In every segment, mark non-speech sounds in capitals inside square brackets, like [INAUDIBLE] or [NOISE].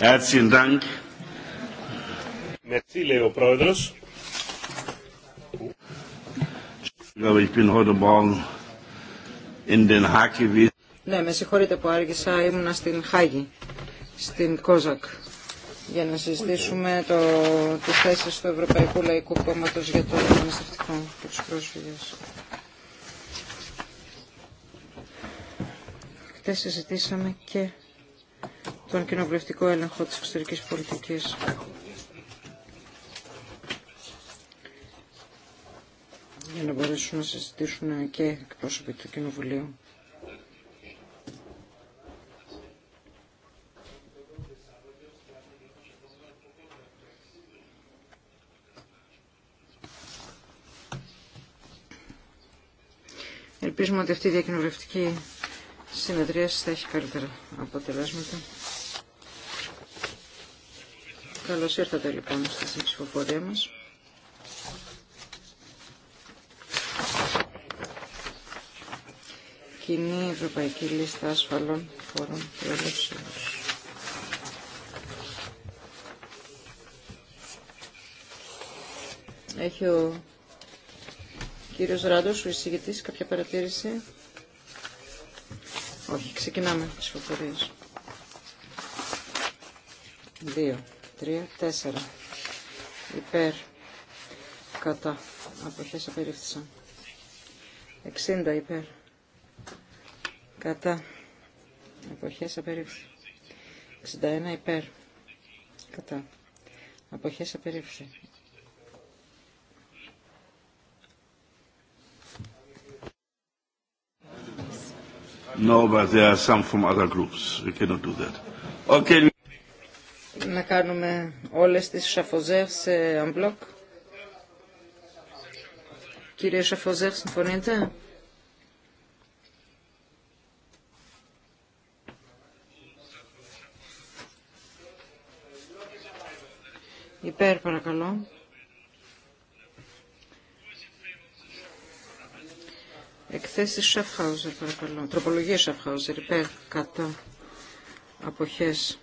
Herzlichen Dank. Merci, λέει ο πρόεδρος. Ναι, με συγχωρείτε που άργησα, ήμουνα στην Χάγη, στην Κόζακ, για να συζητήσουμε το, τις θέσεις του Ευρωπαϊκού Λαϊκού Κόμματος για το μεταναστευτικό και πρόσφυγες. Χτες συζητήσαμε και τον κοινοβουλευτικό έλεγχο της εξωτερικής πολιτικής. Για να μπορέσουν να συζητήσουν και εκπρόσωποι του Κοινοβουλίου. Ελπίζουμε ότι αυτή η διακοινοβουλευτική συνεδρίαση θα έχει καλύτερα αποτελέσματα. Καλώς ήρθατε λοιπόν στη ψηφοφορία μας. Κοινή Ευρωπαϊκή Λίστα Ασφαλών Φόρων Προελεύσεως. Έχει ο κύριος Ράντος, ο εισηγητής, κάποια παρατήρηση. Όχι, ξεκινάμε τις φωτορίες. Δύο, τρία, τέσσερα. Υπέρ, κατά, αποχές απερίφθησαν. Εξήντα υπέρ, κατά, αποχές απερίφθη. ενα υπέρ, κατά, αποχές απερίφθη. No, but there are some from other groups. We cannot do that. Okay. Να κάνουμε όλες τις σαφοζέρ σε αμπλοκ. Κύριε Σαφοζέρ, συμφωνείτε. Υπέρ, παρακαλώ. Εκθέσει Σαφχάουζερ, παρακαλώ. Τροπολογία Σαφχάουζερ, υπέρ, κατά, αποχές.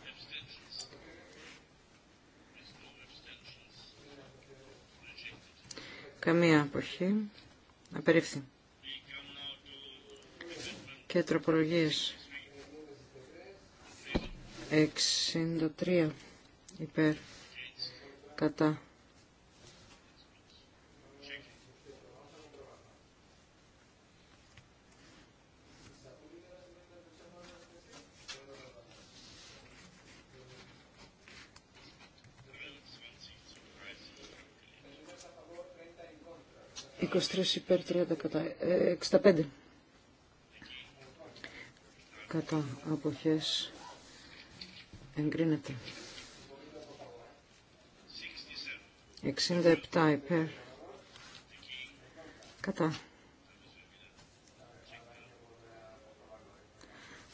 Καμία αποχή. Απερίφθη. Και τροπολογίες. 63 υπέρ κατά 23 υπέρ 30 κατά. 65 ε, κατά αποχές εγκρίνεται. 67 υπέρ κατά.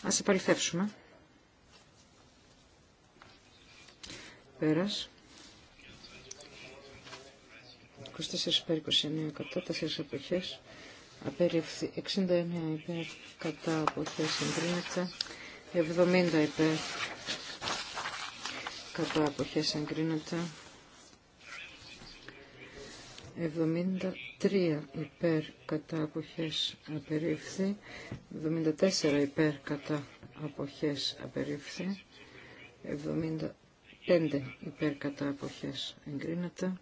Ας επαληθεύσουμε. Πέρας. 24 υπέρ 29 κατά 4 αποχές απερίφθη 69 υπέρ κατά αποχές εγκρίνεται 70 υπέρ κατά αποχές εγκρίνεται 73 υπέρ κατά αποχές απερίφθη, 74 υπέρ κατά αποχές απερίφθη, 75 υπέρ κατά αποχές εγκρίνεται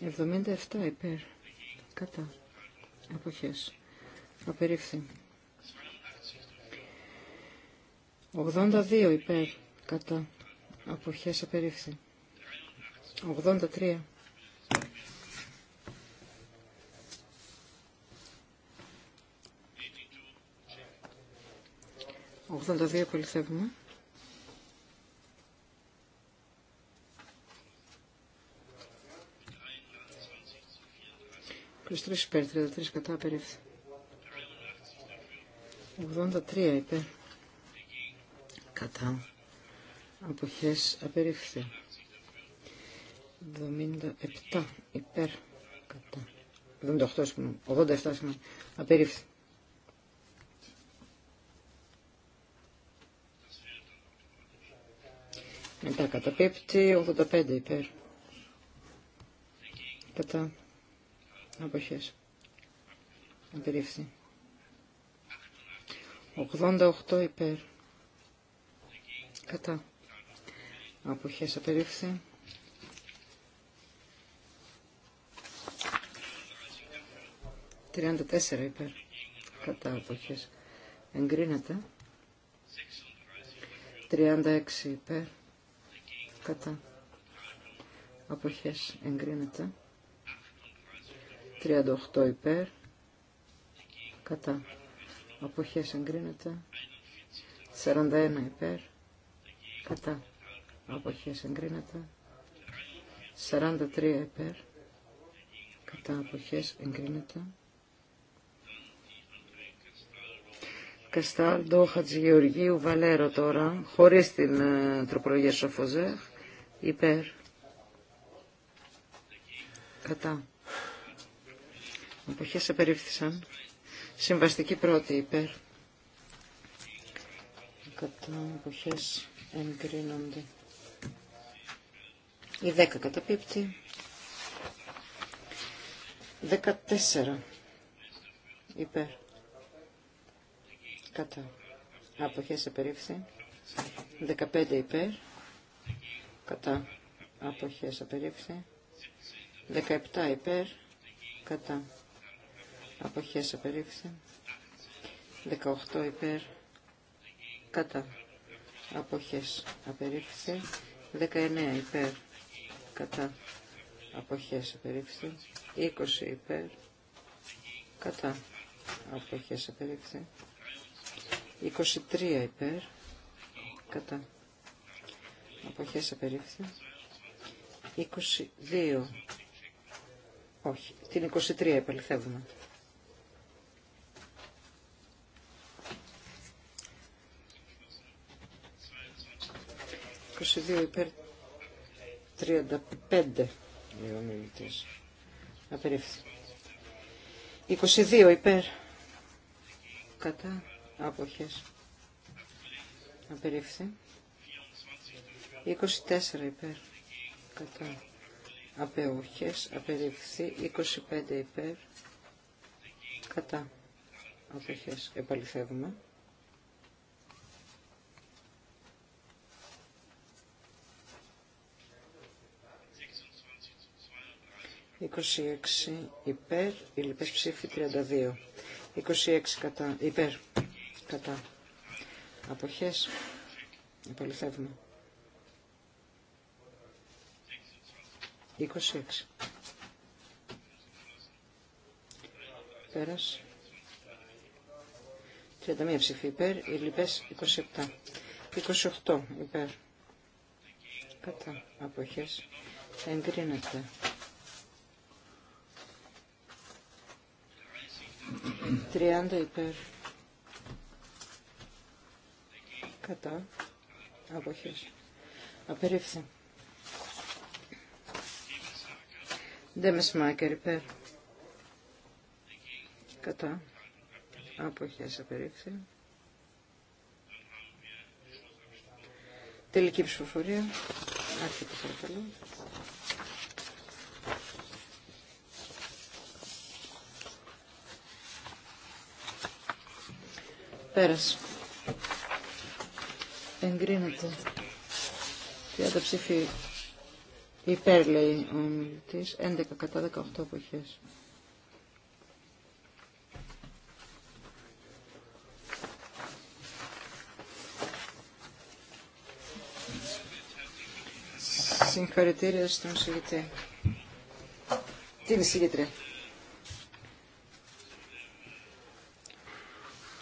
77 υπέρ. Κατά. Αποχές. Απερίφθη. 82 υπέρ. Κατά. Αποχές απερίφθη. 83. 82 δύο 23 υπέρ, 33 κατά απερίφθη. 83 υπέρ. Κατά. Αποχές απερίφθη. 77 υπέρ. Κατά. 78 συγγνώμη. 87 συγγνώμη. Απερίφθη. Μετά καταπίπτει, 85 υπέρ. Κατά αποχές απερίφθη 88 υπέρ κατά αποχές απερίφθη 34 υπέρ κατά αποχές εγκρίνεται 36 υπέρ κατά αποχές εγκρίνεται 38 υπέρ. Κατά. Αποχές εγκρίνεται. 41 υπέρ. Κατά. Αποχές εγκρίνεται. 43 υπέρ. Κατά αποχές εγκρίνεται. Καστάλντο Χατζηγεωργίου Βαλέρο τώρα, χωρίς την ε, τροπολογία Σοφοζέχ, υπέρ. Κατά. Αποχές απερίφθησαν. Συμβαστική πρώτη υπέρ. Κατά αποχές εγκρίνονται. Η 10 καταπίπτει. 14 υπέρ. Κατά. Αποχές απερίφθη. 15 υπέρ. Κατά. Αποχές απερίφθη. 17 υπέρ. Κατά αποχές απερίφθη 18 υπέρ κατά αποχές απερίφθη 19 υπέρ κατά αποχές απερίφθη 20 υπέρ κατά αποχές απερίφθη 23 υπέρ κατά αποχές απερίφθη 22 όχι, την 23 επαληθεύουμε. 22 υπέρ 35 λέει ο μιλητής. Απερίφθη. 22 υπέρ κατά άποχες. Απερίφθη. 24 υπέρ κατά απεούχες. Απερίφθη. 25 υπέρ κατά αποχές. Επαληθεύουμε. 26 υπέρ, οι λοιπές ψήφοι 32. 26 κατά, υπέρ, κατά. Αποχές, επαληθεύουμε. 26. Πέρας. 31 ψήφοι υπέρ, οι λοιπές 27. 28 υπέρ. Κατά αποχές εγκρίνεται. 30 υπέρ. Κατά. Αποχές. Απερίφθη. με σμάκερ υπέρ. Κατά. Αποχές απερίφθη. Τελική ψηφοφορία. Άρχεται παρακαλώ. Πέρας. Εγκρίνεται. 30 ψήφι υπέρ, λέει ο ομιλητής. 11 κατά 18 αποχές. Συγχαρητήρια στον συγητή. Την συγγετρία.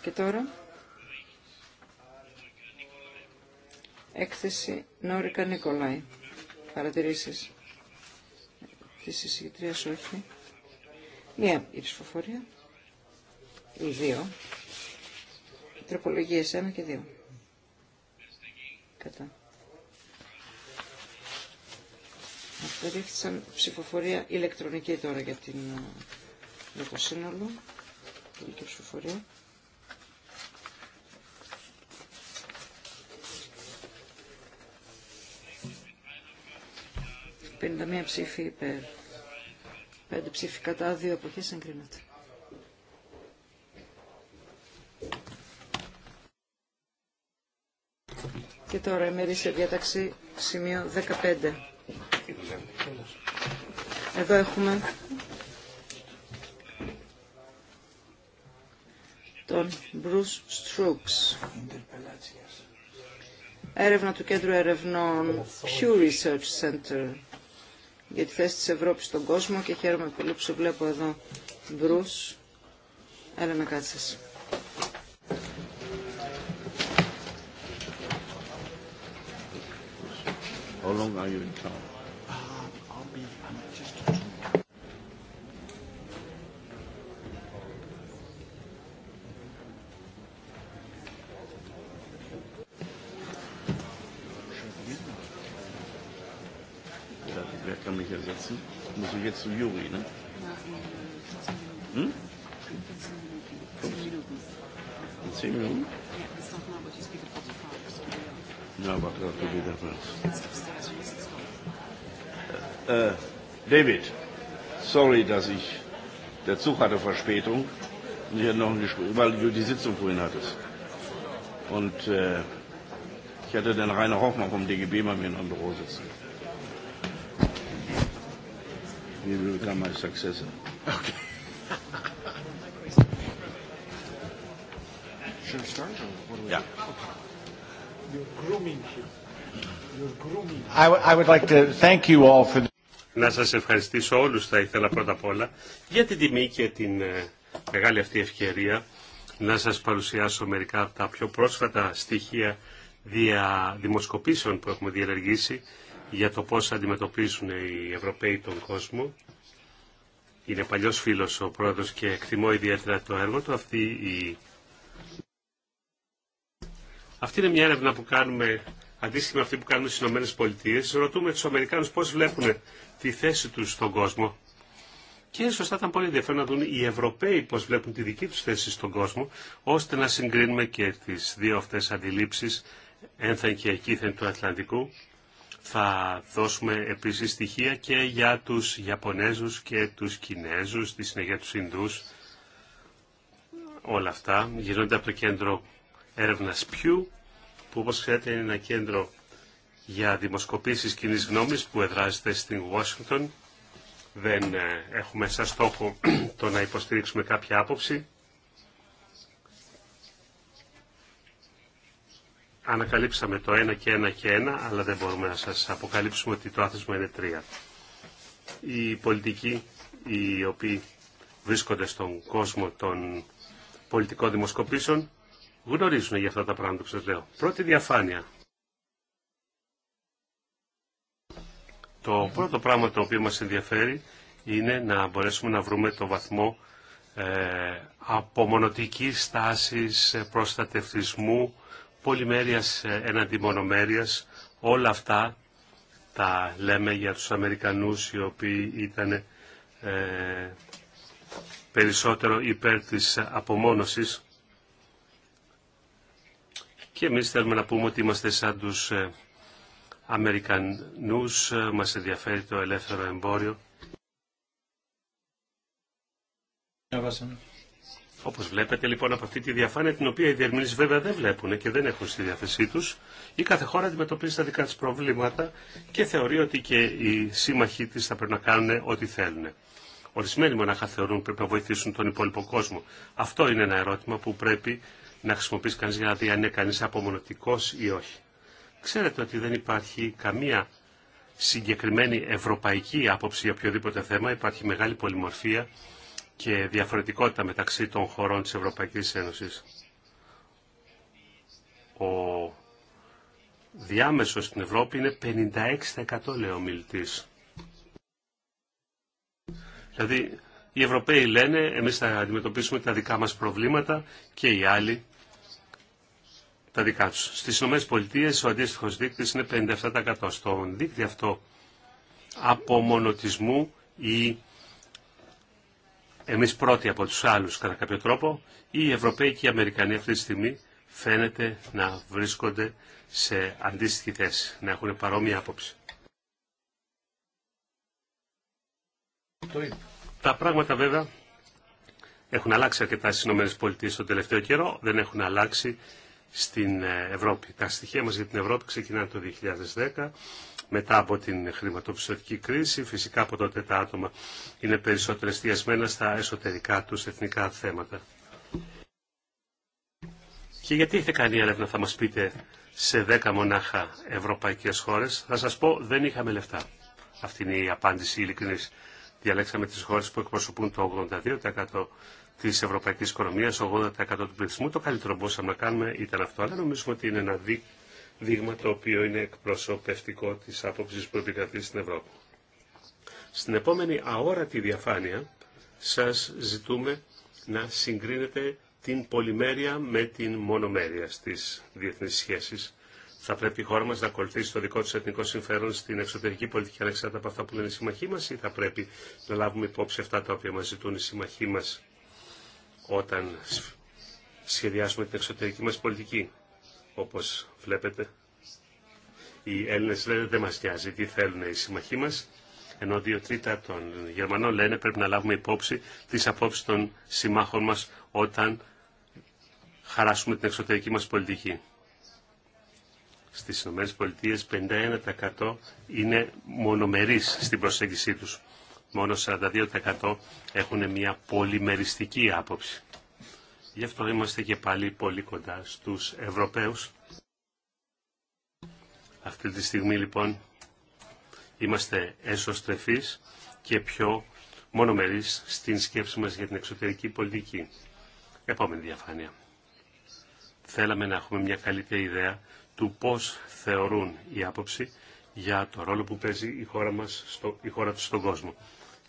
Και τώρα... Έκθεση Νόρικα Νικολάη. Παρατηρήσεις. Τη εισηγητρίας όχι. Μία η ψηφοφορία. ή δύο. τροπολογίε ένα και δύο. Κατά. Απερίφθησαν ψηφοφορία ηλεκτρονική τώρα για την ε, για το σύνολο. ψηφοφορία. 51 ψήφοι υπέρ. 5 ψήφοι κατά, 2 εποχές εγκρίνεται. Και τώρα η μερίσια διάταξη σημείο 15. Εδώ έχουμε τον Bruce Strokes. Έρευνα του Κέντρου Ερευνών Pew Research Center για τη θέση της Ευρώπης στον κόσμο και χαίρομαι πολύ που σε βλέπω εδώ. Μπρούς, έλα να κάτσεις. How are you in town? zu Juri, ne? Hm? In zehn Minuten? Ja, aber gerade wieder. Äh, David, sorry, dass ich, der Zug hatte Verspätung und ich hatte noch ein Gespräch, weil du die Sitzung vorhin hattest. Und äh, ich hatte den Rainer Hoffmann vom DGB bei mir in einem Büro sitzen. He will become my successor. Okay. Should I start or what do we yeah. do? You're grooming him. You're grooming him. I, I would like to thank you all for the... Να σας ευχαριστήσω όλους θα ήθελα πρώτα απ' όλα για την τιμή και την ε, μεγάλη αυτή ευκαιρία να σας παρουσιάσω μερικά από τα πιο πρόσφατα στοιχεία δια δημοσκοπήσεων που έχουμε διαλεργήσει για το πώς αντιμετωπίζουν οι Ευρωπαίοι τον κόσμο. Είναι παλιός φίλος ο πρόεδρος και εκτιμώ ιδιαίτερα το έργο του. Αυτή, η... αυτή είναι μια έρευνα που κάνουμε αντίστοιχη με αυτή που κάνουν στις Ηνωμένες Πολιτείες. Ρωτούμε τους Αμερικάνους πώς βλέπουν τη θέση τους στον κόσμο. Και σωστά ήταν πολύ ενδιαφέρον να δουν οι Ευρωπαίοι πώς βλέπουν τη δική τους θέση στον κόσμο, ώστε να συγκρίνουμε και τις δύο αυτές αντιλήψεις ένθεν και εκείθεν του Ατλαντικού θα δώσουμε επίσης στοιχεία και για τους Ιαπωνέζους και τους Κινέζους, τη συνέχεια τους Ινδούς. Όλα αυτά γίνονται από το κέντρο έρευνας Πιού, που όπως ξέρετε είναι ένα κέντρο για δημοσκοπήσεις κοινή γνώμης που εδράζεται στην Washington. Δεν ε, έχουμε σαν στόχο [CLEARS THROAT] το να υποστηρίξουμε κάποια άποψη. ανακαλύψαμε το ένα και ένα και ένα, αλλά δεν μπορούμε να σας αποκαλύψουμε ότι το άθροισμα είναι τρία. Οι πολιτικοί οι οποίοι βρίσκονται στον κόσμο των πολιτικών δημοσκοπήσεων γνωρίζουν για αυτά τα πράγματα που σας λέω. Πρώτη διαφάνεια. Το πρώτο πράγμα το οποίο μας ενδιαφέρει είναι να μπορέσουμε να βρούμε το βαθμό ε, απομονωτικής στάσης, ε, προστατευτισμού πολυμέρειας ε, έναντι μονομέρειας, όλα αυτά τα λέμε για τους Αμερικανούς οι οποίοι ήταν ε, περισσότερο υπέρ της απομόνωσης και εμείς θέλουμε να πούμε ότι είμαστε σαν τους ε, Αμερικανούς, μας ενδιαφέρει το ελεύθερο εμπόριο. Όπως βλέπετε λοιπόν από αυτή τη διαφάνεια την οποία οι διερμηνείς βέβαια δεν βλέπουν και δεν έχουν στη διάθεσή τους η κάθε χώρα αντιμετωπίζει τα δικά της προβλήματα και θεωρεί ότι και οι σύμμαχοί της θα πρέπει να κάνουν ό,τι θέλουν. Ορισμένοι μονάχα θεωρούν πρέπει να βοηθήσουν τον υπόλοιπο κόσμο. Αυτό είναι ένα ερώτημα που πρέπει να χρησιμοποιήσει κανείς για να δει αν είναι κανείς απομονωτικός ή όχι. Ξέρετε ότι δεν υπάρχει καμία συγκεκριμένη ευρωπαϊκή άποψη για οποιοδήποτε θέμα. Υπάρχει μεγάλη πολυμορφία και διαφορετικότητα μεταξύ των χωρών της Ευρωπαϊκής Ένωσης. Ο διάμεσος στην Ευρώπη είναι 56% λέει ο μιλητής. Δηλαδή οι Ευρωπαίοι λένε εμείς θα αντιμετωπίσουμε τα δικά μας προβλήματα και οι άλλοι τα δικά τους. Στις Ηνωμένες Πολιτείες ο αντίστοιχος δείκτης είναι 57%. Στον δείκτη αυτό απομονωτισμού ή εμείς πρώτοι από τους άλλους κατά κάποιο τρόπο, οι Ευρωπαίοι και οι Αμερικανοί αυτή τη στιγμή φαίνεται να βρίσκονται σε αντίστοιχη θέση, να έχουν παρόμοια άποψη. Τα πράγματα βέβαια έχουν αλλάξει αρκετά στι ΗΠΑ στον τελευταίο καιρό, δεν έχουν αλλάξει στην ε, Ευρώπη. Τα στοιχεία μας για την Ευρώπη ξεκινάνε το 2010 μετά από την χρηματοπιστωτική κρίση. Φυσικά από τότε τα άτομα είναι περισσότερο εστιασμένα στα εσωτερικά τους εθνικά θέματα. Και γιατί είχε κάνει έρευνα, θα μας πείτε, σε 10 μονάχα ευρωπαϊκές χώρες. Θα σας πω, δεν είχαμε λεφτά. Αυτή είναι η απάντηση ειλικρινής. Διαλέξαμε τις χώρες που εκπροσωπούν το 82% της ευρωπαϊκής οικονομίας, 80% του πληθυσμού. Το καλύτερο που μπορούσαμε να κάνουμε ήταν αυτό. Αλλά νομίζουμε ότι είναι ένα δίκαιο δείγμα το οποίο είναι εκπροσωπευτικό της άποψης που επικρατεί στην Ευρώπη. Στην επόμενη αόρατη διαφάνεια σας ζητούμε να συγκρίνετε την πολυμέρεια με την μονομέρεια στις διεθνείς σχέσεις. Θα πρέπει η χώρα μας να ακολουθήσει το δικό της εθνικό συμφέρον στην εξωτερική πολιτική ανεξάρτητα από αυτά που λένε οι συμμαχοί μας ή θα πρέπει να λάβουμε υπόψη αυτά τα οποία μας ζητούν οι συμμαχοί μας όταν σχεδιάσουμε την εξωτερική μας πολιτική, όπως Βλέπετε, οι Έλληνε λένε δεν μα νοιάζει τι θέλουν οι συμμαχοί μας, ενώ δύο τρίτα των Γερμανών λένε πρέπει να λάβουμε υπόψη τις απόψει των συμμάχων μας όταν χαράσουμε την εξωτερική μας πολιτική. Στις ΗΠΑ 51% είναι μονομερείς στην προσέγγιση τους. Μόνο 42% έχουν μια πολυμεριστική άποψη. Γι' αυτό είμαστε και πάλι πολύ κοντά στους Ευρωπαίους αυτή τη στιγμή λοιπόν είμαστε εσωστρεφείς και πιο μονομερείς στην σκέψη μας για την εξωτερική πολιτική. Επόμενη διαφάνεια. Θέλαμε να έχουμε μια καλύτερη ιδέα του πώς θεωρούν η άποψη για το ρόλο που παίζει η χώρα, μας στο, η χώρα τους στον κόσμο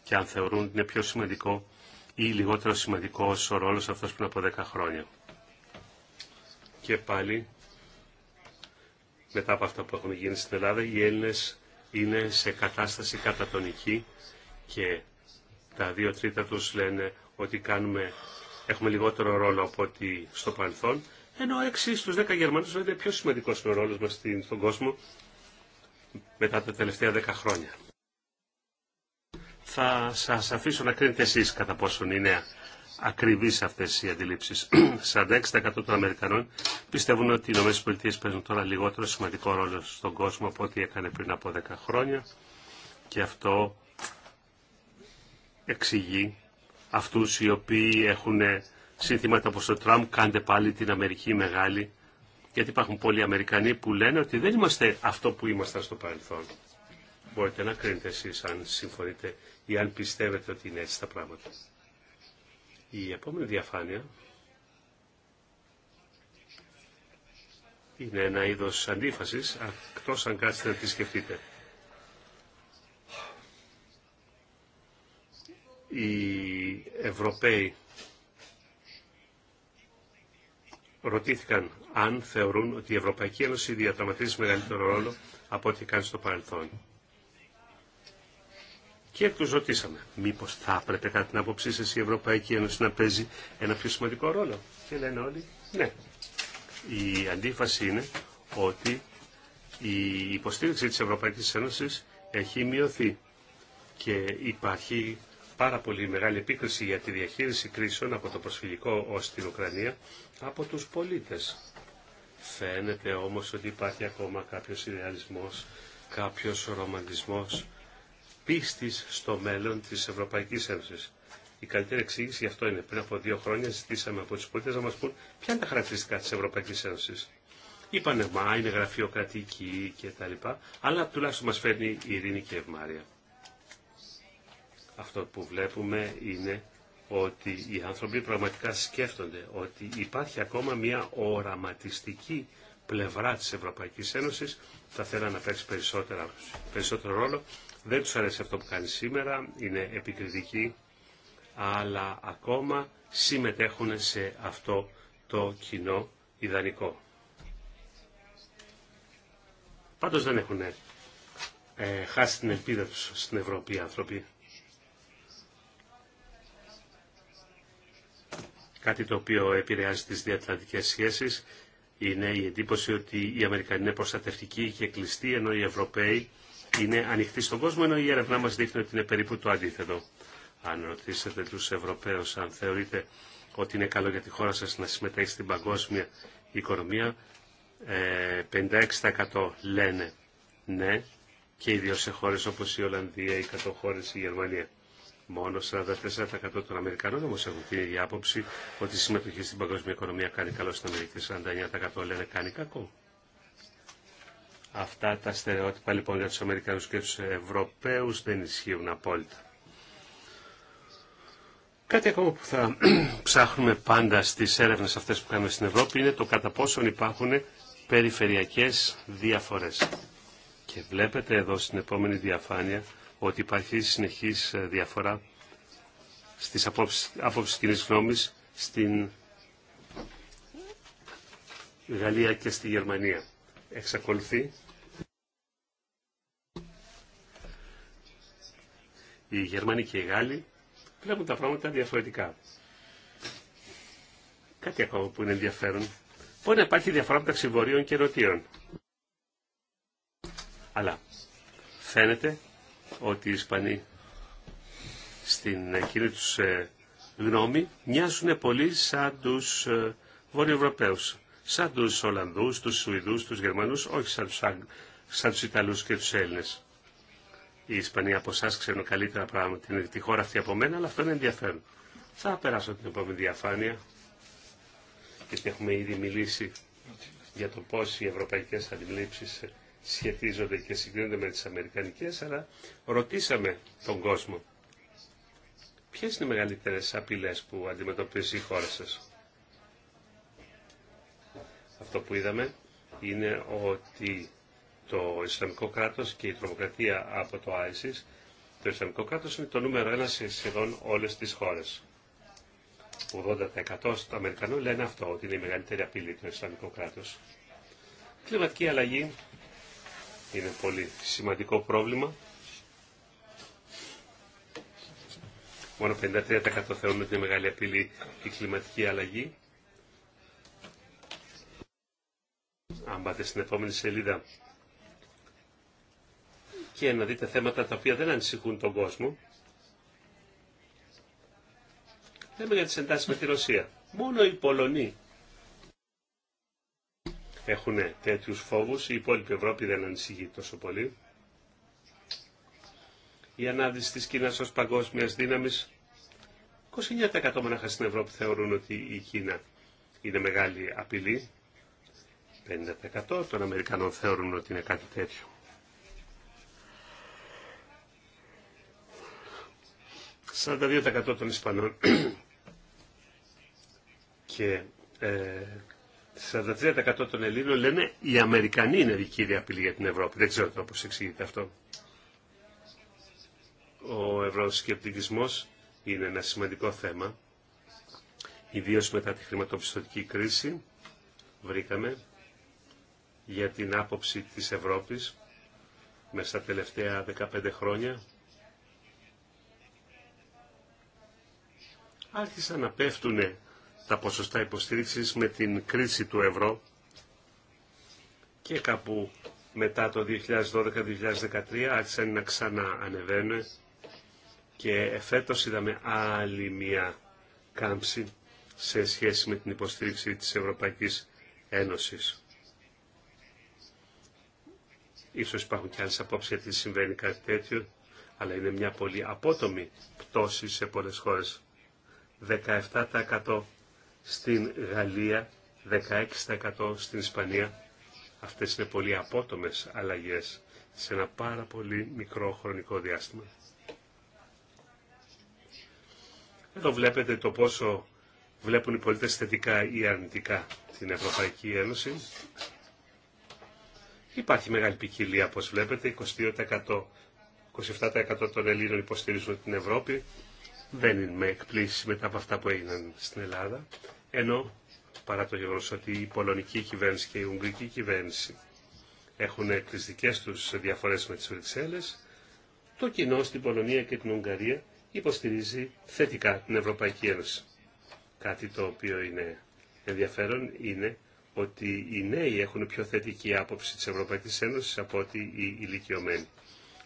και αν θεωρούν ότι είναι πιο σημαντικό ή λιγότερο σημαντικό ο ρόλος αυτός πριν από 10 χρόνια. Και πάλι μετά από αυτά που έχουν γίνει στην Ελλάδα, οι Έλληνες είναι σε κατάσταση κατατονική και τα δύο τρίτα τους λένε ότι κάνουμε, έχουμε λιγότερο ρόλο από ότι στο παρελθόν, ενώ έξι στους δέκα Γερμανούς λένε πιο σημαντικό είναι ο ρόλος μας στον κόσμο μετά τα τελευταία 10 χρόνια. Θα σας αφήσω να κρίνετε εσείς κατά πόσον είναι ακριβείς αυτές οι αντιλήψεις. 46% [CLEARS THROAT] των Αμερικανών πιστεύουν ότι οι ΗΠΑ παίζουν τώρα λιγότερο σημαντικό ρόλο στον κόσμο από ό,τι έκανε πριν από 10 χρόνια και αυτό εξηγεί αυτούς οι οποίοι έχουν σύνθηματα όπως το Τραμπ κάντε πάλι την Αμερική μεγάλη γιατί υπάρχουν πολλοί Αμερικανοί που λένε ότι δεν είμαστε αυτό που ήμασταν στο παρελθόν. Μπορείτε να κρίνετε εσείς αν συμφωνείτε ή αν πιστεύετε ότι είναι έτσι τα πράγματα. Η επόμενη διαφάνεια είναι ένα είδος αντίφασης, εκτός αν κάτσετε να τη σκεφτείτε. οι Ευρωπαίοι ρωτήθηκαν αν θεωρούν ότι η Ευρωπαϊκή Ένωση διαδραματίζει μεγαλύτερο ρόλο από ό,τι κάνει στο παρελθόν και του ρωτήσαμε μήπως θα έπρεπε κατά την άποψή σα η Ευρωπαϊκή Ένωση να παίζει ένα πιο σημαντικό ρόλο. Και λένε όλοι ναι. Η αντίφαση είναι ότι η υποστήριξη της Ευρωπαϊκής Ένωσης έχει μειωθεί και υπάρχει πάρα πολύ μεγάλη επίκριση για τη διαχείριση κρίσεων από το προσφυγικό ως την Ουκρανία από τους πολίτες. Φαίνεται όμως ότι υπάρχει ακόμα κάποιος ιδεαλισμός, κάποιος ρομαντισμός πίστης στο μέλλον της Ευρωπαϊκής Ένωσης. Η καλύτερη εξήγηση γι' αυτό είναι πριν από δύο χρόνια ζητήσαμε από του πολίτες να μας πούν ποια είναι τα χαρακτηριστικά της Ευρωπαϊκής Ένωσης. Είπανε μα είναι γραφειοκρατική και τα αλλά τουλάχιστον μας φέρνει η ειρήνη και ευμάρεια. Αυτό που βλέπουμε είναι ότι οι άνθρωποι πραγματικά σκέφτονται ότι υπάρχει ακόμα μια οραματιστική πλευρά της Ευρωπαϊκής Ένωσης θα θέλανε να παίξει περισσότερο ρόλο δεν τους αρέσει αυτό που κάνει σήμερα, είναι επικριτικοί, αλλά ακόμα συμμετέχουν σε αυτό το κοινό ιδανικό. Πάντως δεν έχουν ε, χάσει την ελπίδα τους στην Ευρώπη οι άνθρωποι. Κάτι το οποίο επηρεάζει τις διατλαντικές σχέσεις είναι η εντύπωση ότι οι Αμερικανοί είναι προστατευτικοί και κλειστοί, ενώ οι Ευρωπαίοι είναι ανοιχτή στον κόσμο, ενώ η έρευνά μας δείχνει ότι είναι περίπου το αντίθετο. Αν ρωτήσετε τους Ευρωπαίους αν θεωρείτε ότι είναι καλό για τη χώρα σας να συμμετέχει στην παγκόσμια οικονομία, 56% ε, λένε ναι, και ιδίω σε χώρες όπως η Ολλανδία, οι χώρες, η Γερμανία. Μόνο 44% των Αμερικανών όμω έχουν την ίδια άποψη ότι η συμμετοχή στην παγκόσμια οικονομία κάνει καλό στην Αμερική. 49% λένε κάνει κακό. Αυτά τα στερεότυπα λοιπόν για τους Αμερικανούς και τους Ευρωπαίους δεν ισχύουν απόλυτα. Κάτι ακόμα που θα [CLEARS THROAT] ψάχνουμε πάντα στις έρευνες αυτές που κάνουμε στην Ευρώπη είναι το κατά πόσον υπάρχουν περιφερειακές διαφορές. Και βλέπετε εδώ στην επόμενη διαφάνεια ότι υπάρχει συνεχής διαφορά στις απόψεις, κοινή γνώμη στην Γαλλία και στη Γερμανία εξακολουθεί οι Γερμανοί και οι Γάλλοι βλέπουν τα πράγματα διαφορετικά. Κάτι ακόμα που είναι ενδιαφέρον. Μπορεί να υπάρχει διαφορά μεταξύ βορείων και ερωτήρων. Αλλά φαίνεται ότι οι Ισπανοί στην εκείνη τους ε, γνώμη μοιάζουν πολύ σαν τους ε, Βόρειο σαν τους Ολλανδούς, τους Σουηδούς, τους Γερμανούς, όχι σαν τους, σαν Ιταλούς και τους Έλληνες. Οι Ισπανοί από εσά ξέρουν καλύτερα πράγματα τη χώρα αυτή από μένα, αλλά αυτό είναι ενδιαφέρον. Θα περάσω την επόμενη διαφάνεια, γιατί έχουμε ήδη μιλήσει για το πώ οι Ευρωπαϊκέ Αντιλήψει σχετίζονται και συγκρίνονται με τι Αμερικανικέ, αλλά ρωτήσαμε τον κόσμο. Ποιες είναι οι μεγαλύτερες απειλές που αντιμετωπίζει η χώρα σας. Αυτό που είδαμε είναι ότι το Ισλαμικό κράτος και η τρομοκρατία από το ISIS, το Ισλαμικό κράτος είναι το νούμερο ένα σε σχεδόν όλες τις χώρες. 80% των Αμερικανών λένε αυτό, ότι είναι η μεγαλύτερη απειλή το Ισλαμικό κράτος. Κλιματική αλλαγή είναι πολύ σημαντικό πρόβλημα. Μόνο 53% θεωρούν ότι είναι μεγάλη απειλή η κλιματική αλλαγή. αν πάτε στην επόμενη σελίδα και να δείτε θέματα τα οποία δεν ανησυχούν τον κόσμο. Λέμε για τις εντάσεις με τη Ρωσία. Μόνο οι Πολωνοί έχουν τέτοιους φόβους, η υπόλοιπη Ευρώπη δεν ανησυχεί τόσο πολύ. Η ανάδυση της Κίνας ως παγκόσμιας δύναμης, 29% μονάχα στην Ευρώπη θεωρούν ότι η Κίνα είναι μεγάλη απειλή. 50% των Αμερικανών θεωρούν ότι είναι κάτι τέτοιο. Σαν των Ισπανών [CLEARS THROAT] και 43% ε, των Ελλήνων λένε οι Αμερικανοί είναι η κύρια απειλή για την Ευρώπη. Δεν ξέρω το πώς εξηγείται αυτό. Ο ευρωσκεπτικισμός είναι ένα σημαντικό θέμα. Ιδίως μετά τη χρηματοπιστωτική κρίση βρήκαμε για την άποψη της Ευρώπης μέσα στα τελευταία 15 χρόνια άρχισαν να πέφτουν τα ποσοστά υποστήριξης με την κρίση του ευρώ και κάπου μετά το 2012-2013 άρχισαν να ξαναανεβαίνουν και εφέτος είδαμε άλλη μία κάμψη σε σχέση με την υποστήριξη της Ευρωπαϊκής Ένωσης. Ίσως υπάρχουν και άλλες απόψεις γιατί συμβαίνει κάτι τέτοιο, αλλά είναι μια πολύ απότομη πτώση σε πολλές χώρες. 17% στην Γαλλία, 16% στην Ισπανία. Αυτές είναι πολύ απότομες αλλαγές σε ένα πάρα πολύ μικρό χρονικό διάστημα. Εδώ βλέπετε το πόσο βλέπουν οι πολίτες θετικά ή αρνητικά την Ευρωπαϊκή Ένωση. Υπάρχει μεγάλη ποικιλία, όπως βλέπετε, 22%, 27% των Ελλήνων υποστηρίζουν την Ευρώπη. Δεν είναι με εκπλήσει μετά από αυτά που έγιναν στην Ελλάδα, ενώ παρά το γεγονός ότι η πολωνική κυβέρνηση και η ουγγρική κυβέρνηση έχουν τις δικές τους διαφορές με τις Βρυξέλλες, το κοινό στην Πολωνία και την Ουγγαρία υποστηρίζει θετικά την Ευρωπαϊκή Ένωση. Κάτι το οποίο είναι ενδιαφέρον είναι ότι οι νέοι έχουν πιο θετική άποψη της Ευρωπαϊκής Ένωσης από ότι οι ηλικιωμένοι.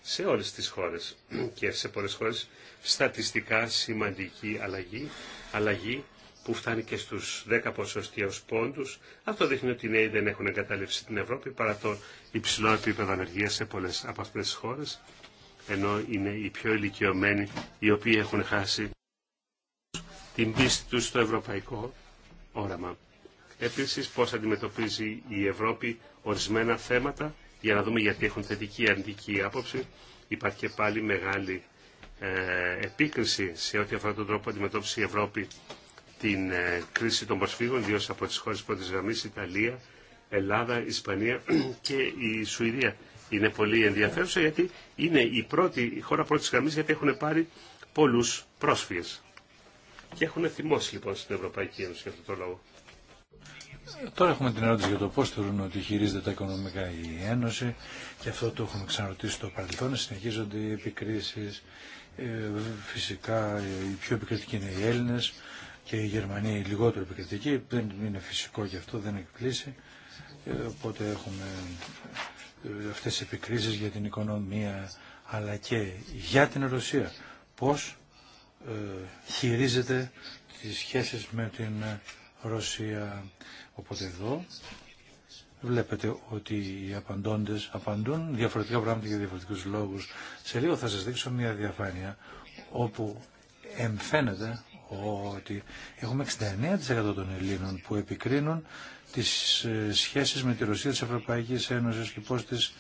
Σε όλες τις χώρες [CLEARS THROAT] και σε πολλές χώρες στατιστικά σημαντική αλλαγή, αλλαγή που φτάνει και στους 10 ποσοστιαίους πόντους. Αυτό δείχνει ότι οι νέοι δεν έχουν εγκαταλείψει την Ευρώπη παρά το υψηλό επίπεδο ανεργία σε πολλές από αυτές τις χώρες, ενώ είναι οι πιο ηλικιωμένοι οι οποίοι έχουν χάσει την πίστη τους στο ευρωπαϊκό όραμα. Επίσης, πώς αντιμετωπίζει η Ευρώπη ορισμένα θέματα, για να δούμε γιατί έχουν θετική ή αρνητική άποψη. Υπάρχει και πάλι μεγάλη ε, επίκριση σε ό,τι αφορά τον τρόπο αντιμετώπιση η Ευρώπη την ε, κρίση των προσφύγων, ιδίω από τις χώρες πρώτης γραμμής, Ιταλία, Ελλάδα, Ισπανία [CLEARS THROAT] και η Σουηδία. Είναι πολύ ενδιαφέρουσα γιατί είναι η, πρώτη, η χώρα πρώτης γραμμής γιατί έχουν πάρει πολλούς πρόσφυγες. Και έχουν θυμώσει λοιπόν στην Ευρωπαϊκή Ένωση για αυτό το λόγο. Τώρα έχουμε την ερώτηση για το πώς θεωρούν ότι χειρίζεται τα οικονομικά η Ένωση και αυτό το έχουμε ξαναρωτήσει στο παρελθόν. Συνεχίζονται οι επικρίσεις, ε, φυσικά οι πιο επικριτικοί είναι οι Έλληνες και οι Γερμανοί οι λιγότερο επικριτικοί. Δεν είναι φυσικό και αυτό, δεν εκπλήσει. Ε, οπότε έχουμε ε, αυτές τις επικρίσεις για την οικονομία αλλά και για την Ρωσία. Πώς χειρίζεται τις σχέσεις με την Ρωσία. Οπότε εδώ βλέπετε ότι οι απαντώντες απαντούν διαφορετικά πράγματα για διαφορετικούς λόγους. Σε λίγο θα σας δείξω μια διαφάνεια όπου εμφαίνεται ότι έχουμε 69% των Ελλήνων που επικρίνουν τις ε, σχέσεις με τη Ρωσία της Ευρωπαϊκής Ένωσης και πώς τις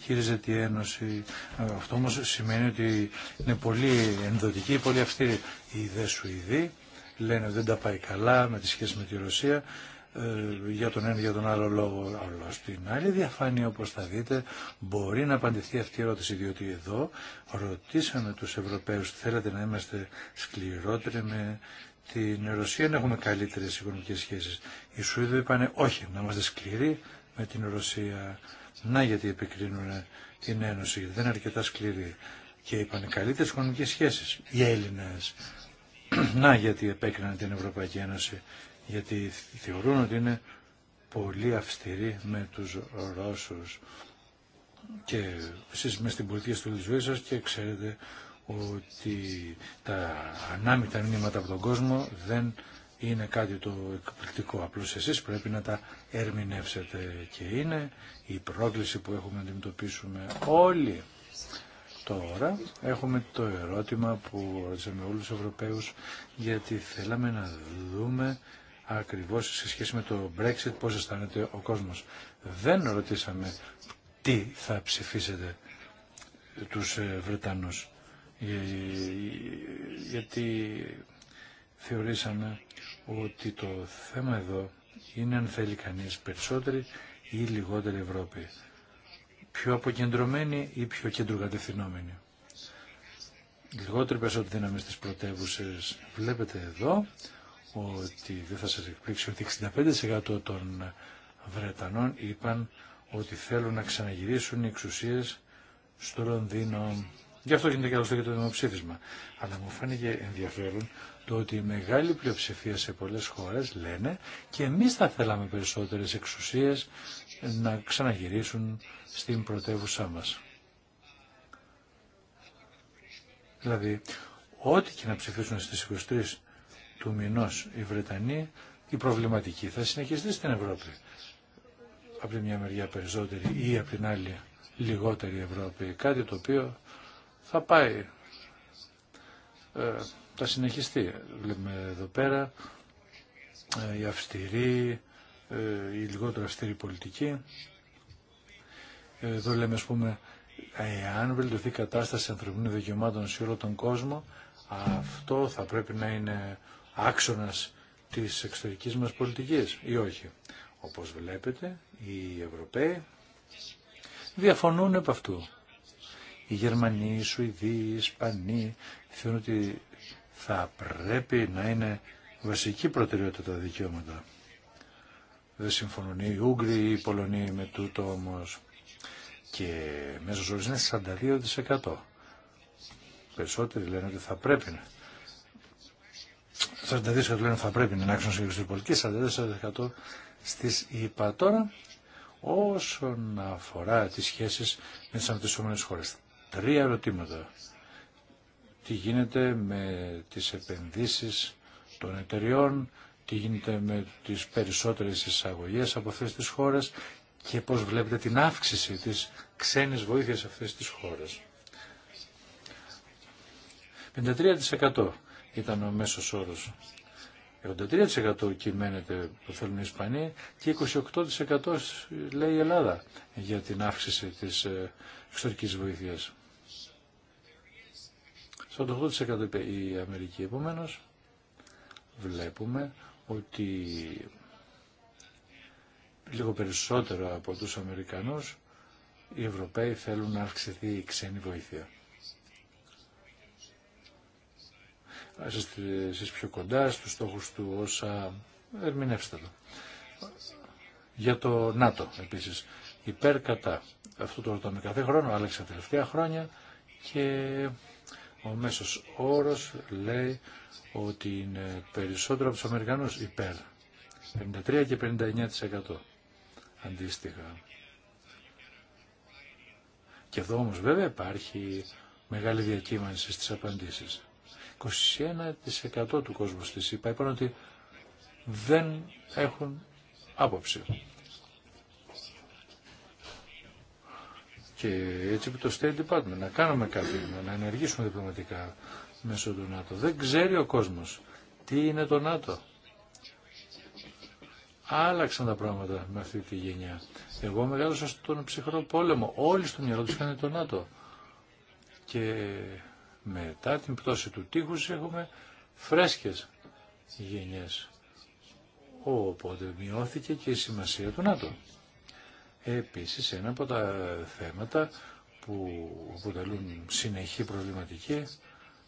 χειρίζεται η Ένωση. Ε, αυτό όμως σημαίνει ότι είναι πολύ ενδοτική, πολύ αυστηρή. ιδέα δε ιδέα λένε ότι δεν τα πάει καλά με τη σχέση με τη Ρωσία ε, για τον ένα για τον άλλο λόγο αλλά στην άλλη διαφάνεια όπως θα δείτε μπορεί να απαντηθεί αυτή η ερώτηση διότι εδώ ρωτήσαμε τους Ευρωπαίους θέλετε να είμαστε σκληρότεροι με την Ρωσία να έχουμε καλύτερες οικονομικές σχέσεις οι Σουηδοί είπανε όχι να είμαστε σκληροί με την Ρωσία να γιατί επικρίνουν την Ένωση δεν είναι αρκετά σκληροί και είπαν καλύτερες οικονομικές σχέσεις οι Έλληνε. [CLEARS THROAT] Να γιατί επέκριναν την Ευρωπαϊκή Ένωση, γιατί θεωρούν ότι είναι πολύ αυστηροί με τους Ρώσους και εσείς με στην πολιτική του ζωή σας και ξέρετε ότι τα ανάμεικτα μηνύματα από τον κόσμο δεν είναι κάτι το εκπληκτικό. Απλώς εσείς πρέπει να τα ερμηνεύσετε και είναι η πρόκληση που έχουμε να αντιμετωπίσουμε όλοι Τώρα έχουμε το ερώτημα που ρώτησαμε όλους τους Ευρωπαίους γιατί θέλαμε να δούμε ακριβώς σε σχέση με το Brexit πώς αισθάνεται ο κόσμος. Δεν ρωτήσαμε τι θα ψηφίσετε τους ε, Βρετανούς γιατί θεωρήσαμε ότι το θέμα εδώ είναι αν θέλει κανείς περισσότερη ή λιγότερη Ευρώπη πιο αποκεντρωμένοι ή πιο κεντροκατευθυνόμενοι. Λιγότερη περισσότερη δύναμη στις πρωτεύουσες. Βλέπετε εδώ ότι δεν θα σας εκπλήξει ότι 65% των Βρετανών είπαν ότι θέλουν να ξαναγυρίσουν οι εξουσίες στο Λονδίνο. Γι' αυτό γίνεται και άλλωστε και το δημοψήφισμα. Αλλά μου φάνηκε ενδιαφέρον το ότι η μεγάλη πλειοψηφία σε πολλές χώρες λένε και εμείς θα θέλαμε περισσότερες εξουσίες να ξαναγυρίσουν στην πρωτεύουσά μας. Δηλαδή, ό,τι και να ψηφίσουν στις 23 του μηνός οι Βρετανοί, η προβληματική θα συνεχιστεί στην Ευρώπη. Από τη μια μεριά περισσότερη ή από την άλλη λιγότερη Ευρώπη. Κάτι το οποίο θα πάει, ε, θα συνεχιστεί. Βλέπουμε εδώ πέρα η ε, αυστηρή, η ε, λιγότερο αυστηρή πολιτική. Ε, εδώ λέμε, ας πούμε, εάν βελτιωθεί η κατάσταση ανθρωπίνων δικαιωμάτων σε όλο τον κόσμο, αυτό θα πρέπει να είναι άξονας της εξωτερικής μας πολιτικής ή όχι. Όπως βλέπετε, οι Ευρωπαίοι διαφωνούν από αυτού. Οι Γερμανοί, οι Σουηδοί, οι Ισπανοί θεωρούν ότι θα πρέπει να είναι βασική προτεραιότητα τα δικαιώματα. Δεν συμφωνούν οι Ούγγροι ή οι Πολωνοί με τούτο όμως και μέσα όρος είναι 42%. Περισσότεροι λένε ότι θα πρέπει να 42% λένε θα πρέπει να άξουν συγκεκριμένη πολιτική, 44% στις ΙΠΑ τώρα όσον αφορά τις σχέσεις με τις αναπτυσσόμενες χώρες. Τρία ερωτήματα. Τι γίνεται με τις επενδύσεις των εταιριών, τι γίνεται με τις περισσότερες εισαγωγές από αυτές τις χώρες και πώς βλέπετε την αύξηση της ξένης βοήθειας σε αυτές τις χώρες. 53% ήταν ο μέσος όρος. 83% κυμαίνεται που θέλουν οι Ισπανοί και 28% λέει η Ελλάδα για την αύξηση της ε, εξωτερικής βοήθειας. 48% είπε η Αμερική. Επομένως, βλέπουμε ότι λίγο περισσότερο από τους Αμερικανούς, οι Ευρωπαίοι θέλουν να αυξηθεί η ξένη βοήθεια. Ας είστε εσείς πιο κοντά στους στόχους του όσα ερμηνεύστε το. Για το ΝΑΤΟ επίσης. Υπέρ κατά. Αυτό το ρωτάμε κάθε χρόνο, άλλαξε τα τελευταία χρόνια και ο μέσος όρος λέει ότι είναι περισσότερο από τους Αμερικανούς υπέρ. 53 και 59% αντίστοιχα. Και εδώ όμως βέβαια υπάρχει μεγάλη διακύμανση στις απαντήσεις. 21% του κόσμου στις είπα, είπαν ότι δεν έχουν άποψη. Και έτσι που το στέλνει Department να κάνουμε κάτι, να ενεργήσουμε διπλωματικά μέσω του ΝΑΤΟ. Δεν ξέρει ο κόσμος τι είναι το ΝΑΤΟ άλλαξαν τα πράγματα με αυτή τη γενιά. Εγώ μεγάλωσα στον ψυχρό πόλεμο. Όλοι στο μυαλό του είχαν το ΝΑΤΟ. Και μετά την πτώση του τείχους έχουμε φρέσκες γενιές. Οπότε μειώθηκε και η σημασία του ΝΑΤΟ. Επίσης ένα από τα θέματα που αποτελούν συνεχή προβληματική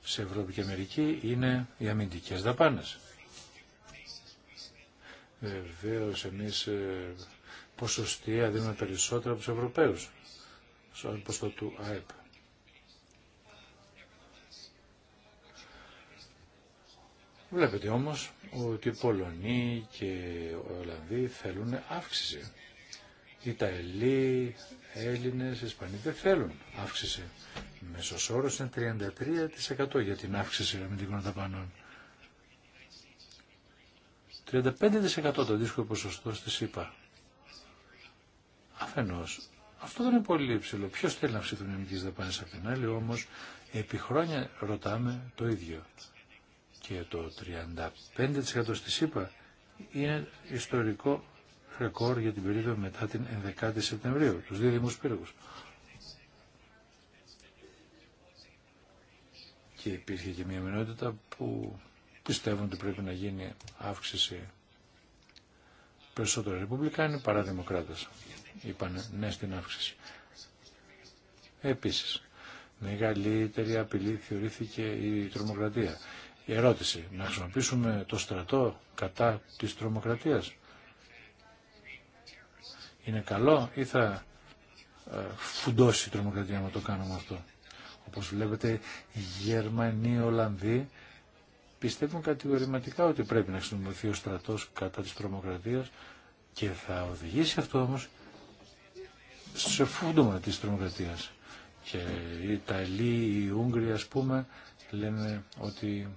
σε Ευρώπη και Αμερική είναι οι αμυντικές δαπάνες. Βεβαίω εμεί ε, ποσοστία δίνουμε περισσότερα από τους Ευρωπαίους, σαν του ΑΕΠ. Βλέπετε όμως ότι οι Πολωνοί και οι Ολλανδοί θέλουν αύξηση. Οι Ιταλοί, Έλληνες, Ισπανοί δεν θέλουν αύξηση. Μεσο όρο είναι 33% για την αύξηση αμυντικών δαπανών. 35% το αντίστοιχο ποσοστό στη ΣΥΠΑ. Αφενός, αυτό δεν είναι πολύ υψηλό. Ποιο θέλει να οι νομικέ δαπάνε από την άλλη, όμω επί χρόνια ρωτάμε το ίδιο. Και το 35% στη ΣΥΠΑ είναι ιστορικό ρεκόρ για την περίοδο μετά την 11η Σεπτεμβρίου, τους δύο πύργους. Και υπήρχε και μια μηνότητα που πιστεύουν ότι πρέπει να γίνει αύξηση περισσότερο ρεπουμπλικάνοι παρά δημοκράτες. Είπαν ναι στην αύξηση. Επίσης, μεγαλύτερη απειλή θεωρήθηκε η τρομοκρατία. Η ερώτηση, να χρησιμοποιήσουμε το στρατό κατά της τρομοκρατίας. Είναι καλό ή θα ε, φουντώσει η τρομοκρατία να το κάνουμε αυτό. Όπως βλέπετε, οι Γερμανοί, οι Ολλανδοί πιστεύουν κατηγορηματικά ότι πρέπει να χρησιμοποιηθεί ο στρατός κατά της τρομοκρατίας και θα οδηγήσει αυτό όμως σε φούντομα της τρομοκρατίας. Και οι Ιταλοί, οι Ούγγροι ας πούμε λένε ότι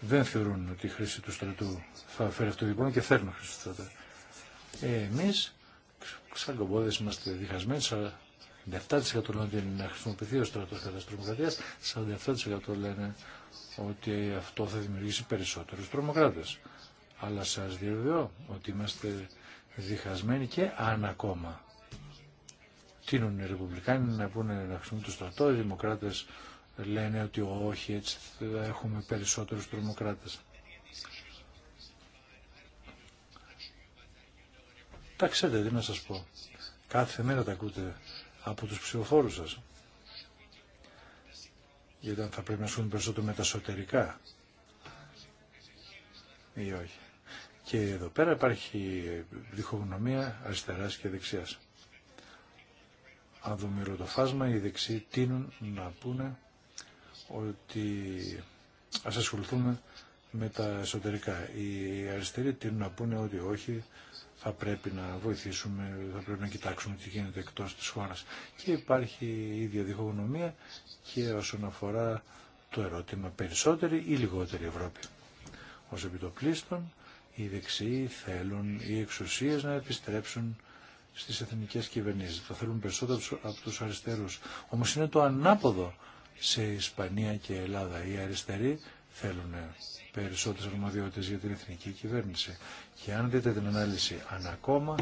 δεν θεωρούν ότι η χρήση του στρατού θα φέρει αυτό λοιπόν και θέλουν χρήση του στρατού. Ε, εμείς, σαν κομπόδες, είμαστε διχασμένοι, 47% λένε ότι να χρησιμοποιηθεί ο στρατός κατά της τρομοκρατίας, 47% λένε ότι αυτό θα δημιουργήσει περισσότερους τρομοκράτες. Αλλά σας διαβεβαιώ ότι είμαστε διχασμένοι και αν ακόμα. Τίνουν οι Ρεπουμπλικάνοι να πούνε να χρησιμοποιούν το στρατό, οι Δημοκράτες λένε ότι όχι, έτσι θα έχουμε περισσότερους τρομοκράτες. Τα ξέρετε, τι να σας πω. Κάθε μέρα τα ακούτε από τους ψηφοφόρους σας γιατί θα πρέπει να ασχολούνται περισσότερο με τα εσωτερικά ή όχι. Και εδώ πέρα υπάρχει διχογνωμία αριστεράς και δεξιάς. Αν δούμε το φάσμα, οι δεξιοί τείνουν να πούνε ότι ας ασχοληθούμε με τα εσωτερικά. Οι αριστεροί τείνουν να πούνε ότι όχι, θα πρέπει να βοηθήσουμε, θα πρέπει να κοιτάξουμε τι γίνεται εκτός της χώρας. Και υπάρχει η ίδια διχογνωμία και όσον αφορά το ερώτημα περισσότερη ή λιγότερη Ευρώπη. Ως επιτοπλίστων, οι δεξιοί θέλουν οι εξουσίες να επιστρέψουν στις εθνικές κυβερνήσεις. Το θέλουν περισσότερο από τους αριστερούς. Όμως είναι το ανάποδο σε Ισπανία και Ελλάδα. Οι αριστεροί θέλουν περισσότερες αρμοδιότητες για την εθνική κυβέρνηση. Και αν δείτε την ανάλυση ανακόμα,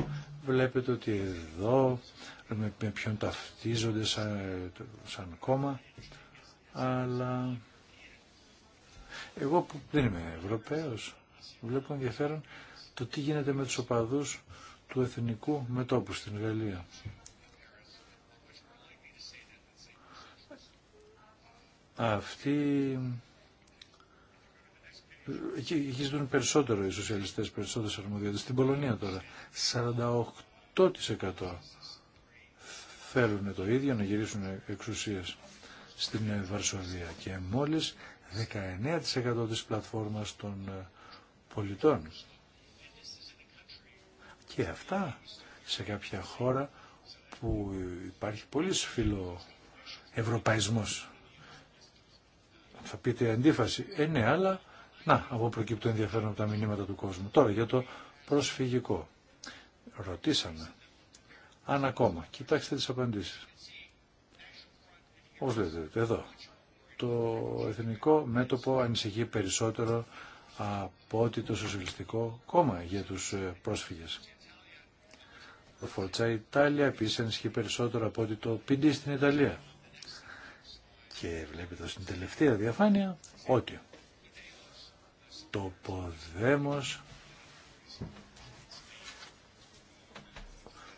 βλέπετε ότι εδώ με ποιον ταυτίζονται σαν, σαν κόμμα, αλλά εγώ που δεν είμαι Ευρωπαίος, βλέπω ενδιαφέρον το τι γίνεται με τους οπαδούς του εθνικού μετόπου στην Γαλλία. Αυτή Εκεί, ζητούν περισσότερο οι σοσιαλιστές, περισσότερες αρμοδιότητες. Στην Πολωνία τώρα, 48% θέλουν το ίδιο να γυρίσουν εξουσίες στην Βαρσοβία και μόλις 19% της πλατφόρμας των ε, πολιτών. Και αυτά σε κάποια χώρα που υπάρχει πολύ σφιλό ευρωπαϊσμός. Θα πείτε αντίφαση. Ε, ναι, αλλά να, από προκύπτει το ενδιαφέρον από τα μηνύματα του κόσμου. Τώρα για το προσφυγικό. Ρωτήσαμε αν ακόμα. Κοιτάξτε τις απαντήσεις. Όπως λέτε, εδώ. Το εθνικό μέτωπο ανησυχεί περισσότερο από ότι το σοσιαλιστικό κόμμα για τους ε, πρόσφυγες. Το Φορτσά Ιταλία επίσης ανησυχεί περισσότερο από ότι το πιντή στην Ιταλία. Και βλέπετε στην τελευταία διαφάνεια ότι το Ποδέμος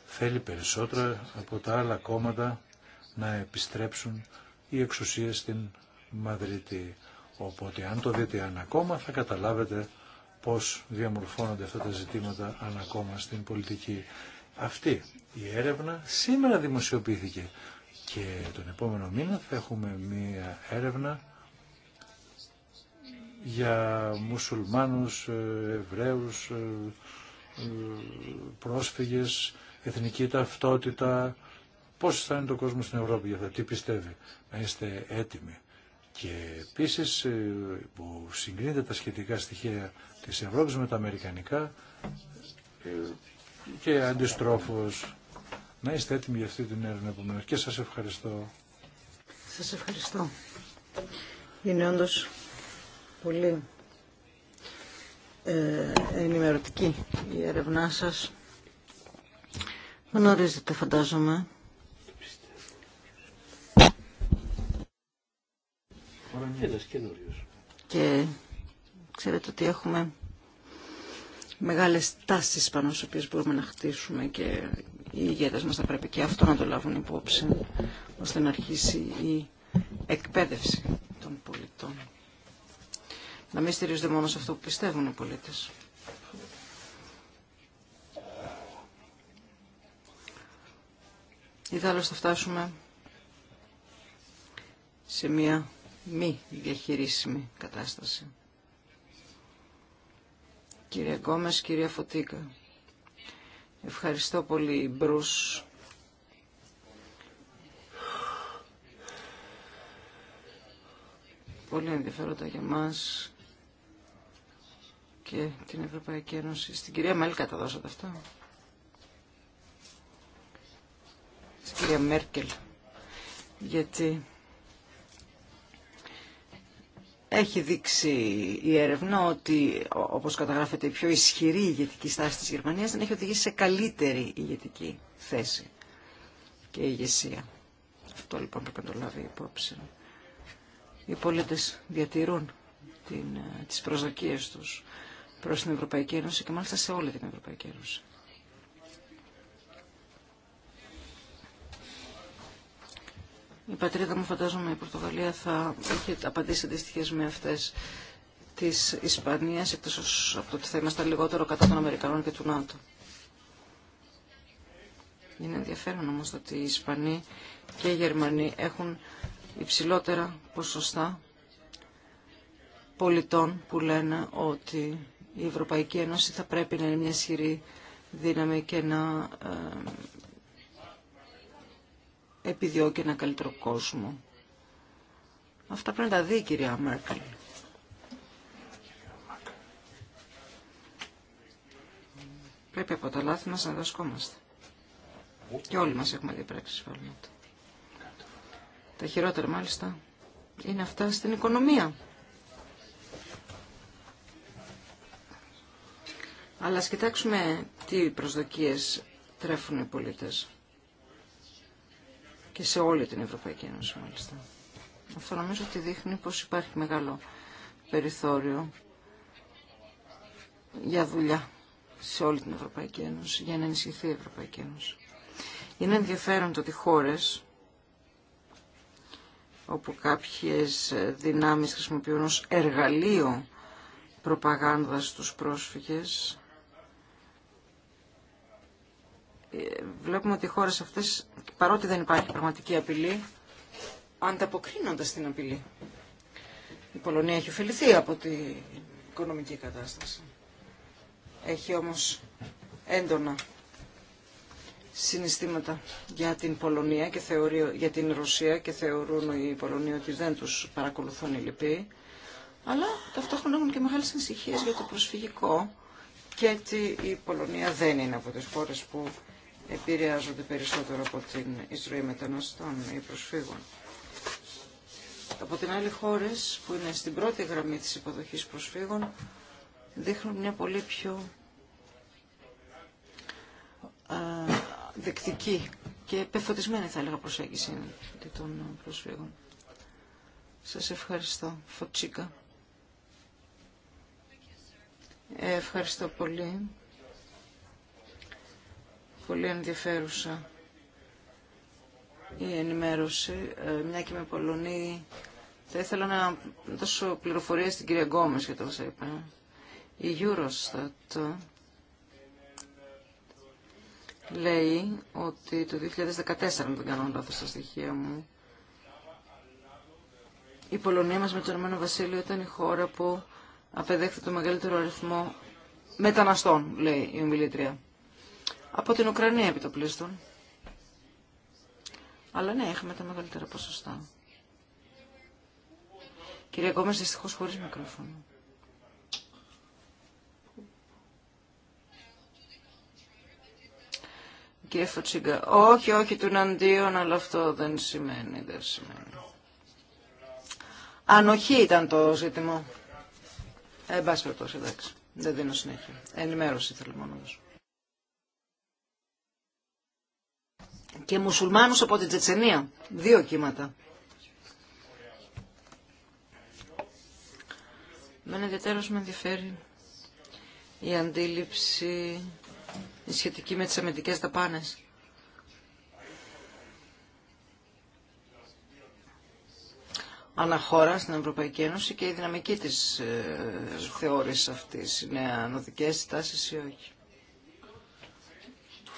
θέλει περισσότερο από τα άλλα κόμματα να επιστρέψουν η εξουσίες στην Μαδρίτη. Οπότε αν το δείτε ανακόμα θα καταλάβετε πώς διαμορφώνονται αυτά τα ζητήματα ανακόμα στην πολιτική. Αυτή η έρευνα σήμερα δημοσιοποιήθηκε και τον επόμενο μήνα θα έχουμε μία έρευνα για μουσουλμάνους, ε, Εβραίους, ε, ε, πρόσφυγες, εθνική ταυτότητα. Πώς θα είναι το κόσμο στην Ευρώπη για αυτό, τι πιστεύει, να είστε έτοιμοι. Και επίσης που συγκρίνεται τα σχετικά στοιχεία της Ευρώπης με τα Αμερικανικά και αντιστρόφως. Να είστε έτοιμοι για αυτή την έρευνα επομένως και σας ευχαριστώ. Σας ευχαριστώ. Είναι όντως πολύ ε, ενημερωτική η έρευνά σας. Γνωρίζετε φαντάζομαι. Και ξέρετε ότι έχουμε μεγάλες τάσεις πάνω στις οποίες μπορούμε να χτίσουμε και οι ηγέτες μας θα πρέπει και αυτό να το λάβουν υπόψη ώστε να αρχίσει η εκπαίδευση των πολιτών να μην στηρίζονται μόνο σε αυτό που πιστεύουν οι πολίτες. Ιδάλλως θα φτάσουμε σε μια μη διαχειρίσιμη κατάσταση. Κύριε Γκόμες, κυρία Φωτίκα, ευχαριστώ πολύ Μπρούς. Πολύ ενδιαφέροντα για μας και την Ευρωπαϊκή Ένωση. Στην κυρία Μέλκα τα δώσατε αυτά. Στην κυρία Μέρκελ. Γιατί έχει δείξει η έρευνα ότι, όπως καταγράφεται, η πιο ισχυρή ηγετική στάση της Γερμανίας δεν έχει οδηγήσει σε καλύτερη ηγετική θέση και ηγεσία. Αυτό λοιπόν πρέπει να το λάβει υπόψη. Οι πολίτες διατηρούν την, ε, τις προσδοκίες τους. Προ την Ευρωπαϊκή Ένωση και μάλιστα σε όλη την Ευρωπαϊκή Ένωση. Η πατρίδα μου φαντάζομαι η Πορτογαλία θα έχει απαντήσει αντίστοιχε με αυτέ της Ισπανία εκτό από το ότι θα ήμασταν λιγότερο κατά των Αμερικανών και του ΝΑΤΟ. Είναι ενδιαφέρον όμω ότι οι Ισπανοί και οι Γερμανοί έχουν υψηλότερα ποσοστά πολιτών που λένε ότι η Ευρωπαϊκή Ένωση θα πρέπει να είναι μια ισχυρή δύναμη και να ε, επιδιώκει ένα καλύτερο κόσμο. Αυτά πρέπει να τα δει η κυρία Μέρκελ. Πρέπει από τα λάθη μας να δασκόμαστε. Και όλοι μας έχουμε διαπράξει σφάλματα. Τα χειρότερα μάλιστα είναι αυτά στην οικονομία. Αλλά ας κοιτάξουμε τι προσδοκίες τρέφουν οι πολίτες. Και σε όλη την Ευρωπαϊκή Ένωση μάλιστα. Αυτό νομίζω ότι δείχνει πως υπάρχει μεγάλο περιθώριο για δουλειά σε όλη την Ευρωπαϊκή Ένωση, για να ενισχυθεί η Ευρωπαϊκή Ένωση. Είναι ενδιαφέρον το ότι χώρες όπου κάποιες δυνάμεις χρησιμοποιούν ως εργαλείο προπαγάνδας στους πρόσφυγες βλέπουμε ότι οι χώρες αυτές, παρότι δεν υπάρχει πραγματική απειλή, ανταποκρίνονται στην απειλή. Η Πολωνία έχει ωφεληθεί από την οικονομική κατάσταση. Έχει όμως έντονα συναισθήματα για την Πολωνία και θεωρεί, για την Ρωσία και θεωρούν οι Πολωνοί ότι δεν τους παρακολουθούν οι λοιποί. Αλλά ταυτόχρονα έχουν και μεγάλες ανησυχίε για το προσφυγικό και ότι η Πολωνία δεν είναι από τις χώρες που επηρεάζονται περισσότερο από την εισρωή μεταναστών ή προσφύγων. Από την άλλη χώρες που είναι στην πρώτη γραμμή της υποδοχής προσφύγων δείχνουν μια πολύ πιο δεκτική και πεφωτισμένη θα έλεγα προσέγγιση των προσφύγων. Σας ευχαριστώ. Φωτσίκα. Ε, ευχαριστώ πολύ πολύ ενδιαφέρουσα η ενημέρωση, ε, μια και με Πολωνή. Θα ήθελα να δώσω πληροφορία στην κυρία Γκόμες για το όσα είπα. Η Eurostat λέει ότι το 2014, αν δεν κάνω λάθος στα στοιχεία μου, η Πολωνία μας με το Ηνωμένο Βασίλειο ήταν η χώρα που απεδέχθη το μεγαλύτερο αριθμό μεταναστών, λέει η ομιλήτρια από την Ουκρανία επί το πλήστον. Αλλά ναι, έχουμε τα μεγαλύτερα ποσοστά. Κυρία Γκόμες, δυστυχώς χωρίς μικρόφωνο. Κύριε Φωτσίγκα, όχι, όχι, του αντίον, αλλά αυτό δεν σημαίνει, δεν σημαίνει. Ανοχή ήταν το ζήτημα. Ε, εν εντάξει. Δεν δίνω συνέχεια. Ενημέρωση θέλω μόνο και μουσουλμάνους από την Τσετσενία. Δύο κύματα. Μένα ενδιαφέρον με ενδιαφέρει η αντίληψη η σχετική με τις αμυντικές δαπάνες. Αναχώρα στην Ευρωπαϊκή Ένωση και η δυναμική της ε, θεώρησης αυτής είναι ανωδικές στάσεις ή όχι.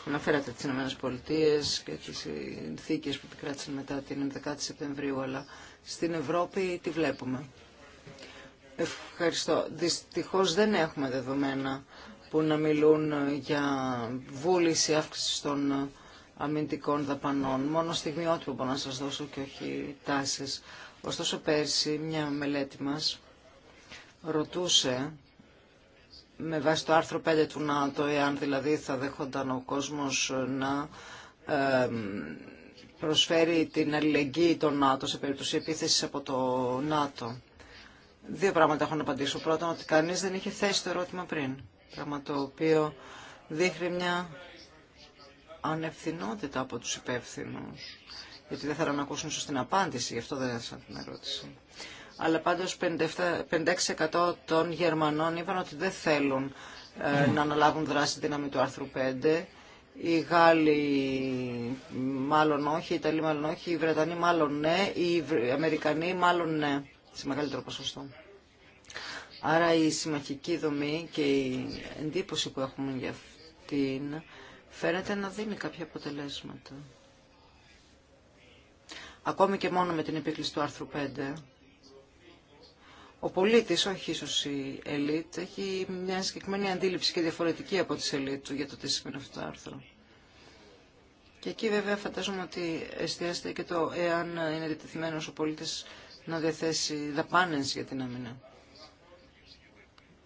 Αναφέρατε τις ΗΠΑ και τις συνθήκες που επικράτησαν μετά την 11η Σεπτεμβρίου, αλλά στην Ευρώπη τι βλέπουμε. Ευχαριστώ. Δυστυχώς δεν έχουμε δεδομένα που να μιλούν για βούληση αύξηση των αμυντικών δαπανών. Μόνο στιγμιότυπο μπορώ να σας δώσω και όχι τάσεις. Ωστόσο πέρσι μια μελέτη μας ρωτούσε με βάση το άρθρο 5 του ΝΑΤΟ, εάν δηλαδή θα δέχονταν ο κόσμος να προσφέρει την αλληλεγγύη των ΝΑΤΟ σε περίπτωση επίθεσης από το ΝΑΤΟ. Δύο πράγματα έχω να απαντήσω. Πρώτον, ότι κανείς δεν είχε θέσει το ερώτημα πριν. Πράγμα το οποίο δείχνει μια ανευθυνότητα από τους υπεύθυνου. Γιατί δεν θέλω να ακούσουν σωστή απάντηση, γι' αυτό δεν έδωσαν την ερώτηση αλλά πάντως 56% των Γερμανών είπαν ότι δεν θέλουν ε, να αναλάβουν δράση δύναμη του άρθρου 5. Οι Γάλλοι μάλλον όχι, οι Ιταλοί μάλλον όχι, οι Βρετανοί μάλλον ναι, οι Αμερικανοί μάλλον ναι, σε μεγαλύτερο ποσοστό. Άρα η συμμαχική δομή και η εντύπωση που έχουμε για αυτήν φαίνεται να δίνει κάποια αποτελέσματα. Ακόμη και μόνο με την επίκληση του άρθρου 5 ο πολίτης, όχι ίσω η ελίτ, έχει μια συγκεκριμένη αντίληψη και διαφορετική από τη ελίτ του για το τι σημαίνει αυτό το άρθρο. Και εκεί βέβαια φαντάζομαι ότι εστιάζεται και το εάν είναι διτεθειμένο ο πολίτης να διαθέσει δαπάνε για την άμυνα.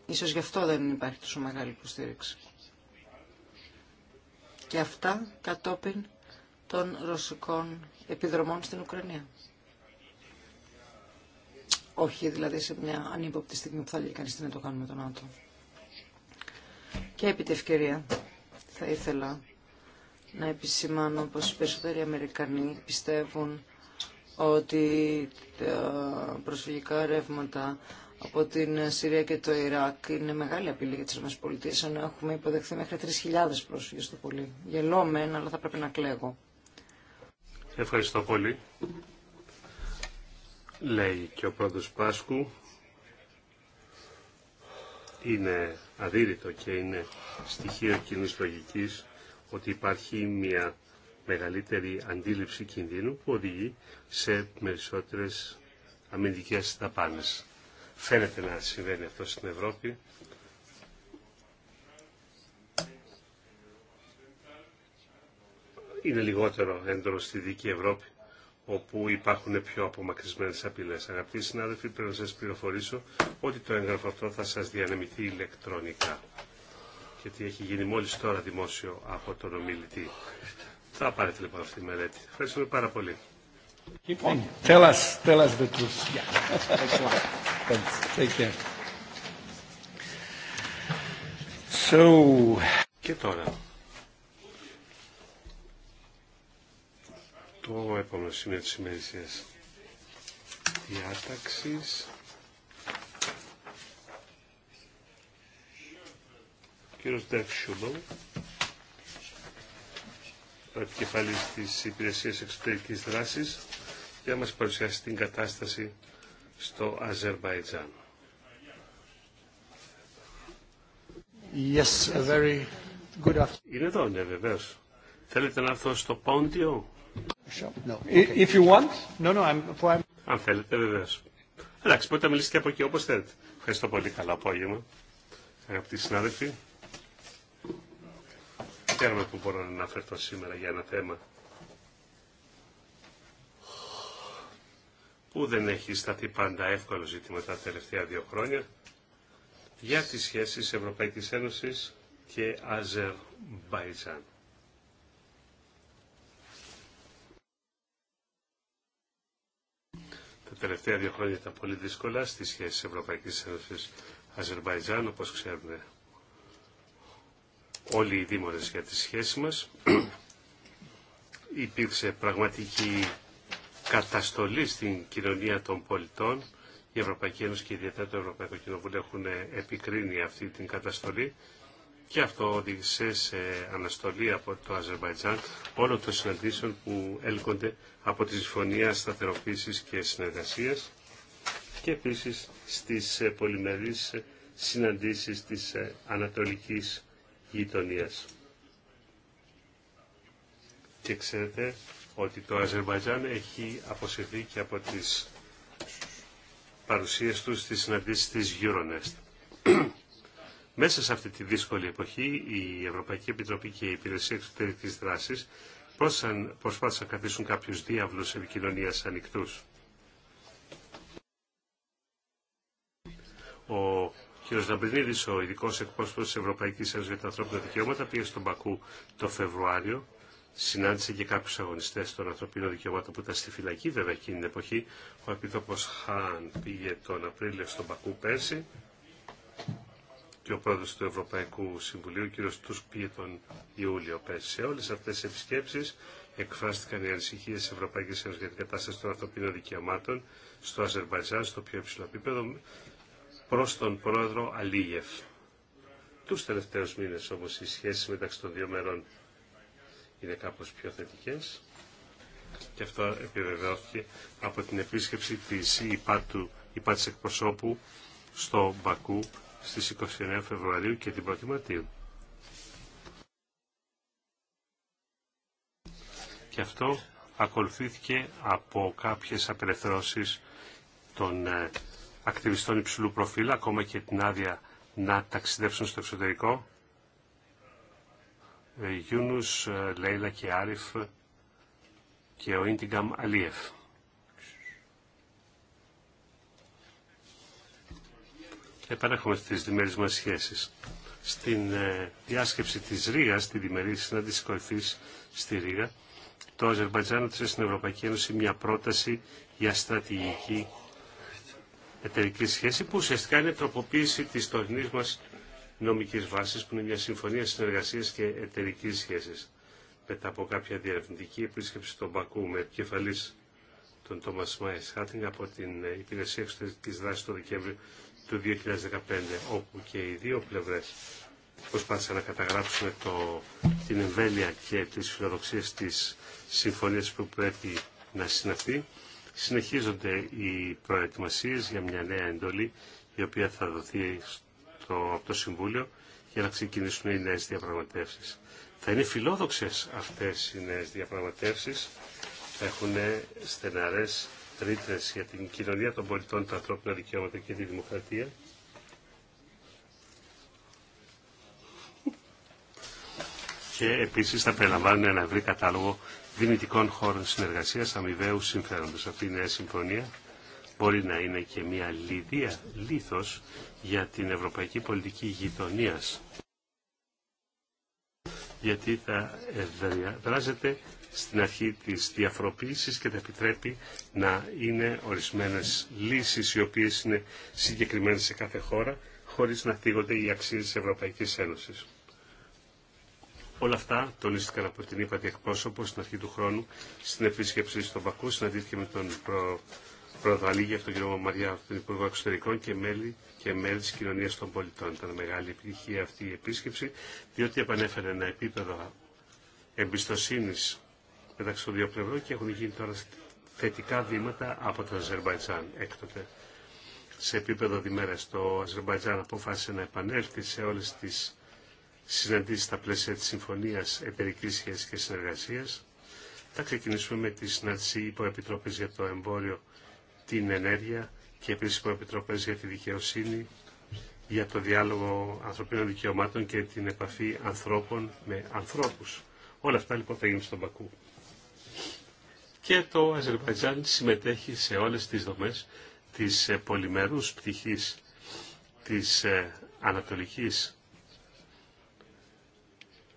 Ίσως γι' αυτό δεν υπάρχει τόσο μεγάλη υποστήριξη. Και αυτά κατόπιν των ρωσικών επιδρομών στην Ουκρανία. Όχι δηλαδή σε μια ανύποπτη στιγμή που θα λέει κανείς τι να το κάνουμε τον άτο. Και επί τη ευκαιρία θα ήθελα να επισημάνω πως οι περισσότεροι Αμερικανοί πιστεύουν ότι τα προσφυγικά ρεύματα από την Συρία και το Ιράκ είναι μεγάλη απειλή για τις ΗΠΑ, ενώ έχουμε υποδεχθεί μέχρι 3.000 πρόσφυγες στο πολύ. Γελώ μεν, αλλά θα πρέπει να κλαίγω. Ευχαριστώ πολύ λέει και ο πρώτο Πάσκου, είναι αδύρυτο και είναι στοιχείο κοινή λογική ότι υπάρχει μια μεγαλύτερη αντίληψη κινδύνου που οδηγεί σε περισσότερες αμυντικές δαπάνες. Φαίνεται να συμβαίνει αυτό στην Ευρώπη. Είναι λιγότερο έντονο στη δική Ευρώπη όπου υπάρχουν πιο απομακρυσμένες απειλές. Αγαπητοί συνάδελφοι, πρέπει να σας πληροφορήσω ότι το έγγραφο αυτό θα σας διανεμηθεί ηλεκτρονικά. Γιατί έχει γίνει μόλις τώρα δημόσιο από τον ομιλητή. Θα πάρετε λοιπόν αυτή τη μελέτη. Ευχαριστούμε πάρα πολύ. Και τώρα, Το επόμενο σημείο της ημερησίας διάταξης. Ο κύριος Ντεφ Σούμπελ, ο επικεφαλής της Υπηρεσίας Εξωτερικής Δράσης, για να μας παρουσιάσει την κατάσταση στο Αζερβαϊτζάν. Yes, a very good afternoon. Είναι εδώ, ναι, βεβαίως. Θέλετε να έρθω στο Πόντιο. Αν θέλετε, βεβαίω. Εντάξει, μπορείτε να μιλήσετε από εκεί όπω θέλετε. Ευχαριστώ πολύ. Καλό απόγευμα. Αγαπητοί συνάδελφοι. Χαίρομαι που μπορώ να αναφερθώ σήμερα για ένα θέμα που δεν έχει σταθεί πάντα εύκολο ζήτημα τα τελευταία δύο χρόνια για τις σχέσεις Ευρωπαϊκής Ένωσης και Αζερμπαϊτζάν. τελευταία δύο χρόνια ήταν πολύ δύσκολα στις σχέσεις Ευρωπαϊκή Ένωση, Αζερβαϊτζάν, όπω ξέρουν όλοι οι δημονε για τη σχέση μα. Υπήρξε πραγματική καταστολή στην κοινωνία των πολιτών. Η Ευρωπαϊκή Ένωση και ιδιαίτερα το Ευρωπαϊκό Κοινοβούλιο έχουν επικρίνει αυτή την καταστολή και αυτό οδήγησε σε αναστολή από το Αζερβαϊτζάν όλων των συναντήσεων που έλκονται από τη Συμφωνία σταθεροποίηση και συνεργασία και επίσης στις ε, πολυμερείς ε, συναντήσεις της ε, Ανατολικής γειτονία. Και ξέρετε ότι το Αζερβαϊτζάν έχει αποσυρθεί και από τις παρουσίες του στις συναντήσεις της Euronest. Μέσα σε αυτή τη δύσκολη εποχή, η Ευρωπαϊκή Επιτροπή και η Υπηρεσία Εξωτερικής Δράσης προσπάθησαν να κρατήσουν κάποιους διάβλους επικοινωνία ανοιχτούς. Ο κ. Ναμπρινίδης, ο ειδικό εκπρόσωπος της Ευρωπαϊκής Ένωσης για τα ανθρώπινα δικαιώματα, πήγε στον Πακού το Φεβρουάριο, συνάντησε και κάποιους αγωνιστές των ανθρωπίνων δικαιωμάτων που ήταν στη φυλακή, βέβαια εκείνη την εποχή. Ο Επίτροπος Χάν πήγε τον Απρίλιο στον Πακού πέρσι και ο πρόεδρος του Ευρωπαϊκού Συμβουλίου, κ. πήγε τον Ιούλιο πέρσι. Σε όλες αυτές τις επισκέψει εκφράστηκαν οι ανησυχίε τη Ευρωπαϊκή Ένωση για την κατάσταση των ανθρωπίνων δικαιωμάτων στο Αζερβαϊτζάν, στο πιο υψηλό επίπεδο, προ τον πρόεδρο Αλίγεφ. Του τελευταίου μήνε όμω οι σχέσει μεταξύ των δύο μερών είναι κάπω πιο θετικέ και αυτό επιβεβαιώθηκε από την επίσκεψη τη ΥΠΑ, του, ΥΠΑ της εκπροσώπου στο Μπακού στις 29 Φεβρουαρίου και την 1η Μαρτίου. Και αυτό ακολουθήθηκε από κάποιες απελευθερώσεις των ε, ακτιβιστών υψηλού προφίλ, ακόμα και την άδεια να ταξιδέψουν στο εξωτερικό. Ε, Γιούνους, ε, Λέιλα και Άριφ και ο Ίντιγκαμ Αλίεφ. Επανέρχομαι στις διμερείς μας σχέσεις. Στην ε, διάσκεψη της Ρήγας, τη διμερή συνάντηση κορυφής στη Ρήγα, το Αζερβαϊτζάν έδωσε στην Ευρωπαϊκή Ένωση μια πρόταση για στρατηγική εταιρική σχέση που ουσιαστικά είναι τροποποίηση της τωρινής μας νομικής βάσης που είναι μια συμφωνία συνεργασίας και εταιρική σχέσης. Μετά από κάποια διαρευνητική επίσκεψη στον Πακού με επικεφαλής τον Τόμας Μάιες Χάτινγκ από την ε, Υπηρεσία Εξωτερικής Δράσης το Δεκέμβριο του 2015, όπου και οι δύο πλευρές προσπάθησαν να καταγράψουν το, την εμβέλεια και τις φιλοδοξίες της συμφωνίας που πρέπει να συναφθεί. Συνεχίζονται οι προετοιμασίες για μια νέα εντολή, η οποία θα δοθεί στο, από το Συμβούλιο για να ξεκινήσουν οι νέες διαπραγματεύσεις. Θα είναι φιλόδοξες αυτές οι νέε διαπραγματεύσεις, θα έχουν στεναρές ρήτρες για την κοινωνία των πολιτών, τα ανθρώπινα δικαιώματα και τη δημοκρατία. Και επίσης θα περιλαμβάνουν ένα ευρύ κατάλογο δυνητικών χώρων συνεργασίας αμοιβαίου συμφέροντος. Αυτή η νέα συμφωνία μπορεί να είναι και μια λιδία λίθος για την ευρωπαϊκή πολιτική γειτονίας γιατί θα δράζεται στην αρχή της διαφοροποίησης και θα επιτρέπει να είναι ορισμένες λύσεις οι οποίες είναι συγκεκριμένες σε κάθε χώρα χωρίς να θίγονται οι αξίες της Ευρωπαϊκής Ένωσης. Όλα αυτά τονίστηκαν από την ύπατη εκπρόσωπο στην αρχή του χρόνου στην επίσκεψη στον Πακού, συναντήθηκε με τον προ... Πρόεδρο Αλίγη, από τον κύριο Μαμαριά, τον Υπουργό Εξωτερικών και μέλη και μέλη τη κοινωνία των πολιτών. Ήταν μεγάλη επιτυχία αυτή η επίσκεψη, διότι επανέφερε ένα επίπεδο εμπιστοσύνη μεταξύ των δύο πλευρών και έχουν γίνει τώρα θετικά βήματα από το Αζερβαϊτζάν έκτοτε. Σε επίπεδο διμέρες το Αζερβαϊτζάν αποφάσισε να επανέλθει σε όλες τις συναντήσεις στα πλαίσια τη Συμφωνίας Εταιρικής και συνεργασία. Θα ξεκινήσουμε με τη συνάντηση Επιτροπή για το εμπόριο την ενέργεια και επίσης επιτροπές για τη δικαιοσύνη, για το διάλογο ανθρωπίνων δικαιωμάτων και την επαφή ανθρώπων με ανθρώπους. Όλα αυτά λοιπόν θα γίνουν στον Πακού. Και το Αζερβαϊτζάν συμμετέχει σε όλες τις δομές της ε, πολυμερούς πτυχής της ε, ανατολικής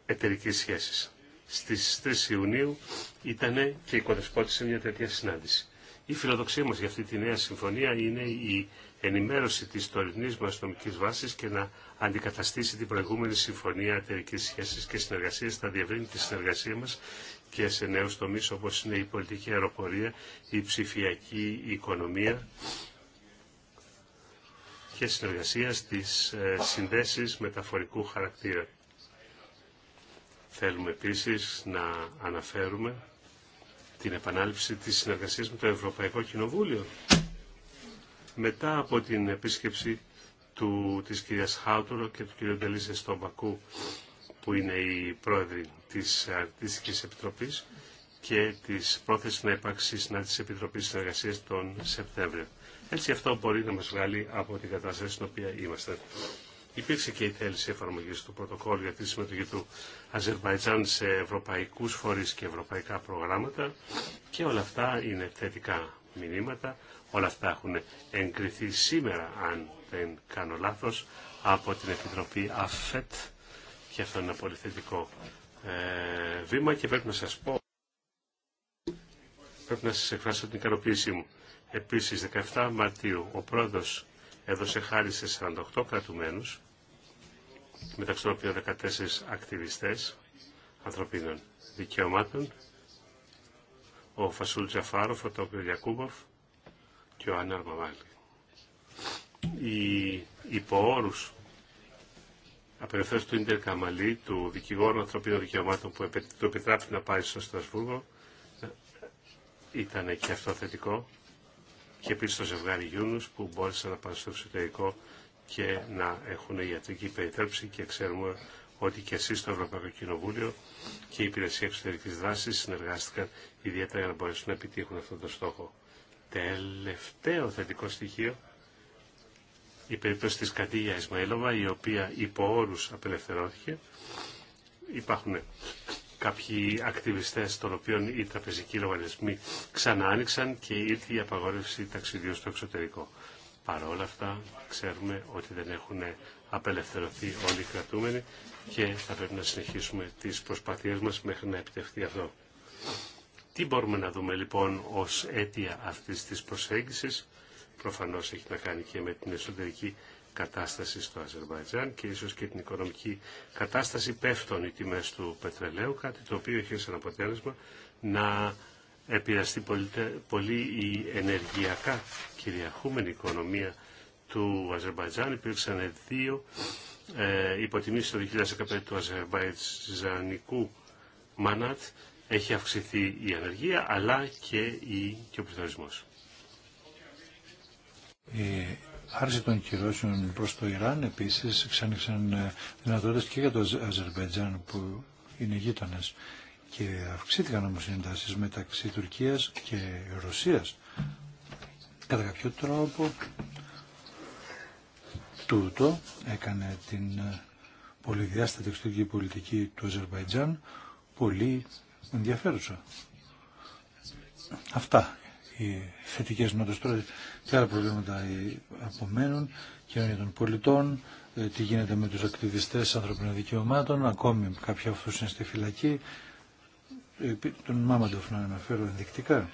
εταιρικής σχέσης. Στις 3 Ιουνίου ήταν και η κοδεσπότη σε μια τέτοια συνάντηση. Η φιλοδοξία μας για αυτή τη νέα συμφωνία είναι η ενημέρωση της τωρινής μας νομικής βάσης και να αντικαταστήσει την προηγούμενη συμφωνία εταιρική σχέσης και συνεργασίας, θα διευρύνει τη συνεργασία μας και σε νέους τομείς όπως είναι η πολιτική αεροπορία, η ψηφιακή οικονομία και συνεργασία στις ε, συνδέσεις μεταφορικού χαρακτήρα. Θέλουμε επίσης να αναφέρουμε την επανάληψη της συνεργασίας με το Ευρωπαϊκό Κοινοβούλιο. Μετά από την επίσκεψη του, της κυρίας Χάουτουρο και του κυρίου Ντελίζε στο Μπακού, που είναι οι πρόεδροι της Αρτιστικής Επιτροπής και της πρόθεσης να υπάρξει συνάντηση Επιτροπής Συνεργασίας τον Σεπτέμβριο. Έτσι αυτό μπορεί να μας βγάλει από την κατάσταση στην οποία είμαστε υπήρξε και η θέληση εφαρμογή του πρωτοκόλλου για τη συμμετοχή του Αζερβαϊτζάν σε ευρωπαϊκού φορεί και ευρωπαϊκά προγράμματα και όλα αυτά είναι θετικά μηνύματα. Όλα αυτά έχουν εγκριθεί σήμερα, αν δεν κάνω λάθο, από την Επιτροπή ΑΦΕΤ και αυτό είναι ένα πολύ θετικό ε, βήμα και πρέπει να σα πω πρέπει να σα εκφράσω την ικανοποίησή μου. επίση, 17 Μαρτίου, ο πρόεδρος έδωσε χάρη σε 48 κρατουμένους μεταξύ των οποίων 14 ακτιβιστές ανθρωπίνων δικαιωμάτων, ο Φασούλ Τζαφάροφ, ο Τόπιο Γιακούμποφ και ο Άννα Αρμαβάλη. Οι υποόρους απελευθέρωση του Ιντερ Καμαλή, του δικηγόρου ανθρωπίνων δικαιωμάτων που του να πάει στο Στρασβούργο, ήταν και αυτό θετικό. Και επίση το ζευγάρι Γιούνου που μπόρεσε να πάνε στο εξωτερικό και να έχουν ιατρική περιθέρψη και ξέρουμε ότι και εσείς στο Ευρωπαϊκό Κοινοβούλιο και η Υπηρεσία Εξωτερικής Δράσης συνεργάστηκαν ιδιαίτερα για να μπορέσουν να επιτύχουν αυτόν τον στόχο. Τελευταίο θετικό στοιχείο, η περίπτωση της Κατήγια Ισμαήλωβα, η οποία υπό όρους απελευθερώθηκε. Υπάρχουν κάποιοι ακτιβιστές των οποίων οι τραπεζικοί λογαριασμοί ξανά άνοιξαν και ήρθε η απαγόρευση ταξιδιού στο εξωτερικό. Παρ' όλα αυτά ξέρουμε ότι δεν έχουν απελευθερωθεί όλοι οι κρατούμενοι και θα πρέπει να συνεχίσουμε τις προσπαθίες μας μέχρι να επιτευχθεί αυτό. Τι μπορούμε να δούμε λοιπόν ως αίτια αυτής της προσέγγισης. Προφανώς έχει να κάνει και με την εσωτερική κατάσταση στο Αζερβαϊτζάν και ίσως και την οικονομική κατάσταση πέφτουν οι τιμές του πετρελαίου, κάτι το οποίο έχει σαν αποτέλεσμα να επηρεαστεί πολύ, πολύ η ενεργειακά κυριαρχούμενη οικονομία του Αζερβαϊτζάν. Υπήρξαν δύο ε, υποτιμήσεις το 2015 του Αζερβαϊτζανικού Μανάτ. Έχει αυξηθεί η ανεργία αλλά και, η, και ο πληθωρισμός. Η άρση των κυρώσεων προς το Ιράν επίσης ξανήξαν ε, δυνατότητες και για το Αζερβαϊτζάν που είναι γείτονες και αυξήθηκαν όμως οι εντάσεις μεταξύ Τουρκίας και Ρωσίας κατά κάποιο τρόπο τούτο έκανε την πολυδιάστατη εξωτερική πολιτική του Αζερβαϊτζάν πολύ ενδιαφέρουσα. Αυτά οι θετικέ νότα τώρα και άλλα προβλήματα απομένουν και για των πολιτών, ε, τι γίνεται με τους ακτιβιστές ανθρωπινών δικαιωμάτων, ακόμη κάποιοι αυτούς είναι στη φυλακή, τον Μάμαντοφ να αναφέρω ενδεικτικά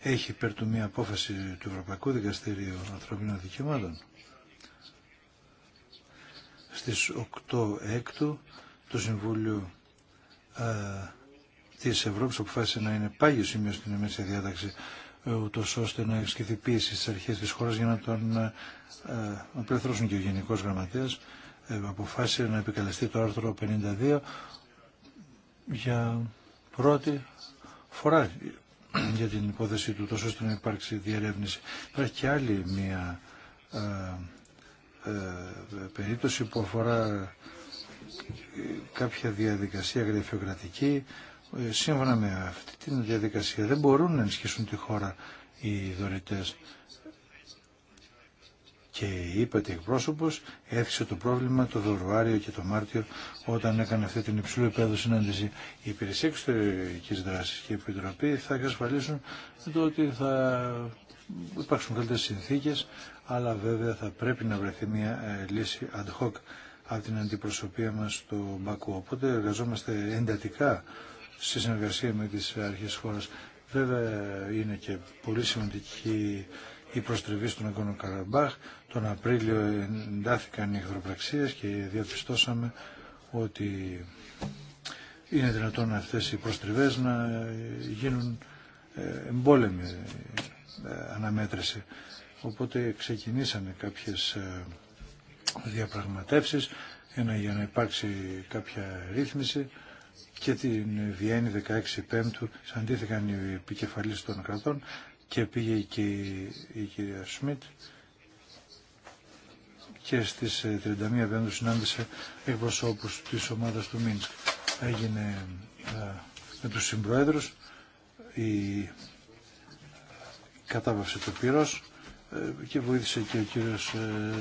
έχει υπέρ του μία απόφαση του Ευρωπαϊκού Δικαστηρίου Ανθρωπίνων Δικαιωμάτων στις 8 έκτου το Συμβούλιο α, της Ευρώπης αποφάσισε να είναι πάγιο σημείο στην εμέσια διάταξη ε, ούτω ώστε να ασκηθεί πίεση στις αρχέ τη χώρα για να τον ε, ε, απελευθερώσουν και ο Γενικό Γραμματέα. Αποφάσισε να επικαλεστεί το άρθρο 52 για πρώτη φορά για την υπόθεση του τόσο ώστε να υπάρξει διερεύνηση. Υπάρχει και άλλη μία ε, ε, περίπτωση που αφορά κάποια διαδικασία γραφειοκρατική. Ε, σύμφωνα με αυτή τη διαδικασία δεν μπορούν να ενισχύσουν τη χώρα οι δωρητές και είπε ότι εκπρόσωπο έθισε το πρόβλημα το Φεβρουάριο και το Μάρτιο όταν έκανε αυτή την υψηλού επέδου συνάντηση. Η υπηρεσία εξωτερική δράση και η επιτροπή θα εξασφαλίσουν το ότι θα υπάρξουν καλύτερε συνθήκε, αλλά βέβαια θα πρέπει να βρεθεί μια ε, λύση ad hoc από την αντιπροσωπεία μα στο Μπακού. Οπότε εργαζόμαστε εντατικά στη συνεργασία με τι αρχέ χώρα. Βέβαια είναι και πολύ σημαντική η προστριβή στον Αγκόνο Καραμπάχ. Τον Απρίλιο εντάθηκαν οι εχθροπραξίες και διαπιστώσαμε ότι είναι δυνατόν αυτές οι προστριβές να γίνουν ε, εμπόλεμη ε, αναμέτρηση. Οπότε ξεκινήσανε κάποιες ε, διαπραγματεύσεις για να υπάρξει κάποια ρύθμιση και την Βιέννη 16 Πέμπτου σαντίθηκαν οι επικεφαλείς των κρατών και πήγε και η κυρία Σμιτ και στις 31 ε, Πέμπτου συνάντησε εκπροσώπους της ομάδας του Μίνσκ. Έγινε ε, με τους συμπροέδρους η κατάβαυση του πύρος ε, και βοήθησε και ο κύριος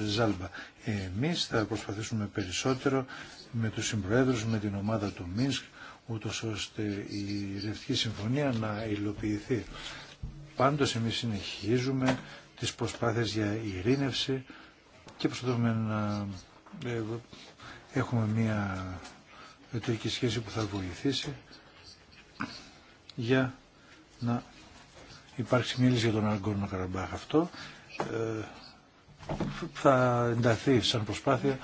Ζάλμπα. Εμείς θα προσπαθήσουμε περισσότερο με τους συμπροέδρους, με την ομάδα του Μίνσκ, ούτως ώστε η Ρευτική Συμφωνία να υλοποιηθεί. Πάντως εμείς συνεχίζουμε τις προσπάθειες για ειρήνευση και προσπαθούμε να ε, έχουμε μια εταιρική σχέση που θα βοηθήσει για να υπάρξει μίληση για τον αργόνο Καραμπάχ αυτό ε, θα ενταθεί σαν προσπάθεια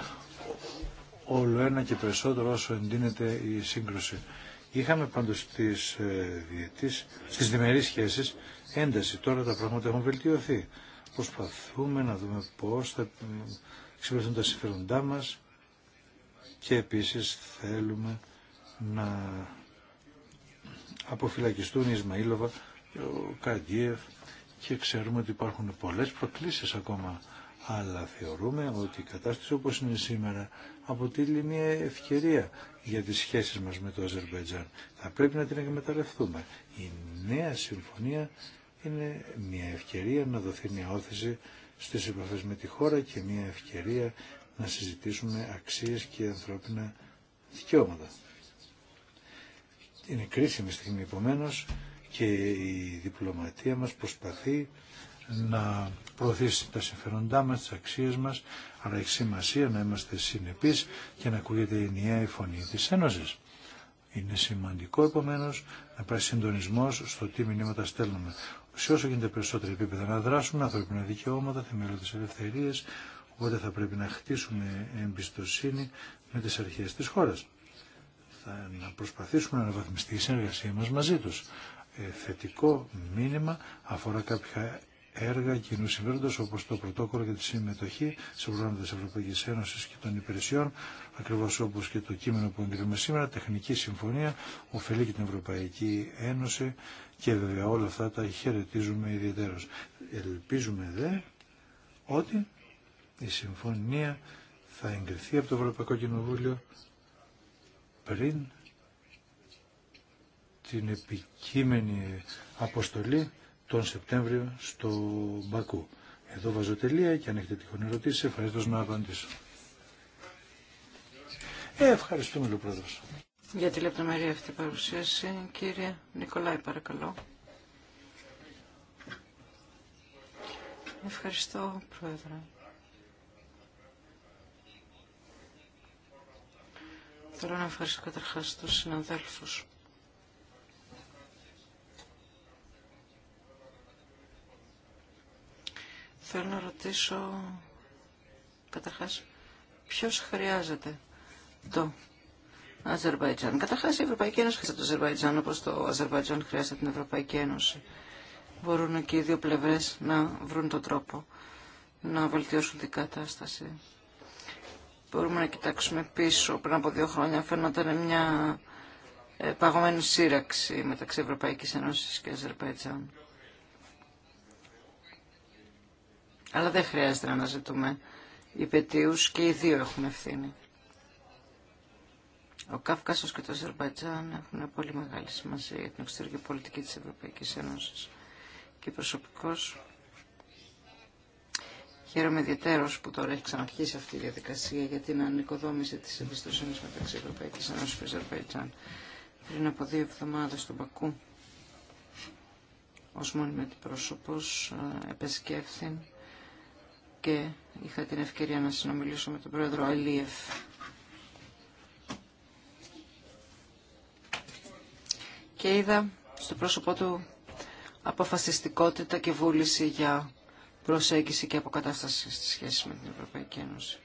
όλο ένα και περισσότερο όσο εντείνεται η σύγκρουση. Είχαμε πάντως στις ε, στις διμερείς σχέσεις ένταση. Τώρα τα πράγματα έχουν βελτιωθεί. Προσπαθούμε να δούμε πώς θα εξυπηρεθούν τα συμφέροντά μας και επίσης θέλουμε να αποφυλακιστούν η Ισμαήλωβα, ο Καντιέφ και ξέρουμε ότι υπάρχουν πολλές προκλήσεις ακόμα αλλά θεωρούμε ότι η κατάσταση όπως είναι σήμερα αποτελεί μια ευκαιρία για τις σχέσεις μας με το Αζερβαϊτζάν. Θα πρέπει να την εκμεταλλευτούμε. Η νέα συμφωνία είναι μια ευκαιρία να δοθεί μια όθηση στις επαφέ με τη χώρα και μια ευκαιρία να συζητήσουμε αξίες και ανθρώπινα δικαιώματα. Είναι κρίσιμη στιγμή επομένω και η διπλωματία μας προσπαθεί να προωθήσει τα συμφέροντά μας, τις αξίες μας, αλλά έχει σημασία να είμαστε συνεπείς και να ακούγεται η ενιαία η φωνή της Ένωσης. Είναι σημαντικό επομένω να υπάρχει συντονισμό στο τι μηνύματα στέλνουμε. Σε όσο γίνεται περισσότερη επίπεδα να δράσουμε, να ανθρώπινα δικαιώματα, θεμελιώδει ελευθερίε, οπότε θα πρέπει να χτίσουμε εμπιστοσύνη με τι αρχέ τη χώρα. Θα να προσπαθήσουμε να αναβαθμιστεί η συνεργασία μα μαζί του. Ε, θετικό μήνυμα αφορά κάποια έργα κοινού συμφέροντο όπω το πρωτόκολλο για τη συμμετοχή σε προγράμματα τη Ευρωπαϊκή Ένωση και των υπηρεσιών, ακριβώ όπω και το κείμενο που εγκρίνουμε σήμερα, τεχνική συμφωνία, ωφελεί και την Ευρωπαϊκή Ένωση και βέβαια όλα αυτά τα χαιρετίζουμε ιδιαίτερω. Ελπίζουμε δε ότι η συμφωνία θα εγκριθεί από το Ευρωπαϊκό Κοινοβούλιο πριν την επικείμενη αποστολή τον Σεπτέμβριο στο Μπακού. Εδώ βάζω τελεία και αν έχετε τυχόν ερωτήσει, ευχαριστώ να απαντήσω. Ε, ευχαριστούμε, πρόεδρος. Για τη λεπτομερή αυτή παρουσίαση, κύριε Νικολάη, παρακαλώ. Ευχαριστώ, Πρόεδρε. Θέλω να ευχαριστώ καταρχάς τους συναδέλφους Θέλω να ρωτήσω καταρχάς ποιος χρειάζεται το Αζερβαϊτζάν. Καταρχάς η Ευρωπαϊκή Ένωση χρειάζεται το Αζερβαϊτζάν όπως το Αζερβαϊτζάν χρειάζεται την Ευρωπαϊκή Ένωση. Μπορούν και οι δύο πλευρές να βρουν τον τρόπο να βελτιώσουν την κατάσταση. Μπορούμε να κοιτάξουμε πίσω. Πριν από δύο χρόνια φαίνονταν μια παγωμένη σύραξη μεταξύ Ευρωπαϊκής Ένωσης και Αζερβαϊτζάν. Αλλά δεν χρειάζεται να αναζητούμε υπετίου και οι δύο έχουν ευθύνη. Ο Καύκασος και το Αζερβαϊτζάν έχουν πολύ μεγάλη σημασία για την εξωτερική πολιτική της Ευρωπαϊκής Ένωσης και προσωπικώς Χαίρομαι ιδιαίτερω που τώρα έχει ξαναρχίσει αυτή η διαδικασία για την ανοικοδόμηση τη εμπιστοσύνη μεταξύ Ευρωπαϊκή Ένωση και Αζερβαϊτζάν. Πριν από δύο εβδομάδε στον Πακού, ω μόνιμη αντιπρόσωπο, ε, επεσκέφθη και είχα την ευκαιρία να συνομιλήσω με τον πρόεδρο Αλίεφ. Και είδα στο πρόσωπό του αποφασιστικότητα και βούληση για προσέγγιση και αποκατάσταση στη σχέση με την Ευρωπαϊκή Ένωση.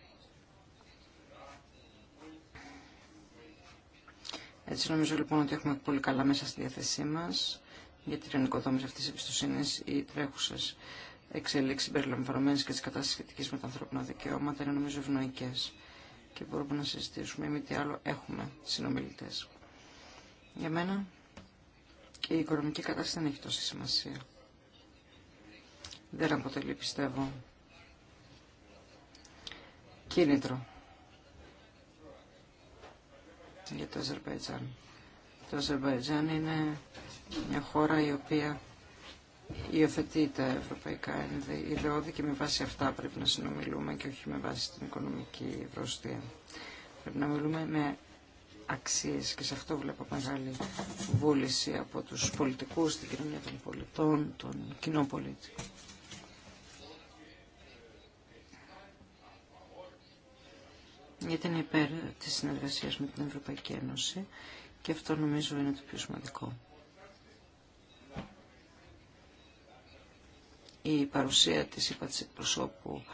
Έτσι νομίζω λοιπόν ότι έχουμε πολύ καλά μέσα στη διάθεσή μας για την ενοικοδόμηση αυτής της εμπιστοσύνης ή τρέχουσες εξέλιξη περιλαμβανομένες και της κατάστασης σχετικής με τα ανθρώπινα δικαιώματα είναι νομίζω ευνοϊκέ και μπορούμε να συζητήσουμε ή τι άλλο έχουμε συνομιλητές. Για μένα η οικονομική κατάσταση δεν έχει τόση σημασία. Δεν αποτελεί, πιστεύω, κίνητρο για το Αζερβαϊτζάν. Το Αζερβαϊτζάν είναι μια χώρα η οποία τα ευρωπαϊκά ιδεώδη και με βάση αυτά πρέπει να συνομιλούμε και όχι με βάση την οικονομική ευρωστία. Πρέπει να μιλούμε με αξίες και σε αυτό βλέπω μεγάλη βούληση από τους πολιτικούς, την κοινωνία των πολιτών, τον κοινό πολίτη. Γιατί είναι υπέρ της συνεργασίας με την Ευρωπαϊκή Ένωση και αυτό νομίζω είναι το πιο σημαντικό. η παρουσία της είπα προσώπου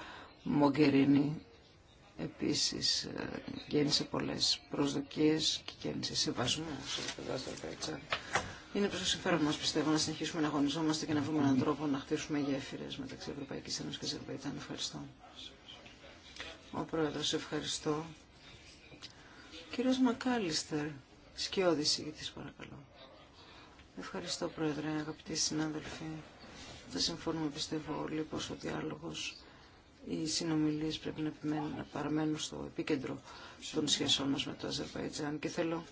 Μογκερίνη επίσης ε, γέννησε πολλές προσδοκίες και γέννησε σεβασμό Είναι προς το συμφέρον μας πιστεύω να συνεχίσουμε να αγωνιζόμαστε και να βρούμε έναν τρόπο να χτίσουμε γέφυρες μεταξύ Ευρωπαϊκής Ένωσης και Αζερβαϊτάν. Ευχαριστώ. Ο Πρόεδρος, ευχαριστώ. Κύριος Μακάλιστερ, σκιώδηση ηγητή, παρακαλώ. Ευχαριστώ Πρόεδρε, αγαπητοί συνάδελφοι. Θα συμφωνούμε πιστεύω όλοι ο διάλογος οι συνομιλίες πρέπει να, να παραμένουν στο επίκεντρο των σχέσεων μας με το Αζερβαϊτζάν και θέλω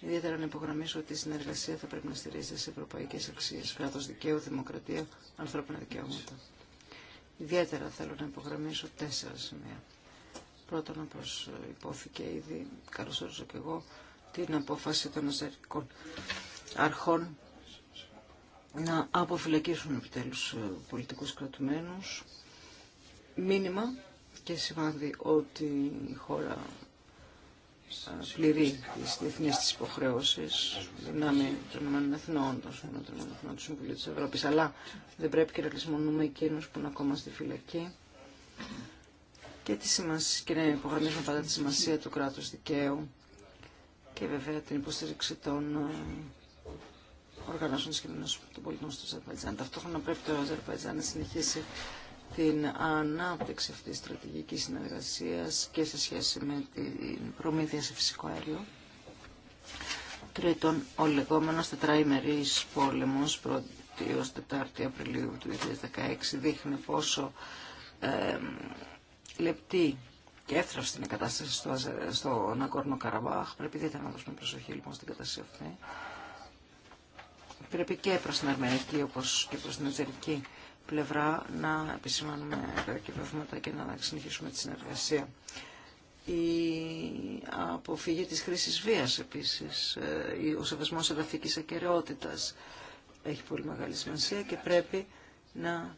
ιδιαίτερα να υπογραμμίσω ότι η συνεργασία θα πρέπει να στηρίζεται σε ευρωπαϊκές αξίες, κράτος δικαίου, δημοκρατία, ανθρώπινα δικαιώματα. Ιδιαίτερα θέλω να υπογραμμίσω τέσσερα σημεία. Πρώτον, όπως υπόθηκε ήδη, καλώς και εγώ, την απόφαση των αζερικών αρχών να αποφυλακίσουν επιτέλους ε, πολιτικούς κρατουμένους. Μήνυμα και σημάδι ότι η χώρα ε, πληρεί τις διεθνείς της υποχρεώσεις δυνάμει των Εθνών, των Εθνών του Συμβουλίου της Ευρώπης, αλλά δεν πρέπει και να κλεισμονούμε εκείνους που είναι ακόμα στη φυλακή και, τη σημασία, και να υπογραμμίζουμε πάντα τη σημασία του κράτους δικαίου και βέβαια την υποστήριξη των ε, οργανώσεων τι κοινωνίε των πολιτών στο Αζερβαϊτζάν. Ταυτόχρονα πρέπει το Αζερβαϊτζάν να συνεχίσει την ανάπτυξη αυτή τη στρατηγική συνεργασία και σε σχέση με την προμήθεια σε φυσικό αέριο. Τρίτον, ο Λεγόμενο τετραημερη πόλεμο πόλεμος 1η ω 4η Απριλίου του 2016 δείχνει πόσο ε, λεπτή και εύθραυστη είναι η κατάσταση στο, στο Ναγκόρνο Καραμπάχ. Πρέπει ιδιαίτερα να δώσουμε προσοχή λοιπόν στην κατάσταση αυτή πρέπει και προς την αρμενική όπως και προς την αζερική πλευρά να επισημάνουμε κάποια και να συνεχίσουμε τη συνεργασία. Η αποφυγή της χρήσης βίας επίσης, ε, ο σεβασμός εδαφικής ακαιρεότητας έχει πολύ μεγάλη σημασία και πρέπει να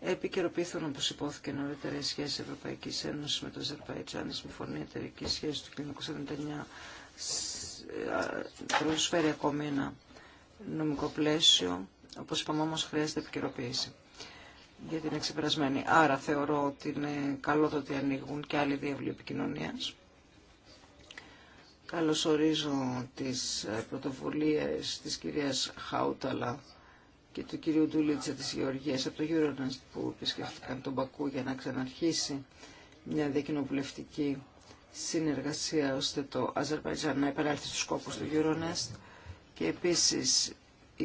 επικαιροποιηθούν όπως υπόθηκε νωρίτερα οι σχέσεις Ευρωπαϊκής Ένωσης με το Αζερβαϊτζάν, η συμφωνία εταιρική σχέση του 1979 ε, προσφέρει ακόμη ένα νομικό πλαίσιο, όπως είπαμε όμως χρειάζεται επικαιροποίηση για την εξεπερασμένη. Άρα θεωρώ ότι είναι καλό το ότι ανοίγουν και άλλοι διεύλοι επικοινωνία. Καλωσορίζω τις ε, πρωτοβουλίες της κυρίας Χάουταλα και του κυρίου Ντούλιτσα της Γεωργίας από το Euronest που επισκεφτήκαν τον Πακού για να ξαναρχίσει μια διακοινοβουλευτική συνεργασία ώστε το Αζερβαϊτζάν να επανέλθει στους σκόπους του Euronest και επίσης η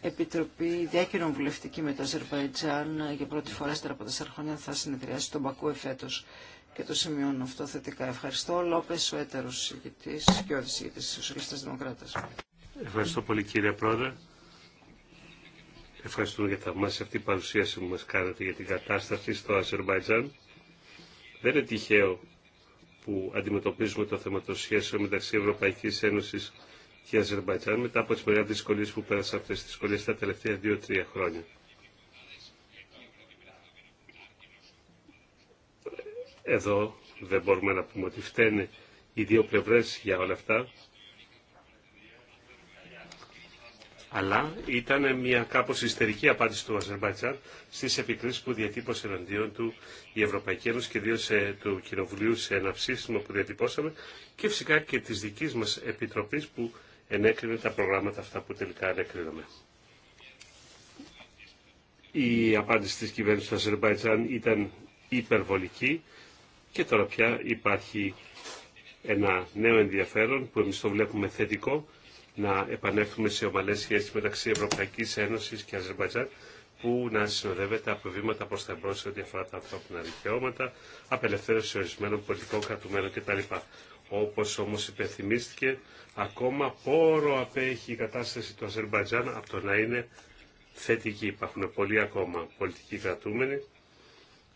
Επιτροπή Βουλευτική με το Αζερβαϊτζάν για πρώτη φορά ύστερα από τέσσερα χρόνια θα συνεδριάσει τον Πακού εφέτος και το σημειώνω αυτό θετικά. Ευχαριστώ. Λόπες, ο έτερος συγητής και ο συγητής της Σοσιαλιστής Δημοκράτας. Ευχαριστώ πολύ κύριε Πρόεδρε. Ευχαριστούμε για μας αυτή παρουσίαση που μας κάνατε για την κατάσταση στο Αζερβαϊτζάν. Δεν είναι τυχαίο που αντιμετωπίζουμε το θέμα των σχέσεων μεταξύ Ευρωπαϊκής Ένωσης και Αζερμπαϊτζάν μετά από τις μεγάλες δυσκολίες που πέρασαν αυτές τις δυσκολίες τα τελευταία δύο-τρία χρόνια. Εδώ δεν μπορούμε να πούμε ότι φταίνε οι δύο πλευρές για όλα αυτά. αλλά ήταν μια κάπω ιστερική απάντηση του Αζερμπαϊτζάν στι επικρίσει που διατύπωσε εναντίον του η Ευρωπαϊκή Ένωση και ιδίω ε, του Κοινοβουλίου σε ένα ψήφισμα που διατυπώσαμε και φυσικά και τη δική μας επιτροπή που ενέκρινε τα προγράμματα αυτά που τελικά ενέκριναμε. Η απάντηση της κυβέρνησης του Αζερμπαϊτζάν ήταν υπερβολική και τώρα πια υπάρχει ένα νέο ενδιαφέρον που εμείς το βλέπουμε θετικό να επανέλθουμε σε ομαλές σχέσεις μεταξύ Ευρωπαϊκή Ένωση και Αζερμπαϊτζάν που να συνοδεύεται από βήματα προ τα εμπρό σε ό,τι αφορά τα ανθρώπινα δικαιώματα, απελευθέρωση ορισμένων πολιτικών κρατουμένων κτλ. Όπω όμω υπενθυμίστηκε, ακόμα πόρο απέχει η κατάσταση του Αζερμπαϊτζάν από το να είναι θετική. Υπάρχουν πολλοί ακόμα πολιτικοί κρατούμενοι,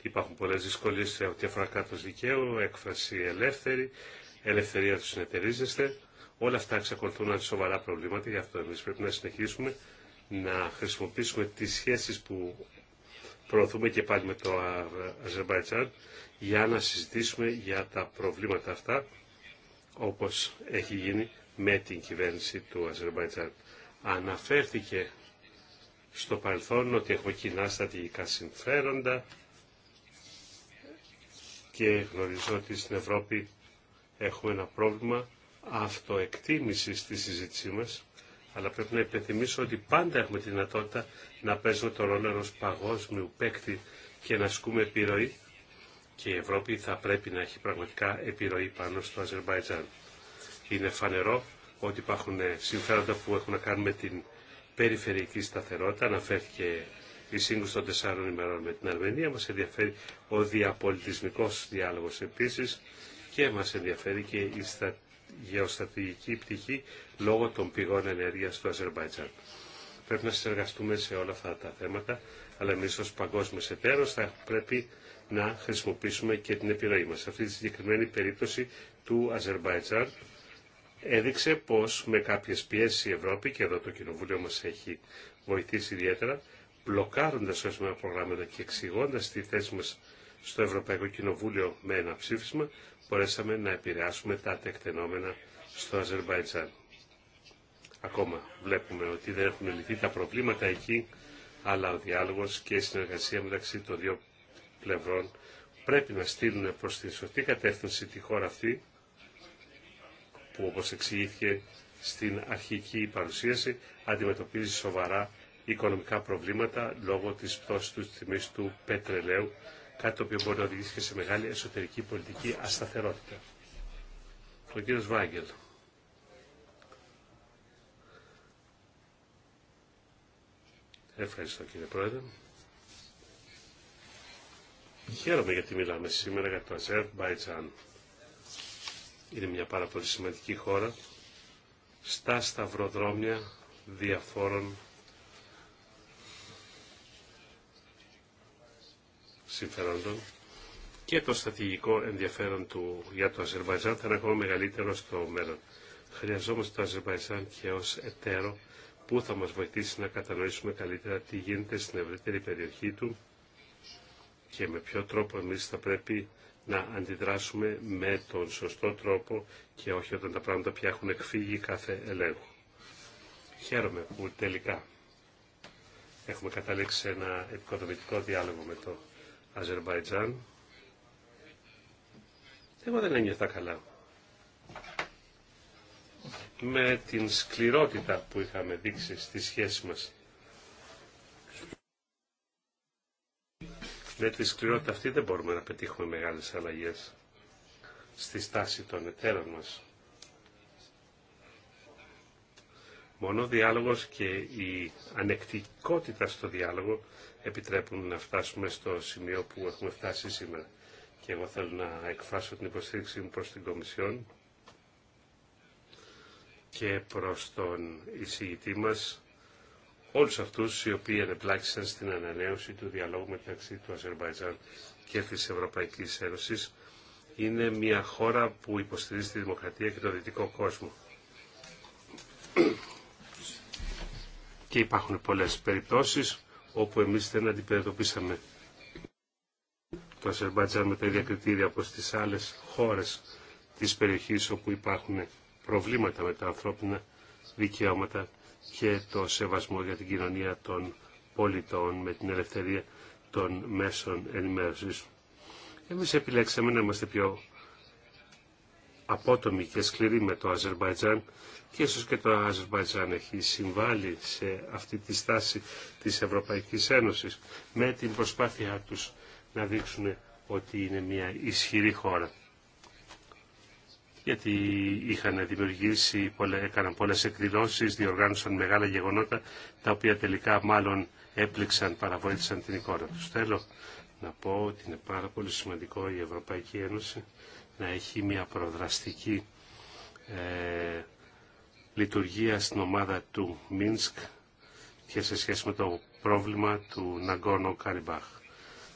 υπάρχουν πολλέ δυσκολίε σε ό,τι αφορά κράτο δικαίου, έκφραση ελεύθερη, ελευθερία του συνεταιρίζεστε. Όλα αυτά εξακολουθούν να είναι σοβαρά προβλήματα, γι' αυτό εμείς πρέπει να συνεχίσουμε να χρησιμοποιήσουμε τις σχέσεις που προωθούμε και πάλι με το Αζερβαϊτζάν για να συζητήσουμε για τα προβλήματα αυτά όπως έχει γίνει με την κυβέρνηση του Αζερβαϊτζάν. Αναφέρθηκε στο παρελθόν ότι έχουμε κοινά στρατηγικά συμφέροντα και γνωρίζω ότι στην Ευρώπη έχουμε ένα πρόβλημα αυτοεκτίμηση στη συζήτησή μας, αλλά πρέπει να υπενθυμίσω ότι πάντα έχουμε τη δυνατότητα να παίζουμε το ρόλο ενός παγκόσμιου παίκτη και να ασκούμε επιρροή και η Ευρώπη θα πρέπει να έχει πραγματικά επιρροή πάνω στο Αζερβαϊτζάν. Είναι φανερό ότι υπάρχουν ε, συμφέροντα που έχουν να κάνουν με την περιφερειακή σταθερότητα. Αναφέρθηκε η σύγκρουση των τεσσάρων ημερών με την Αρμενία. Μας ενδιαφέρει ο διαπολιτισμικός διάλογος επίσης και μα ενδιαφέρει και η, στα, γεωστρατηγική πτυχή λόγω των πηγών ενέργειας του Αζερβαϊτζάν. Πρέπει να συνεργαστούμε σε όλα αυτά τα θέματα, αλλά εμείς ως παγκόσμιος εταίρος θα πρέπει να χρησιμοποιήσουμε και την επιρροή μας. αυτή τη συγκεκριμένη περίπτωση του Αζερβαϊτζάν έδειξε πως με κάποιες πιέσεις η Ευρώπη, και εδώ το Κοινοβούλιο μας έχει βοηθήσει ιδιαίτερα, μπλοκάροντας ορισμένα προγράμματα και εξηγώντα τη θέση μα στο Ευρωπαϊκό Κοινοβούλιο με ένα ψήφισμα, μπορέσαμε να επηρεάσουμε τα τεκτενόμενα στο Αζερβαϊτζάν. Ακόμα βλέπουμε ότι δεν έχουν λυθεί τα προβλήματα εκεί, αλλά ο διάλογος και η συνεργασία μεταξύ των δύο πλευρών πρέπει να στείλουν προς τη σωστή κατεύθυνση τη χώρα αυτή, που όπως εξηγήθηκε στην αρχική παρουσίαση, αντιμετωπίζει σοβαρά οικονομικά προβλήματα λόγω της πτώσης του τιμή του πετρελαίου κάτι το οποίο μπορεί να οδηγήσει και σε μεγάλη εσωτερική πολιτική ασταθερότητα. Ο κύριος Βάγκελ. Ευχαριστώ κύριε Πρόεδρε. Χαίρομαι γιατί μιλάμε σήμερα για το Αζερμπαϊτζάν. Είναι μια πάρα πολύ σημαντική χώρα στα σταυροδρόμια διαφόρων συμφερόντων και το στρατηγικό ενδιαφέρον του για το Αζερβαϊτζάν θα είναι ακόμα μεγαλύτερο στο μέλλον. Χρειαζόμαστε το Αζερβαϊτζάν και ως εταίρο που θα μας βοηθήσει να κατανοήσουμε καλύτερα τι γίνεται στην ευρύτερη περιοχή του και με ποιο τρόπο εμείς θα πρέπει να αντιδράσουμε με τον σωστό τρόπο και όχι όταν τα πράγματα πια έχουν εκφύγει κάθε ελέγχου. Χαίρομαι που τελικά έχουμε καταλήξει σε ένα επικοδομητικό διάλογο με το Αζερβαϊτζάν. Εγώ δεν ένιωθα καλά. Με την σκληρότητα που είχαμε δείξει στη σχέση μας. Με τη σκληρότητα αυτή δεν μπορούμε να πετύχουμε μεγάλες αλλαγές στη στάση των εταίρων μας. Μόνο ο διάλογος και η ανεκτικότητα στο διάλογο επιτρέπουν να φτάσουμε στο σημείο που έχουμε φτάσει σήμερα. Και εγώ θέλω να εκφράσω την υποστήριξή μου προς την Κομισιόν και προς τον εισηγητή μας, όλους αυτούς οι οποίοι ανεπλάκησαν στην ανανέωση του διαλόγου μεταξύ του Αζερβαϊτζάν και της Ευρωπαϊκής Ένωσης. Είναι μια χώρα που υποστηρίζει τη δημοκρατία και το δυτικό κόσμο. Και υπάρχουν πολλές περιπτώσεις όπου εμείς δεν αντιπεριοδοποίησαμε το Αζερμπατζάν με τα ίδια κριτήρια όπως τις άλλες χώρες της περιοχής όπου υπάρχουν προβλήματα με τα ανθρώπινα δικαιώματα και το σεβασμό για την κοινωνία των πολιτών με την ελευθερία των μέσων ενημέρωσης. Εμείς επιλέξαμε να είμαστε πιο απότομη και σκληρή με το Αζερβαϊτζάν και ίσως και το Αζερβαϊτζάν έχει συμβάλει σε αυτή τη στάση της Ευρωπαϊκής Ένωσης με την προσπάθειά τους να δείξουν ότι είναι μια ισχυρή χώρα. Γιατί είχαν δημιουργήσει, έκαναν πολλές εκδηλώσεις, διοργάνωσαν μεγάλα γεγονότα, τα οποία τελικά μάλλον έπληξαν, παραβόητησαν την εικόνα του. Θέλω να πω ότι είναι πάρα πολύ σημαντικό η Ευρωπαϊκή Ένωση να έχει μια προδραστική ε, λειτουργία στην ομάδα του Μίνσκ και σε σχέση με το πρόβλημα του Ναγκόνο Καριμπάχ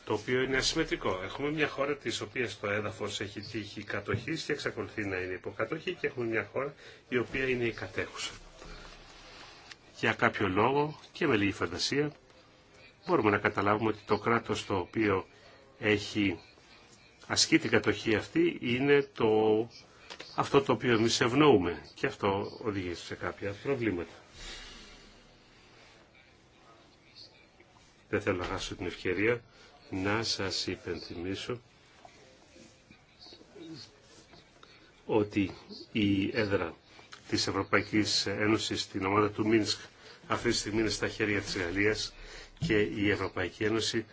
το οποίο είναι ασυμμετρικό. Έχουμε μια χώρα τη οποία το έδαφο έχει τύχει κατοχή και εξακολουθεί να είναι υποκατοχή και έχουμε μια χώρα η οποία είναι η κατέχουσα. Για κάποιο λόγο και με λίγη φαντασία μπορούμε να καταλάβουμε ότι το κράτος το οποίο έχει ασκεί την κατοχή αυτή είναι το, αυτό το οποίο εμεί ευνοούμε και αυτό οδηγεί σε κάποια προβλήματα. Δεν θέλω να χάσω την ευκαιρία να σας υπενθυμίσω ότι η έδρα της Ευρωπαϊκής Ένωσης στην ομάδα του Μίνσκ αυτή τη στιγμή είναι στα χέρια της Γαλλίας και η Ευρωπαϊκή Ένωση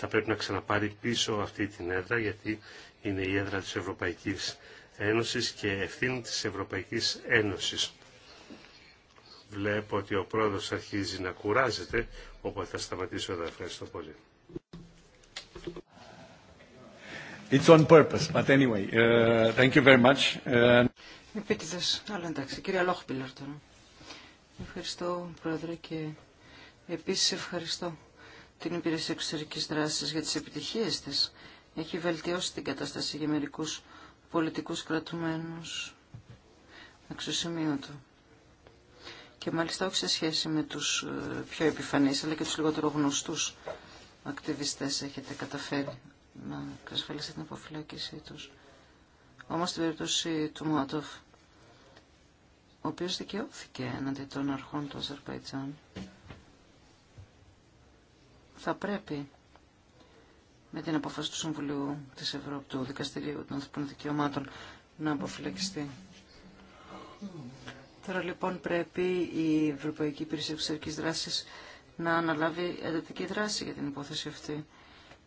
θα πρέπει να ξαναπάρει πίσω αυτή την έδρα γιατί είναι η έδρα της Ευρωπαϊκής Ένωσης και ευθύνη της Ευρωπαϊκής Ένωσης. Βλέπω ότι ο πρόεδρος αρχίζει να κουράζεται, οπότε θα σταματήσω εδώ. Ευχαριστώ πολύ. It's on purpose, but anyway, uh, thank you very much. Uh, Επίτηδες, αλλά εντάξει, κυρία Λόχπιλερ τώρα. Ευχαριστώ, Πρόεδρε, και επίσης ευχαριστώ την υπηρεσία εξωτερική δράση για τις επιτυχίε της. Έχει βελτιώσει την κατάσταση για μερικού πολιτικού κρατουμένου αξιοσημείωτο. Και μάλιστα όχι σε σχέση με τους ε, πιο επιφανεί, αλλά και τους λιγότερο γνωστούς ακτιβιστές έχετε καταφέρει να εξασφαλίσετε την αποφυλάκησή τους. Όμως στην περίπτωση του Μότοφ, ο οποίος δικαιώθηκε έναντι των αρχών του Αζερβαϊτζάν, θα πρέπει με την απόφαση του Συμβουλίου της Ευρώπη, του Δικαστηρίου των Ανθρωπίνων Δικαιωμάτων, να αποφυλακιστεί. Τώρα λοιπόν πρέπει η Ευρωπαϊκή Υπηρεσία Εξωτερικής Δράσης να αναλάβει εντατική δράση για την υπόθεση αυτή.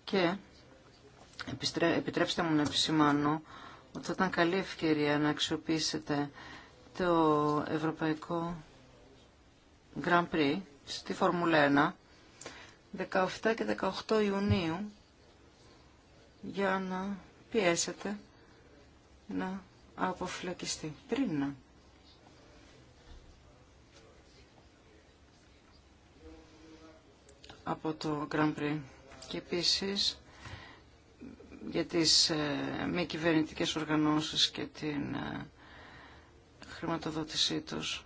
Και επιτρέψτε μου να επισημάνω ότι θα ήταν καλή ευκαιρία να αξιοποιήσετε το Ευρωπαϊκό Grand Prix στη Φόρμουλα 1 17 και 18 Ιουνίου για να πιέσετε να αποφυλακιστεί πριν από το Grand Prix. Και επίσης για τις ε, μη κυβερνητικές οργανώσεις και την ε, χρηματοδότησή τους.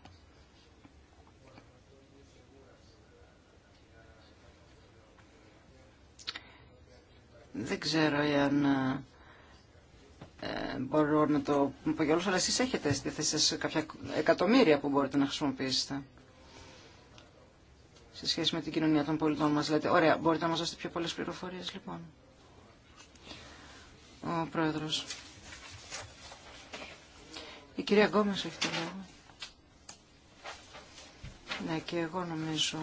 Δεν ξέρω αν ε, ε, μπορώ να το πω για όλους, αλλά εσείς έχετε στη θέση σας κάποια εκατομμύρια που μπορείτε να χρησιμοποιήσετε. Σε σχέση με την κοινωνία των πολιτών μας λέτε. Ωραία, μπορείτε να μας δώσετε πιο πολλές πληροφορίες λοιπόν. Ο Πρόεδρος. Η κυρία Γκόμες έχει το λόγο. Ναι, και εγώ νομίζω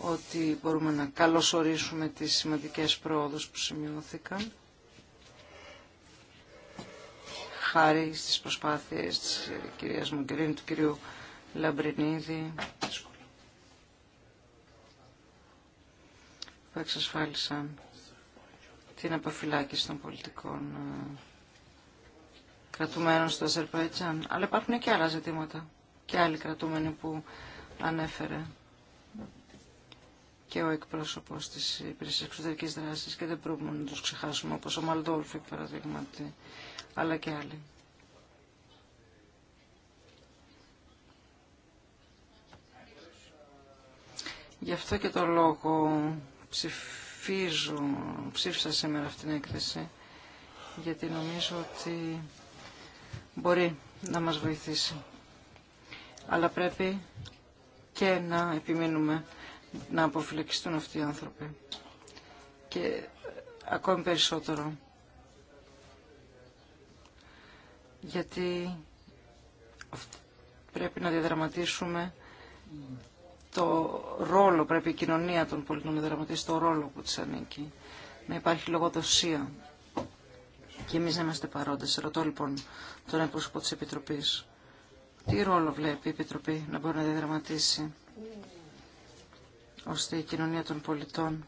ότι μπορούμε να καλωσορίσουμε τις σημαντικές πρόοδους που σημειώθηκαν χάρη στις προσπάθειες της κυρίας Μογκερίνη, του κυρίου Λαμπρινίδη που εξασφάλισαν την αποφυλάκηση των πολιτικών ε, κρατουμένων στο Αζερπαϊτζάν Αλλά υπάρχουν και άλλα ζητήματα και άλλοι κρατούμενοι που ανέφερε και ο εκπρόσωπο τη υπηρεσία εξωτερική δράση και δεν μπορούμε να του ξεχάσουμε όπω ο Μαλδόλφη παραδείγματι αλλά και άλλοι. Γι' αυτό και το λόγο ψηφίζω, ψήφισα σήμερα αυτήν την έκθεση, γιατί νομίζω ότι μπορεί να μας βοηθήσει. Αλλά πρέπει και να επιμείνουμε να αποφυλακιστούν αυτοί οι άνθρωποι. Και ε, ακόμη περισσότερο. Γιατί πρέπει να διαδραματίσουμε το ρόλο, πρέπει η κοινωνία των πολιτών να διαδραματίσει το ρόλο που της ανήκει. Να υπάρχει λογοδοσία. Και εμείς να είμαστε παρόντες. Ρωτώ λοιπόν τον επρόσωπο της Επιτροπής. Τι ρόλο βλέπει η Επιτροπή να μπορεί να διαδραματίσει ώστε η κοινωνία των πολιτών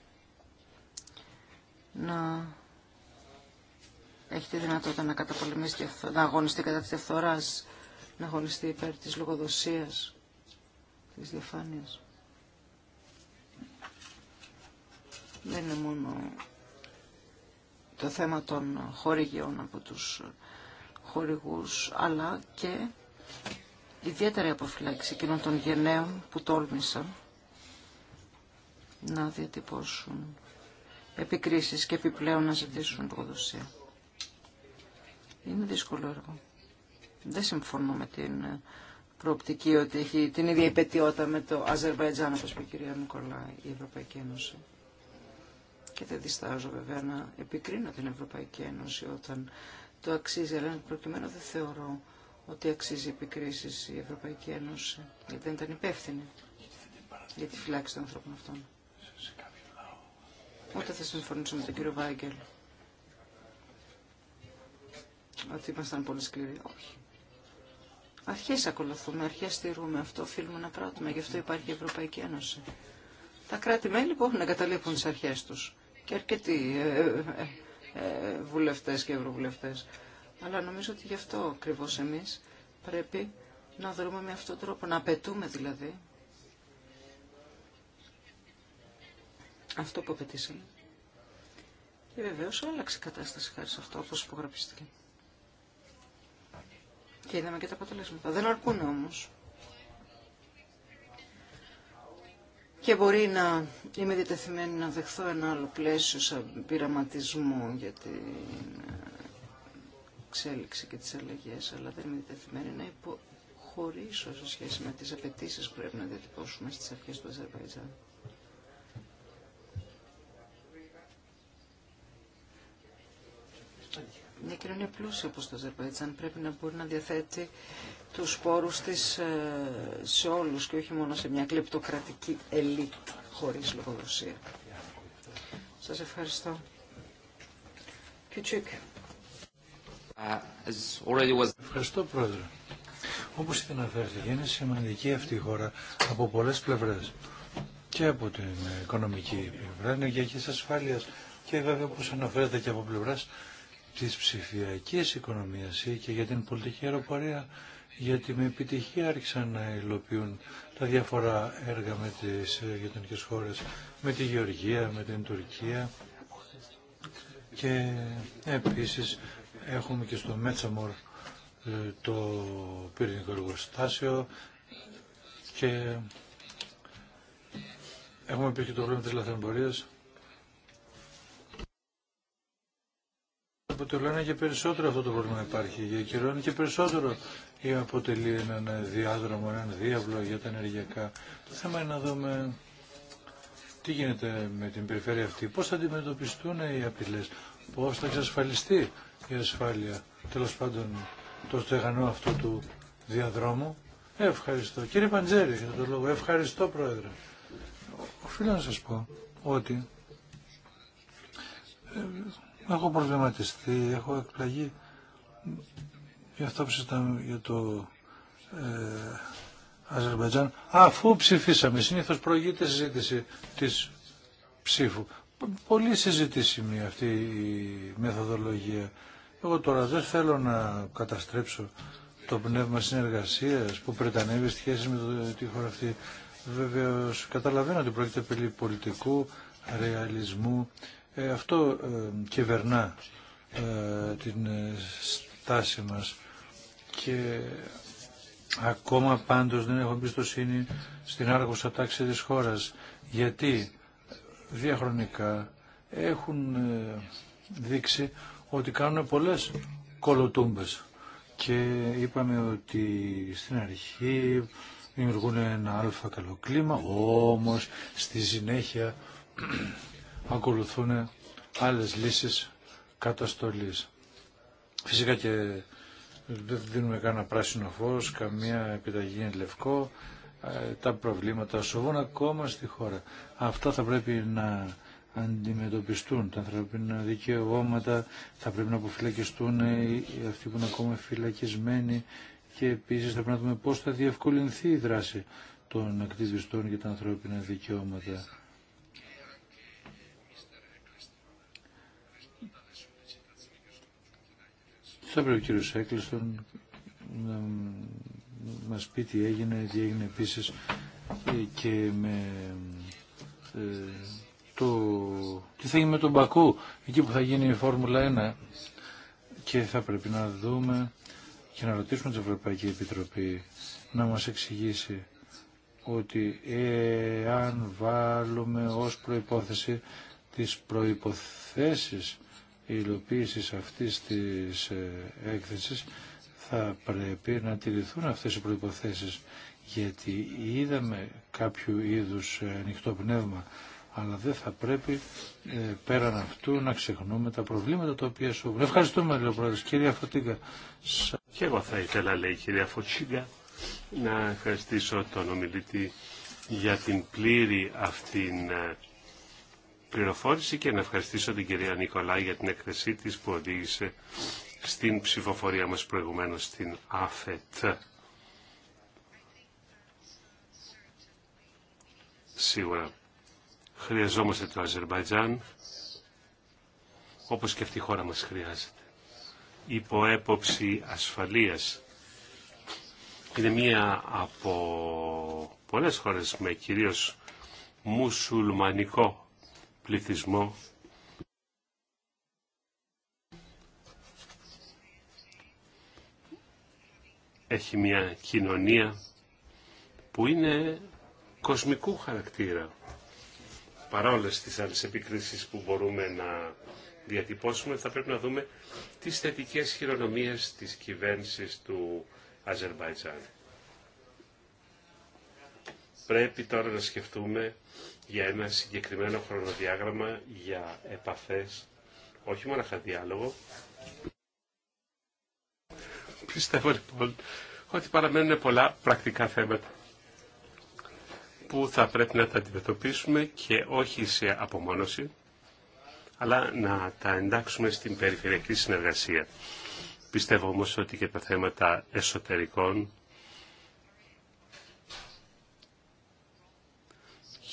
να έχει τη δυνατότητα να καταπολεμήσει να αγωνιστεί κατά τη να αγωνιστεί υπέρ της λογοδοσίας, της διαφάνειας. Δεν είναι μόνο το θέμα των χορηγιών από τους χορηγούς, αλλά και ιδιαίτερη αποφυλάξη εκείνων των γενναίων που τόλμησαν να διατυπώσουν επικρίσεις και επιπλέον να ζητήσουν προδοσία. Είναι δύσκολο έργο. Δεν συμφωνώ με την προοπτική ότι έχει την ίδια υπετιότητα με το Αζερβαϊτζάν, όπως είπε η κυρία Νικολάη, η Ευρωπαϊκή Ένωση. Και δεν διστάζω βέβαια να επικρίνω την Ευρωπαϊκή Ένωση όταν το αξίζει, αλλά προκειμένου δεν θεωρώ ότι αξίζει επικρίσεις η Ευρωπαϊκή Ένωση, γιατί δεν ήταν υπεύθυνη για τη φυλάξη των ανθρώπων αυτών. Ούτε θα συμφωνήσω με τον κύριο Βάγκελ ότι ήμασταν πολύ σκληροί. Όχι. Αρχέ ακολουθούμε, αρχέ στηρούμε. Αυτό οφείλουμε να πράττουμε. Γι' αυτό υπάρχει η Ευρωπαϊκή Ένωση. Τα κράτη-μέλη που έχουν λοιπόν, εγκαταλείπουν τι αρχέ του. Και αρκετοί ε, ε, ε βουλευτέ και ευρωβουλευτέ. Αλλά νομίζω ότι γι' αυτό ακριβώ εμεί πρέπει να δρούμε με αυτόν τον τρόπο. Να απαιτούμε δηλαδή αυτό που απαιτήσαμε. Και βεβαίως άλλαξε η κατάσταση χάρη σε αυτό, όπως υπογραφίστηκε. Και είδαμε και τα αποτελέσματα. Δεν αρκούν όμως. Και μπορεί να είμαι διτεθειμένη να δεχθώ ένα άλλο πλαίσιο σαν πειραματισμό για την ε, εξέλιξη και τις αλλαγές, αλλά δεν είμαι διτεθειμένη να υποχωρήσω σε σχέση με τις απαιτήσει που πρέπει να διατυπώσουμε στις αρχές του Αζερβαϊτζάν. μια ναι, κοινωνία πλούσια όπω το Αζερβαϊτζάν πρέπει να μπορεί να διαθέτει τους σπόρους τη ε, σε όλους και όχι μόνο σε μια κλεπτοκρατική ελίτ χωρίς λογοδοσία. Σας ευχαριστώ. Κιουτσίκ. Ευχαριστώ Πρόεδρε. Όπως ήδη αναφέρθηκε, είναι σημαντική αυτή η χώρα από πολλές πλευρές. Και από την οικονομική πλευρά, ενεργειακή ασφάλεια και βέβαια όπω αναφέρεται και από πλευρά της ψηφιακής οικονομίας και για την πολιτική αεροπορία γιατί με επιτυχία άρχισαν να υλοποιούν τα διάφορα έργα με τις ε, γειτονικές χώρες, με τη Γεωργία, με την Τουρκία και επίσης έχουμε και στο Μέτσαμορ ε, το πυρηνικό εργοστάσιο και έχουμε πει και το πρόβλημα της Το και περισσότερο αυτό το πρόβλημα υπάρχει. Για καιρό και περισσότερο ή αποτελεί έναν διάδρομο, έναν διάβλο για τα ενεργειακά. Το θέμα είναι να δούμε τι γίνεται με την περιφέρεια αυτή, πώς θα αντιμετωπιστούν οι απειλές, πώς θα εξασφαλιστεί η ασφάλεια, τέλος πάντων, το στεγανό αυτού του διαδρόμου. Ευχαριστώ. Κύριε Παντζέρη, για τον λόγο, ευχαριστώ Πρόεδρε. Οφείλω να σας πω ότι ε, Έχω προβληματιστεί, έχω εκπλαγεί για αυτό που συζητάμε για το ε, Αφού ψηφίσαμε, συνήθως προηγείται συζήτηση της ψήφου. Πολύ συζητήσιμη αυτή η μεθοδολογία. Εγώ τώρα δεν θέλω να καταστρέψω το πνεύμα συνεργασίας που πρετανεύει στη σχέση με τη χώρα αυτή. Βεβαίω καταλαβαίνω ότι πρόκειται περί πολιτικού ρεαλισμού ε, αυτό ε, κυβερνά ε, την στάση μας και ακόμα πάντως δεν έχω εμπιστοσύνη στην άργουσα τάξη της χώρας γιατί διαχρονικά έχουν δείξει ότι κάνουν πολλές κολοτούμπες και είπαμε ότι στην αρχή δημιουργούν ένα αλφα καλό όμως στη συνέχεια ακολουθούν άλλες λύσεις καταστολής. Φυσικά και δεν δίνουμε κανένα πράσινο φως, καμία επιταγή είναι λευκό, ε, τα προβλήματα σοβούν ακόμα στη χώρα. Αυτά θα πρέπει να αντιμετωπιστούν, τα ανθρωπίνα δικαιώματα, θα πρέπει να αποφυλακιστούν ε, αυτοί που είναι ακόμα φυλακισμένοι και επίσης θα πρέπει να δούμε πώς θα διευκολυνθεί η δράση των ακτιβιστών για τα ανθρώπινα δικαιώματα. Θα πρέπει ο κύριος Έκλειστον να μας πει τι έγινε, τι έγινε επίσης ε, και με ε, το... Τι θα γίνει με τον Μπακού, εκεί που θα γίνει η Φόρμουλα 1 και θα πρέπει να δούμε και να ρωτήσουμε την Ευρωπαϊκή Επιτροπή να μας εξηγήσει ότι εάν βάλουμε ως προϋπόθεση τις προϋποθέσεις η υλοποίηση αυτής της ε, έκθεσης θα πρέπει να τηρηθούν αυτές οι προϋποθέσεις γιατί είδαμε κάποιο είδους ε, ανοιχτό πνεύμα αλλά δεν θα πρέπει ε, πέραν αυτού να ξεχνούμε τα προβλήματα τα οποία σου Ευχαριστούμε, λέει ο Κυρία Φωτίγκα. Και εγώ θα ήθελα, λέει η κυρία Φωτσίγκα, να ευχαριστήσω τον ομιλητή για την πλήρη αυτήν πληροφόρηση και να ευχαριστήσω την κυρία Νικολάη για την έκθεσή της που οδήγησε στην ψηφοφορία μας προηγουμένως στην ΑΦΕΤ. Σίγουρα χρειαζόμαστε το Αζερβαϊτζάν όπως και αυτή η χώρα μας χρειάζεται. Υπό έποψη ασφαλείας είναι μία από πολλές χώρες με κυρίως μουσουλμανικό πληθυσμό έχει μια κοινωνία που είναι κοσμικού χαρακτήρα. Παρά όλες τις άλλες επικρίσεις που μπορούμε να διατυπώσουμε, θα πρέπει να δούμε τις θετικές χειρονομίες της κυβέρνησης του Αζερβαϊτζάν. Πρέπει τώρα να σκεφτούμε για ένα συγκεκριμένο χρονοδιάγραμμα για επαφές, όχι μόνο διάλογο. Πιστεύω λοιπόν ότι παραμένουν πολλά πρακτικά θέματα που θα πρέπει να τα αντιμετωπίσουμε και όχι σε απομόνωση, αλλά να τα εντάξουμε στην περιφερειακή συνεργασία. Πιστεύω όμως ότι και τα θέματα εσωτερικών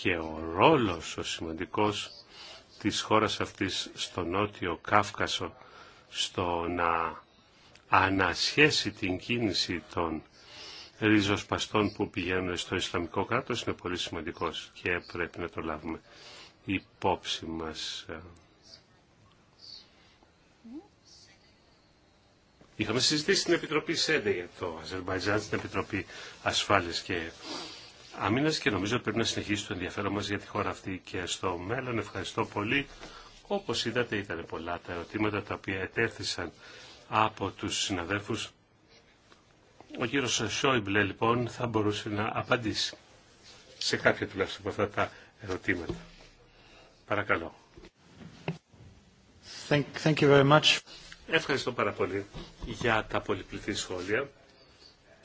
και ο ρόλος ο σημαντικός της χώρας αυτής στο Νότιο Κάφκασο στο να ανασχέσει την κίνηση των ριζοσπαστών που πηγαίνουν στο Ισλαμικό κράτος είναι πολύ σημαντικός και πρέπει να το λάβουμε υπόψη μας. Είχαμε συζητήσει στην Επιτροπή ΣΕΝΤΕ για το Αζερμπαϊτζάν, στην Επιτροπή Ασφάλειας και Αμήνας και νομίζω πρέπει να συνεχίσει το ενδιαφέρον μας για τη χώρα αυτή και στο μέλλον. Ευχαριστώ πολύ. Όπως είδατε ήταν πολλά τα ερωτήματα τα οποία ετέθησαν από τους συναδέλφους. Ο κύριος Σόιμπλε λοιπόν θα μπορούσε να απαντήσει σε κάποια τουλάχιστον από αυτά τα ερωτήματα. Παρακαλώ. Thank, thank you very much. Ευχαριστώ πάρα πολύ για τα πολυπληθή σχόλια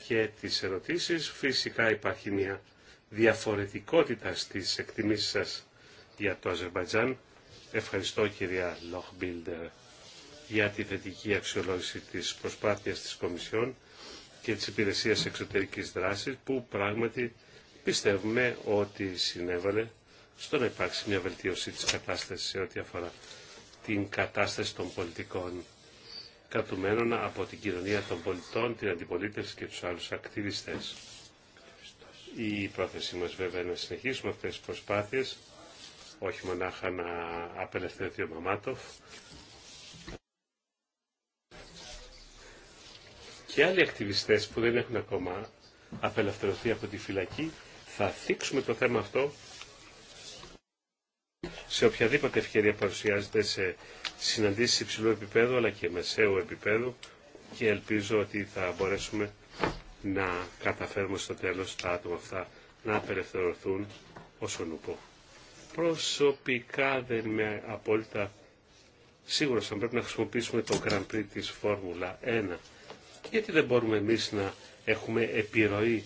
και τις ερωτήσεις. Φυσικά υπάρχει μια διαφορετικότητα στις εκτιμήσεις σας για το Αζερμπαϊτζάν. Ευχαριστώ κυρία Λοχμπίλντερ για τη θετική αξιολόγηση της προσπάθειας της Κομισιόν και της Υπηρεσίας Εξωτερικής Δράσης που πράγματι πιστεύουμε ότι συνέβαλε στο να υπάρξει μια βελτίωση της κατάστασης σε ό,τι αφορά την κατάσταση των πολιτικών κατουμένων από την κοινωνία των πολιτών, την αντιπολίτευση και τους άλλους ακτιβιστές. Η πρόθεσή μας βέβαια είναι να συνεχίσουμε αυτές τις προσπάθειες, όχι μονάχα να απελευθερωθεί ο Μαμάτοφ. Και άλλοι ακτιβιστές που δεν έχουν ακόμα απελευθερωθεί από τη φυλακή, θα θίξουμε το θέμα αυτό σε οποιαδήποτε ευκαιρία παρουσιάζεται σε συναντήσεις υψηλού επίπεδου αλλά και μεσαίου επίπεδου και ελπίζω ότι θα μπορέσουμε να καταφέρουμε στο τέλος τα άτομα αυτά να απελευθερωθούν όσον ουπώ. Προσωπικά δεν είμαι απόλυτα σίγουρος αν πρέπει να χρησιμοποιήσουμε το Grand Prix της Φόρμουλα 1. Γιατί δεν μπορούμε εμείς να έχουμε επιρροή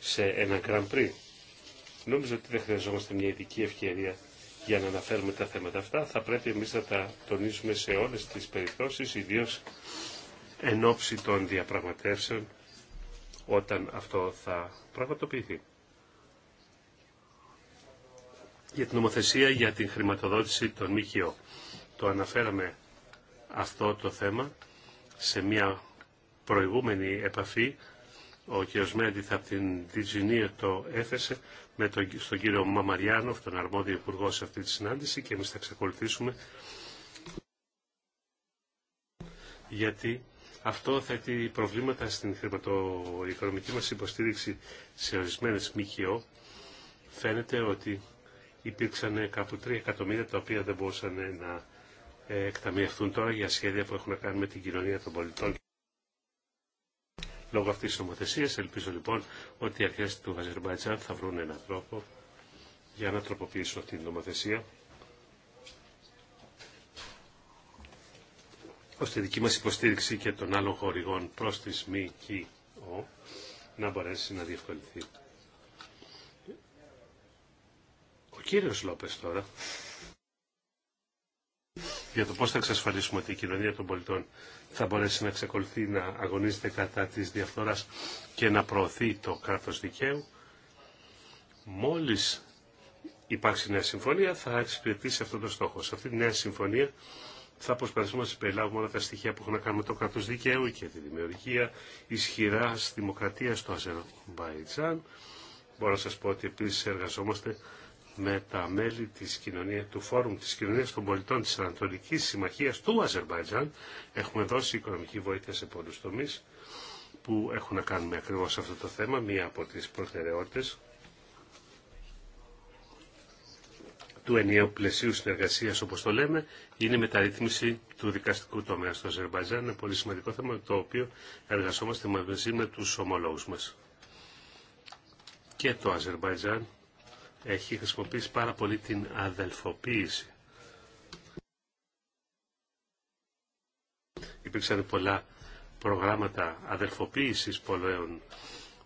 σε ένα Grand Prix. Νομίζω ότι δεν χρειαζόμαστε μια ειδική ευκαιρία για να αναφέρουμε τα θέματα αυτά. Θα πρέπει εμείς να τα τονίσουμε σε όλες τις περιπτώσεις, ιδίως εν ώψη των διαπραγματεύσεων όταν αυτό θα πραγματοποιηθεί. Για την νομοθεσία για την χρηματοδότηση των ΜΚΟ. Το αναφέραμε αυτό το θέμα σε μια προηγούμενη επαφή. Ο κ. Μέντιθ από την DGN το έθεσε με τον, στον κύριο Μαμαριάνοφ, τον αρμόδιο υπουργό σε αυτή τη συνάντηση και εμείς θα εξακολουθήσουμε γιατί αυτό θα προβλήματα στην χρηματοοικονομική μας υποστήριξη σε ορισμένες ΜΚΟ. Φαίνεται ότι υπήρξαν κάπου 3 εκατομμύρια τα οποία δεν μπορούσαν να ε, εκταμιευτούν τώρα για σχέδια που έχουν να κάνουν με την κοινωνία των πολιτών. Λόγω αυτής της νομοθεσίας ελπίζω λοιπόν ότι οι αρχές του Αζερμπαϊτζάν θα βρουν έναν τρόπο για να τροποποιήσουν αυτή την νομοθεσία ώστε η δική μας υποστήριξη και των άλλων χορηγών προς τις ΜΚΟ να μπορέσει να διευκολυνθεί. Ο κύριος Λόπες τώρα, για το πώς θα εξασφαλίσουμε ότι η κοινωνία των πολιτών θα μπορέσει να εξακολουθεί να αγωνίζεται κατά της διαφθοράς και να προωθεί το κράτος δικαίου, μόλις υπάρξει νέα συμφωνία θα εξυπηρετήσει αυτό το στόχο. Σε αυτή τη νέα συμφωνία θα προσπαθήσουμε να συμπεριλάβουμε όλα τα στοιχεία που έχουν να κάνουν με το κράτο δικαίου και τη δημιουργία ισχυρά δημοκρατία στο Αζερβαϊτζάν. Μπορώ να σα πω ότι επίση εργαζόμαστε με τα μέλη της κοινωνίας, του Φόρουμ της Κοινωνίας των Πολιτών της Ανατολικής Συμμαχίας του Αζερβαϊτζάν. Έχουμε δώσει οικονομική βοήθεια σε πολλούς τομείς που έχουν να κάνουν με ακριβώς αυτό το θέμα, μία από τις προτεραιότητες. του ενιαίου πλαισίου συνεργασία, όπω το λέμε, είναι η μεταρρύθμιση του δικαστικού τομέα στο Αζερβαϊτζάν. Ένα πολύ σημαντικό θέμα το οποίο εργαζόμαστε μαζί με του ομολόγου μα. Και το Αζερβαϊτζάν έχει χρησιμοποιήσει πάρα πολύ την αδελφοποίηση. Υπήρξαν πολλά προγράμματα αδελφοποίησης πολλαίων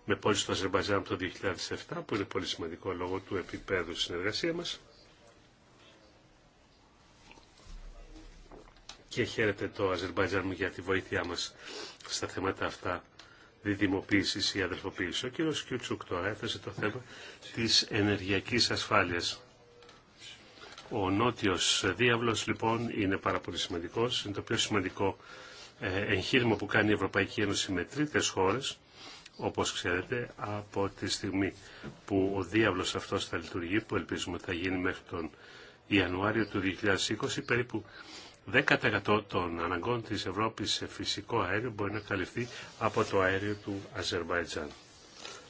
με πόλεις στο Αζερμπαϊτζάν από το 2007, που είναι πολύ σημαντικό λόγω του επίπεδου συνεργασία μας. και χαίρεται το Αζερμπαϊτζάν για τη βοήθειά μας στα θέματα αυτά διδημοποίησης ή αδερφοποίησης. Ο κύριος Κιούτσουκ τώρα έθεσε το θέμα της ενεργειακής ασφάλειας. Ο νότιος διάβλος λοιπόν είναι πάρα πολύ σημαντικός, είναι το πιο σημαντικό ε, εγχείρημα που κάνει η Ευρωπαϊκή Ένωση με τρίτες χώρες, όπως ξέρετε, από τη στιγμή που ο διάβλος αυτός θα λειτουργεί, που ελπίζουμε θα γίνει μέχρι τον Ιανουάριο του 2020, περίπου 10% των αναγκών της Ευρώπης σε φυσικό αέριο μπορεί να καλυφθεί από το αέριο του Αζερβαϊτζάν.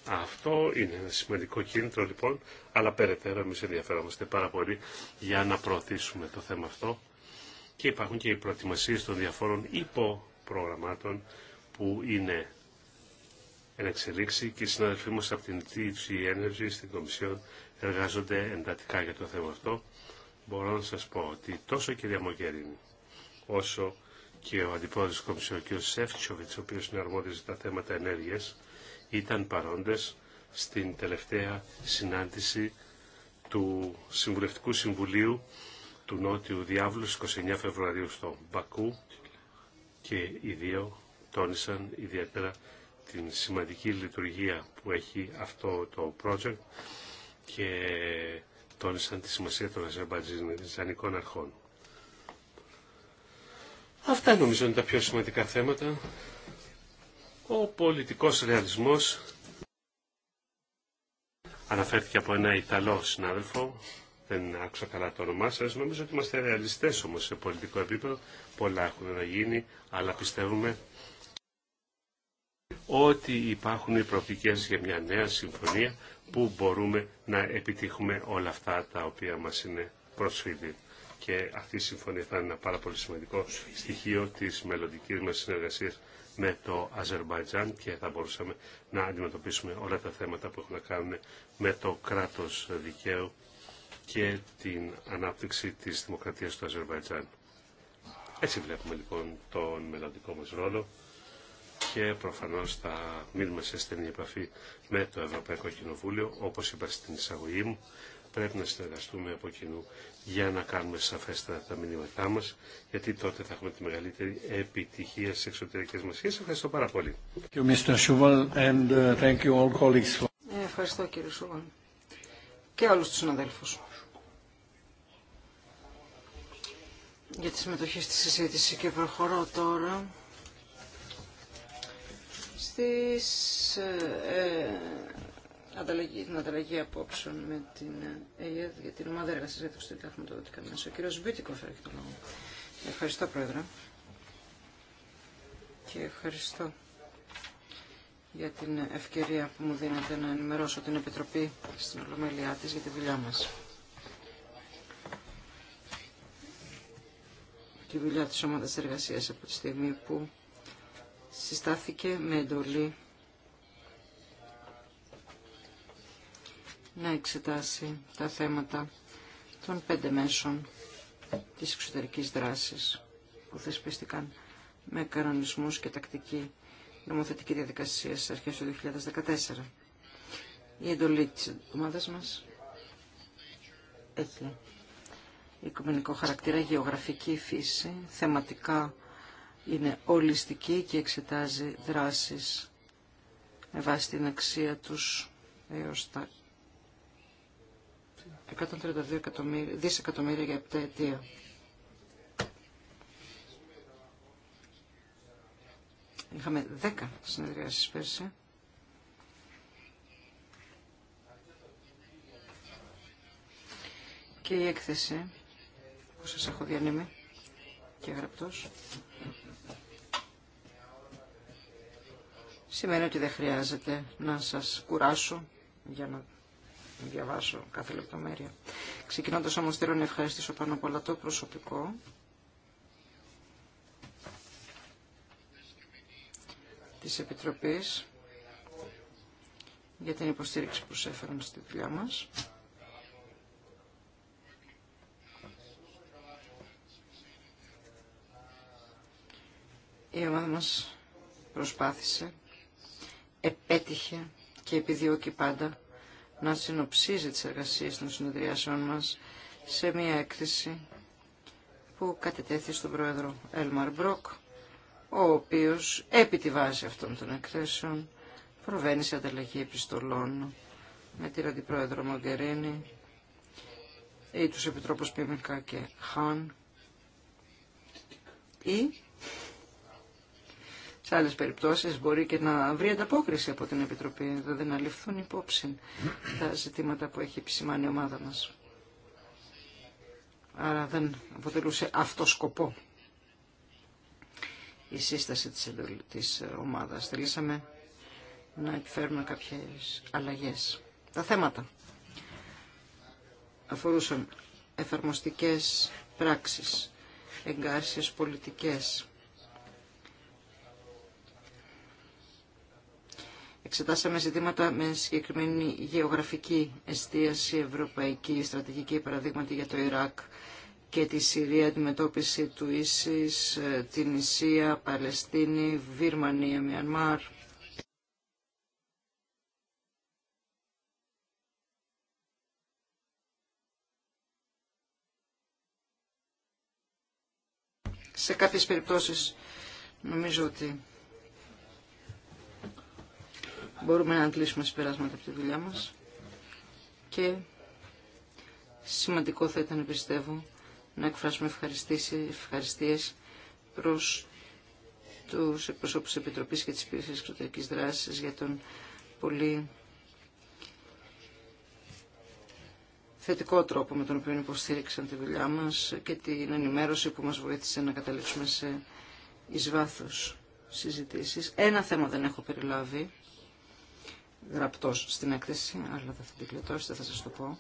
Αυτό είναι ένα σημαντικό κίνητρο λοιπόν, αλλά περαιτέρω εμείς ενδιαφέρομαστε πάρα πολύ για να προωθήσουμε το θέμα αυτό και υπάρχουν και οι προετοιμασίες των διαφόρων υποπρογραμμάτων που είναι εν και οι συναδελφοί μας από την TG Energy στην Κομισιόν εργάζονται εντατικά για το θέμα αυτό. Μπορώ να σας πω ότι τόσο κυρία Μογκερίνη όσο και ο αντιπρόεδρος της ο κ. Σεφτσοβιτ, ο οποίος είναι τα θέματα ενέργειας, ήταν παρόντες στην τελευταία συνάντηση του Συμβουλευτικού Συμβουλίου του Νότιου Διάβλου στις 29 Φεβρουαρίου στο Μπακού και οι δύο τόνισαν ιδιαίτερα την σημαντική λειτουργία που έχει αυτό το project και τόνισαν τη σημασία των αζερμπαϊτζανικών αρχών. Αυτά νομίζω είναι τα πιο σημαντικά θέματα. Ο πολιτικός ρεαλισμός αναφέρθηκε από ένα Ιταλό συνάδελφο, δεν άκουσα καλά το όνομά σα. Νομίζω ότι είμαστε ρεαλιστέ όμω σε πολιτικό επίπεδο. Πολλά έχουν να γίνει, αλλά πιστεύουμε ότι υπάρχουν οι προοπτικές για μια νέα συμφωνία που μπορούμε να επιτύχουμε όλα αυτά τα οποία μας είναι προσφύδει και αυτή η συμφωνία θα είναι ένα πάρα πολύ σημαντικό στοιχείο της μελλοντική μας συνεργασίας με το Αζερβαϊτζάν και θα μπορούσαμε να αντιμετωπίσουμε όλα τα θέματα που έχουν να κάνουν με το κράτος δικαίου και την ανάπτυξη της δημοκρατίας του Αζερβαϊτζάν. Έτσι βλέπουμε λοιπόν τον μελλοντικό μας ρόλο και προφανώς θα μείνουμε σε στενή επαφή με το Ευρωπαϊκό Κοινοβούλιο όπως είπα στην εισαγωγή μου πρέπει να συνεργαστούμε από κοινού για να κάνουμε σαφέστερα τα μηνύματά μας, γιατί τότε θα έχουμε τη μεγαλύτερη επιτυχία στις εξωτερικές μας σχέσεις. Ευχαριστώ πάρα πολύ. Ευχαριστώ κύριε Σούβαλ και όλους τους συναδέλφους για τη συμμετοχή στη συζήτηση και προχωρώ τώρα στις ε, ε την ανταλλαγή απόψεων με την ΕΕΔ για την ομάδα εργασία για το εξωτερικά χρηματοδοτικά μέσα. Ο κύριο θα έχει το λόγο. Ευχαριστώ, Πρόεδρε. Και ευχαριστώ για την ευκαιρία που μου δίνετε να ενημερώσω την Επιτροπή στην Ολομέλειά της για τη δουλειά μας. Τη δουλειά της Ομάδας Εργασίας από τη στιγμή που συστάθηκε με εντολή να εξετάσει τα θέματα των πέντε μέσων της εξωτερικής δράσης που θεσπίστηκαν με κανονισμούς και τακτική νομοθετική διαδικασία στις αρχές του 2014. Η εντολή της ομάδας μας έχει οικουμενικό χαρακτήρα, γεωγραφική φύση, θεματικά είναι ολιστική και εξετάζει δράσεις με βάση την αξία τους έως τα 132 δισεκατομμύρια για επτά Είχαμε 10 συνεδριάσεις πέρσι. Και η έκθεση που σας έχω διανύμει και γραπτός σημαίνει ότι δεν χρειάζεται να σας κουράσω για να διαβάσω κάθε λεπτομέρεια. Ξεκινώντας όμως θέλω να ευχαριστήσω πάνω απ' όλα το προσωπικό της Επιτροπής για την υποστήριξη που προσέφεραν στη δουλειά μας. Η ομάδα μας προσπάθησε, επέτυχε και επιδιώκει πάντα να συνοψίζει τις εργασίες των συνεδριάσεων μας σε μια έκθεση που κατετέθη στον πρόεδρο Έλμαρ Μπροκ, ο οποίος επί τη βάση αυτών των εκθέσεων προβαίνει σε ανταλλαγή επιστολών με την αντιπρόεδρο Μογκερίνη ή τους επιτρόπους Πίμικα και Χάν ή σε άλλε περιπτώσεις μπορεί και να βρει ανταπόκριση από την Επιτροπή, δηλαδή να ληφθούν υπόψη τα ζητήματα που έχει επισημάνει η ομάδα μας. Άρα δεν αποτελούσε αυτό σκοπό η σύσταση της, της ομάδας. Θελήσαμε να επιφέρουμε κάποιες αλλαγές. Τα θέματα αφορούσαν εφαρμοστικές πράξεις, εγκάρσεις πολιτικές, Εξετάσαμε ζητήματα με συγκεκριμένη γεωγραφική εστίαση ευρωπαϊκή, στρατηγική παραδείγματι για το Ιράκ και τη Συρία, αντιμετώπιση του Ίσης, ε, την Ισία, Παλαιστίνη, Βιρμανία, Μιανμάρ. Σε κάποιες περιπτώσεις νομίζω ότι μπορούμε να αντλήσουμε συμπεράσματα από τη δουλειά μας και σημαντικό θα ήταν, πιστεύω, να εκφράσουμε ευχαριστίες προς τους εκπροσώπους της Επιτροπής και της Υπηρεσίας Εξωτερικής Δράσης για τον πολύ θετικό τρόπο με τον οποίο υποστήριξαν τη δουλειά μας και την ενημέρωση που μας βοήθησε να καταλήξουμε σε εις βάθος συζητήσεις. Ένα θέμα δεν έχω περιλάβει γραπτός στην έκθεση, αλλά θα την κλειτώσετε, θα σας το πω.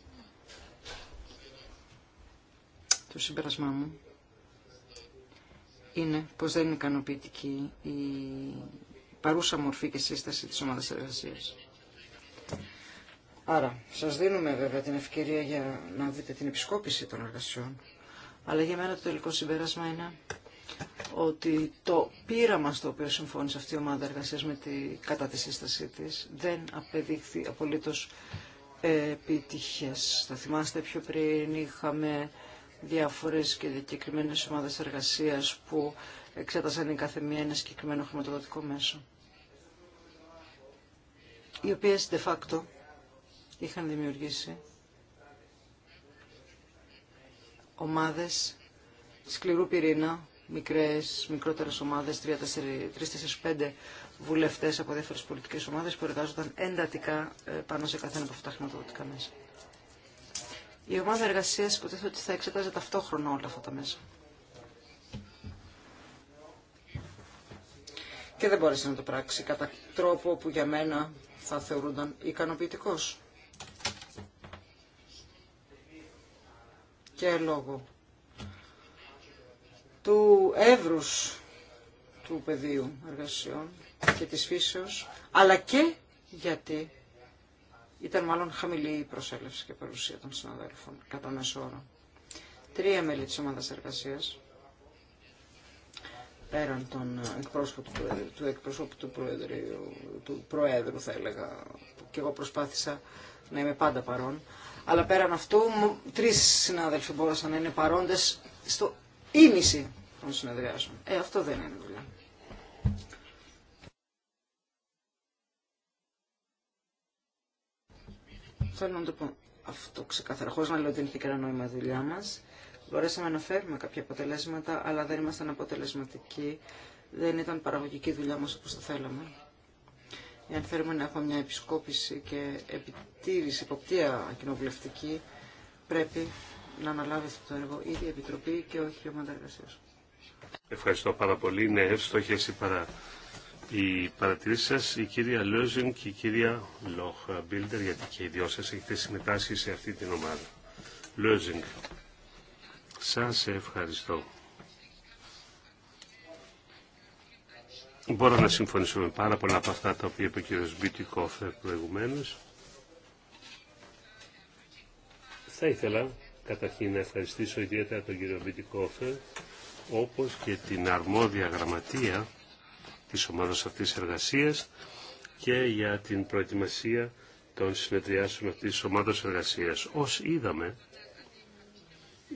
Το συμπέρασμά μου είναι πως δεν είναι ικανοποιητική η παρούσα μορφή και σύσταση της ομάδας εργασίας. Άρα, σας δίνουμε βέβαια την ευκαιρία για να δείτε την επισκόπηση των εργασιών, αλλά για μένα το τελικό συμπέρασμα είναι ότι το πείραμα στο οποίο συμφώνησε αυτή η ομάδα εργασία με τη, κατά τη σύστασή δεν απεδείχθη απολύτως επιτυχε. Θα θυμάστε πιο πριν είχαμε διάφορες και συγκεκριμένε ομάδες εργασίας που εξέτασαν η κάθε μία ένα συγκεκριμένο χρηματοδοτικό μέσο. Οι οποίε de facto είχαν δημιουργήσει ομάδες σκληρού πυρήνα μικρές, μικρότερες ομάδες, 3-4-5 βουλευτές από διάφορες πολιτικές ομάδες που εργάζονταν εντατικά ε, πάνω σε καθένα από αυτά τα χρηματοδοτικά μέσα. Η ομάδα εργασίας υποτίθεται ότι θα εξετάζει ταυτόχρονα όλα αυτά τα μέσα. Και δεν μπόρεσε να το πράξει κατά τρόπο που για μένα θα θεωρούνταν ικανοποιητικός. Και λόγω του εύρους του πεδίου εργασιών και της φύσεως, αλλά και γιατί ήταν μάλλον χαμηλή η προσέλευση και παρουσία των συναδέλφων κατά μέσο όρο. Τρία μέλη της ομάδας εργασίας, πέραν των εκπρόσωπο του, του εκπροσώπου του Προέδρου, του Προέδρου θα έλεγα, και εγώ προσπάθησα να είμαι πάντα παρόν, αλλά πέραν αυτού τρεις συνάδελφοι μπορούσαν να είναι παρόντες στο ίμιση των συνεδριάσεων. Ε, αυτό δεν είναι δουλειά. Δηλαδή. Θέλω να το πω αυτό ξεκάθαρα, να λέω ότι δεν είχε κανένα νόημα η δουλειά μα. Μπορέσαμε να φέρουμε κάποια αποτελέσματα, αλλά δεν ήμασταν αποτελεσματικοί. Δεν ήταν παραγωγική δουλειά μα όπω το θέλαμε. Εάν θέλουμε να έχουμε μια επισκόπηση και επιτήρηση, υποπτία κοινοβουλευτική, πρέπει να αναλάβει αυτό το έργο ήδη η Επιτροπή και όχι η Ομάδα Εργασία. Ευχαριστώ πάρα πολύ. Είναι εύστοχε οι, παρα... οι παρατηρήσει σα, η κυρία Λόζιν και η κυρία Λόχ Μπίλτερ, γιατί και οι δυο σα έχετε συμμετάσχει σε αυτή την ομάδα. Λόζιν, σα ευχαριστώ. Μπορώ να συμφωνήσω με πάρα πολλά από αυτά τα οποία είπε ο κύριος Μπιτικόφερ προηγουμένως. Θα ήθελα Καταρχήν να ευχαριστήσω ιδιαίτερα τον κύριο Μπιτικόφερ, όπως και την αρμόδια γραμματεία της ομάδας αυτής εργασίας και για την προετοιμασία των συνεδριάσεων αυτής της ομάδας εργασίας. Ως είδαμε,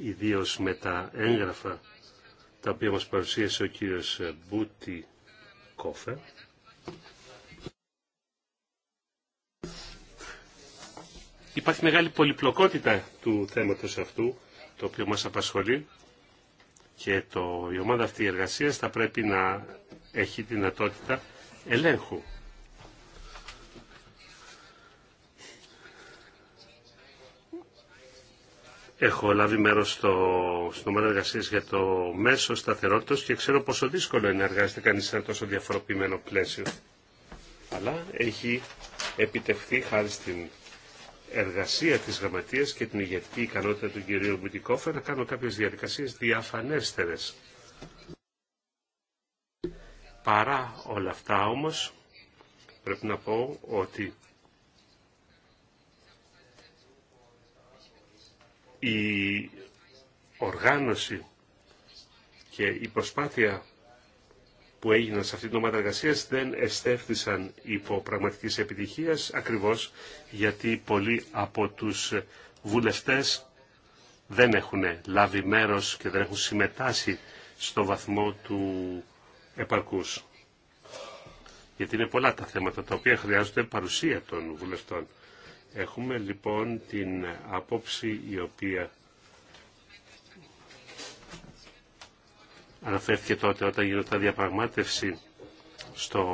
ιδίως με τα έγγραφα τα οποία μας παρουσίασε ο κύριος Μπούτι Κόφερ, Υπάρχει μεγάλη πολυπλοκότητα του θέματος αυτού, το οποίο μας απασχολεί και το, η ομάδα αυτή εργασίας θα πρέπει να έχει δυνατότητα ελέγχου. Έχω λάβει μέρος στο, στην ομάδα εργασία για το μέσο σταθερότητα και ξέρω πόσο δύσκολο είναι να εργάζεται κανεί σε ένα τόσο διαφοροποιημένο πλαίσιο. Αλλά έχει επιτευχθεί χάρη στην εργασία της γραμματείας και την ηγετική ικανότητα του κυρίου Μπουτικόφερ να κάνω κάποιες διαδικασίες διαφανέστερες. Παρά όλα αυτά όμως, πρέπει να πω ότι η οργάνωση και η προσπάθεια που έγιναν σε αυτή την ομάδα εργασία δεν εστέφθησαν υπό πραγματικής επιτυχίας ακριβώς γιατί πολλοί από τους βουλευτέ δεν έχουν λάβει μέρο και δεν έχουν συμμετάσχει στο βαθμό του επαρκού. Γιατί είναι πολλά τα θέματα τα οποία χρειάζονται παρουσία των βουλευτών. Έχουμε λοιπόν την απόψη η οποία αναφέρθηκε τότε όταν γινόταν διαπραγμάτευση στο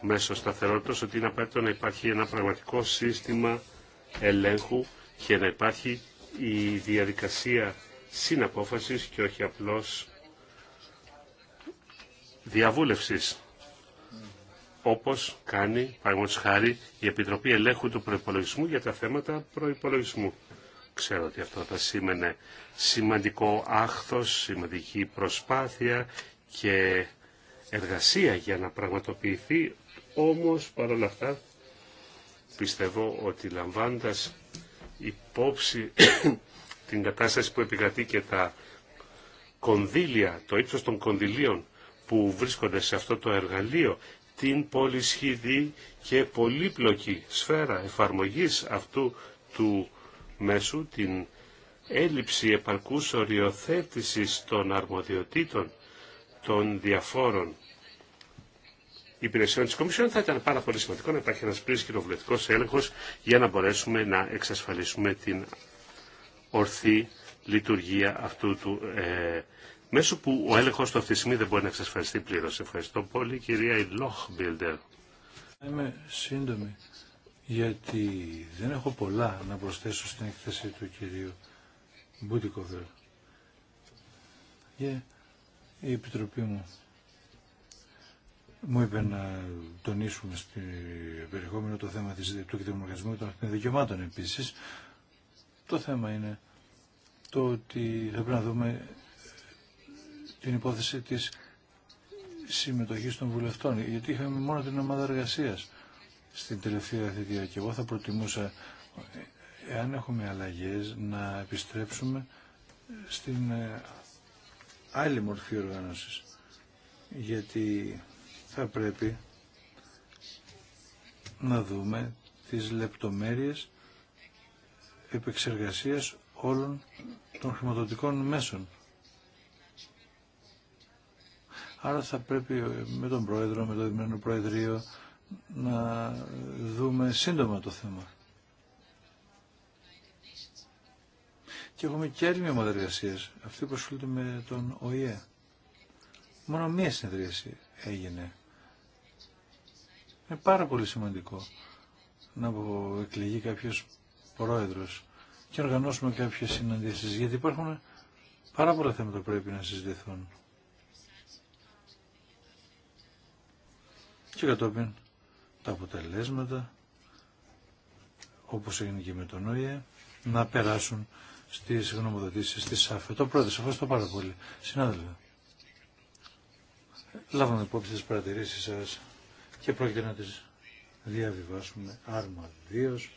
μέσο σταθερότητας ότι είναι απαραίτητο να υπάρχει ένα πραγματικό σύστημα ελέγχου και να υπάρχει η διαδικασία συναπόφασης και όχι απλώς διαβούλευσης όπως κάνει, παραγωγός χάρη, η Επιτροπή Ελέγχου του Προϋπολογισμού για τα θέματα προϋπολογισμού. Ξέρω ότι αυτό θα σήμαινε σημαντικό άχθος, σημαντική προσπάθεια και εργασία για να πραγματοποιηθεί, όμως παρόλα αυτά πιστεύω ότι λαμβάνοντας υπόψη [COUGHS] την κατάσταση που επικρατεί και τα κονδύλια, το ύψος των κονδυλίων που βρίσκονται σε αυτό το εργαλείο, την πολυσχηδή και πολύπλοκη σφαίρα εφαρμογής αυτού του Μέσω την έλλειψη επαρκούς οριοθέτησης των αρμοδιοτήτων των διαφόρων υπηρεσιών της Κομισιόν θα ήταν πάρα πολύ σημαντικό να υπάρχει ένας πλήρης κοινοβουλευτικός έλεγχος για να μπορέσουμε να εξασφαλίσουμε την ορθή λειτουργία αυτού του ε, μέσου που ο έλεγχος του αυτή τη στιγμή δεν μπορεί να εξασφαλιστεί πλήρως. Ευχαριστώ πολύ κυρία Λόχμπιλντερ. Είμαι σύντομη γιατί δεν έχω πολλά να προσθέσω στην έκθεση του κυρίου Μπούτικοβερ. Και η Επιτροπή μου μου είπε να τονίσουμε στο περιεχόμενο το θέμα της, του κοινωνικού των δικαιωμάτων επίσης. Το θέμα είναι το ότι θα πρέπει να δούμε την υπόθεση της συμμετοχής των βουλευτών, γιατί είχαμε μόνο την ομάδα εργασίας στην τελευταία θητεία και εγώ θα προτιμούσα εάν έχουμε αλλαγές να επιστρέψουμε στην ε, άλλη μορφή οργάνωσης γιατί θα πρέπει να δούμε τις λεπτομέρειες επεξεργασίας όλων των χρηματοδοτικών μέσων. Άρα θα πρέπει ε, με τον Πρόεδρο, με το Δημιουργικό Προεδρείο, να δούμε σύντομα το θέμα. Και έχουμε και άλλη μια αυτή που ασχολείται με τον ΟΗΕ. Μόνο μία συνεδρίαση έγινε. Είναι πάρα πολύ σημαντικό να εκλεγεί κάποιος πρόεδρος και να οργανώσουμε κάποιες συναντήσεις, γιατί υπάρχουν πάρα πολλά θέματα που πρέπει να συζητηθούν. Και κατόπιν τα αποτελέσματα, όπως έγινε και με τον ΟΗΕ, να περάσουν στις γνωμοδοτήσεις στη ΣΑΦΕ. Το πρώτο, σε ευχαριστώ πάρα πολύ. Συνάδελφε, λάβαμε υπόψη τις παρατηρήσεις σας και πρόκειται να τις διαβιβάσουμε αρμαδίως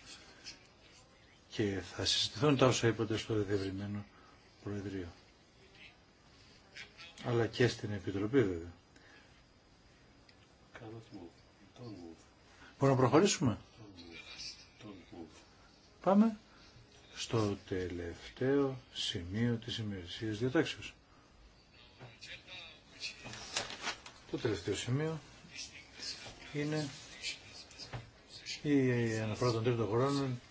και θα συζητηθούν τα όσα είπατε στο διευρυμένο Προεδρείο. Αλλά και στην Επιτροπή βέβαια. Μπορούμε να προχωρήσουμε. Πάμε στο τελευταίο σημείο της ημερησίας διατάξεως. Το τελευταίο σημείο είναι η αναφορά των τρίτων χρόνων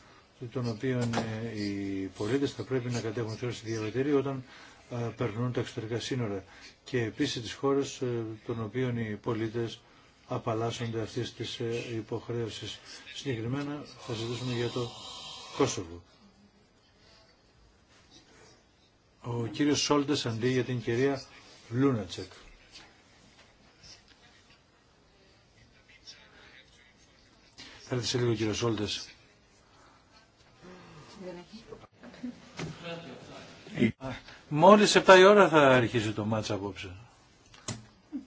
των οποίων ε, οι πολίτες θα πρέπει να κατέχουν θέση διαβατηρή όταν ε, περνούν τα εξωτερικά σύνορα και επίσης τις χώρες ε, των οποίων οι πολίτες απαλλάσσονται αυτής της ε, υποχρέωσης. Συγκεκριμένα θα συζητήσουμε για το Κόσοβο. Ο κύριος Σόλτες αντί για την κυρία Λούνατσεκ. Θα έρθει σε λίγο κύριος Σόλτες. Μόλις 7 η ώρα θα αρχίσει το μάτσα απόψε.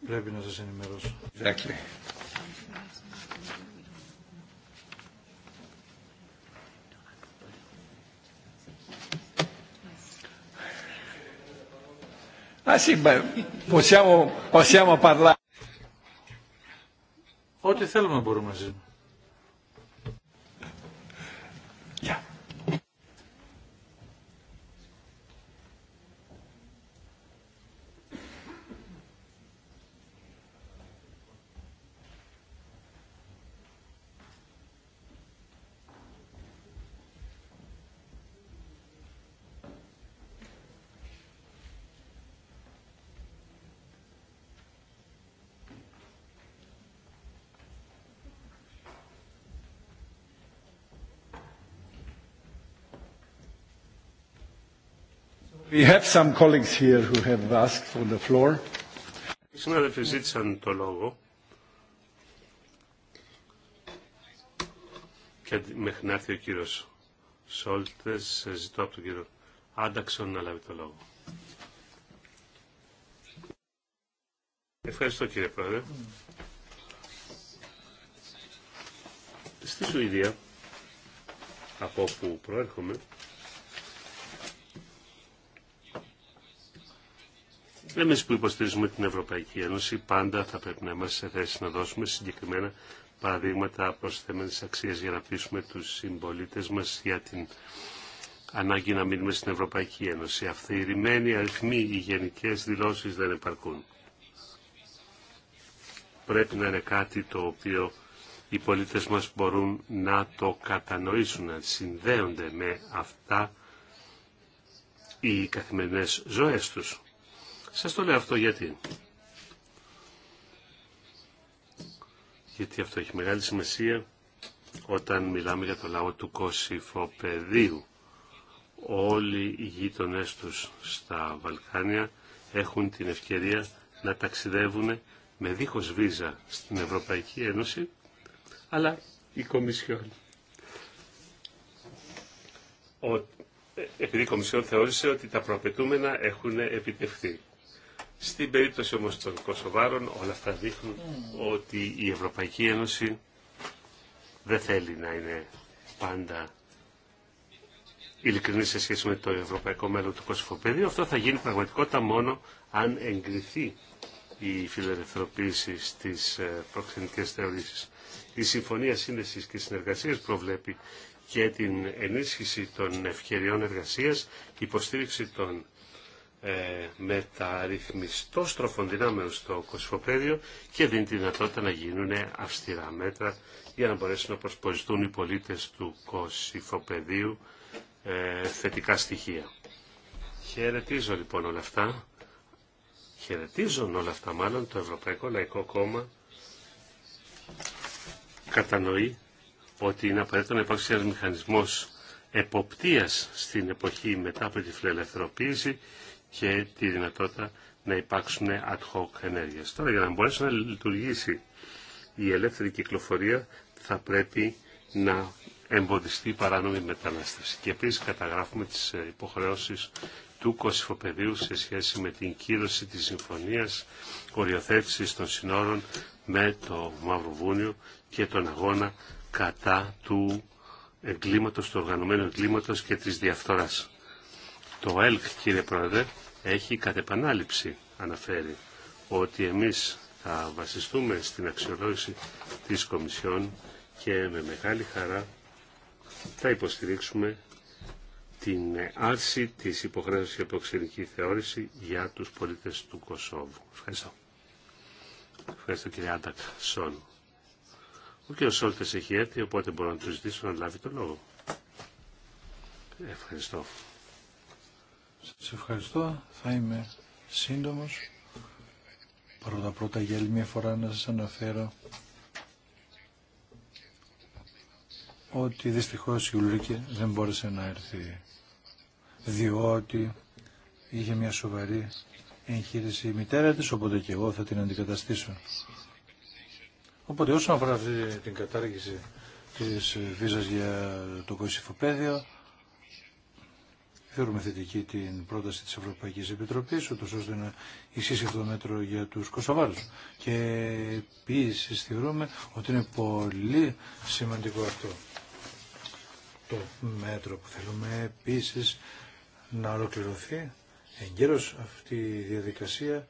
Πρέπει να σας ενημερώσω. Exactly. Ah, Ό,τι θέλουμε μπορούμε να ζούμε. We have some colleagues here who have asked for the floor. συνάδελφοι ζήτησαν το λόγο. Και μέχρι να έρθει ο κύριος Σόλτες, ε, ζητώ από τον κύριο Άνταξον να λάβει το λόγο. Ευχαριστώ κύριε Πρόεδρε. Στη Σουηδία, από όπου προέρχομαι, Εμείς που υποστηρίζουμε την Ευρωπαϊκή Ένωση πάντα θα πρέπει να είμαστε σε θέση να δώσουμε συγκεκριμένα παραδείγματα προσθέμενες αξίες για να πείσουμε τους συμπολίτε μας για την ανάγκη να μείνουμε στην Ευρωπαϊκή Ένωση. Αυθυρημένοι αριθμοί, οι γενικέ δηλώσεις δεν επαρκούν. Πρέπει να είναι κάτι το οποίο οι πολίτες μας μπορούν να το κατανοήσουν, να συνδέονται με αυτά οι καθημερινές ζωές τους. Σας το λέω αυτό γιατί. Γιατί αυτό έχει μεγάλη σημασία όταν μιλάμε για το λαό του Κωσυφοπεδίου. Όλοι οι γείτονές τους στα Βαλκάνια έχουν την ευκαιρία να ταξιδεύουν με δίχως βίζα στην Ευρωπαϊκή Ένωση, αλλά η Κομισιόν. Ο, ε, επειδή η Κομισιόν θεώρησε ότι τα προαπαιτούμενα έχουν επιτευχθεί. Στην περίπτωση όμως των Κωσοβάρων όλα αυτά δείχνουν ότι η Ευρωπαϊκή Ένωση δεν θέλει να είναι πάντα ειλικρινή σε σχέση με το ευρωπαϊκό μέλλον του Κωσοφοπέδιου. Αυτό θα γίνει πραγματικότητα μόνο αν εγκριθεί η φιλελευθερωποίηση στις ε, προξενικές θεωρήσεις. Η Συμφωνία Σύνδεσης και Συνεργασίας προβλέπει και την ενίσχυση των ευκαιριών εργασίας, υποστήριξη των ε, μεταρρυθμιστό στροφών δυνάμεων στο κοσφοπέδιο και δίνει τη δυνατότητα να γίνουν αυστηρά μέτρα για να μπορέσουν να προσποριστούν οι πολίτες του κοσυφοπεδίου ε, θετικά στοιχεία. Χαιρετίζω λοιπόν όλα αυτά. Χαιρετίζουν όλα αυτά μάλλον το Ευρωπαϊκό Λαϊκό Κόμμα κατανοεί ότι είναι απαραίτητο να υπάρξει ένας μηχανισμός εποπτείας στην εποχή μετά από τη φιλελευθεροποίηση και τη δυνατότητα να υπάρξουν ad hoc ενέργειες. Τώρα για να μπορέσει να λειτουργήσει η ελεύθερη κυκλοφορία θα πρέπει να εμποδιστεί η παράνομη μετανάστευση. Και επίσης καταγράφουμε τις υποχρεώσεις του Κωσυφοπεδίου σε σχέση με την κύρωση της συμφωνίας οριοθέτησης των συνόρων με το Μαυροβούνιο και τον αγώνα κατά του εγκλήματος, του οργανωμένου εγκλήματος και της διαφθοράς. Το ΕΛΚ, κύριε Πρόεδρε, έχει κατ' επανάληψη αναφέρει ότι εμείς θα βασιστούμε στην αξιολόγηση της Κομισιόν και με μεγάλη χαρά θα υποστηρίξουμε την άρση της υποχρέωσης για προξενική θεώρηση για τους πολίτες του Κωσόβου. Ευχαριστώ. Ευχαριστώ κύριε Άντακ Σόν. Ο κύριος Σόλτες έχει έρθει, οπότε μπορώ να του ζητήσω να λάβει το λόγο. Ευχαριστώ. Σας ευχαριστώ. Θα είμαι σύντομος. Πρώτα πρώτα για άλλη μια φορά να σας αναφέρω ότι δυστυχώς η Ουλρίκη δεν μπόρεσε να έρθει διότι είχε μια σοβαρή εγχείρηση η μητέρα της, οπότε και εγώ θα την αντικαταστήσω. Οπότε όσον αφορά αυτή την κατάργηση της βίζας για το κοσυφοπαίδιο, θεωρούμε θετική την πρόταση της Ευρωπαϊκής Επιτροπής, ούτως ώστε να ισχύσει αυτό το μέτρο για τους Κωσοβάρους. Και επίση θεωρούμε ότι είναι πολύ σημαντικό αυτό το μέτρο που θέλουμε επίση να ολοκληρωθεί εγκαίρως αυτή η διαδικασία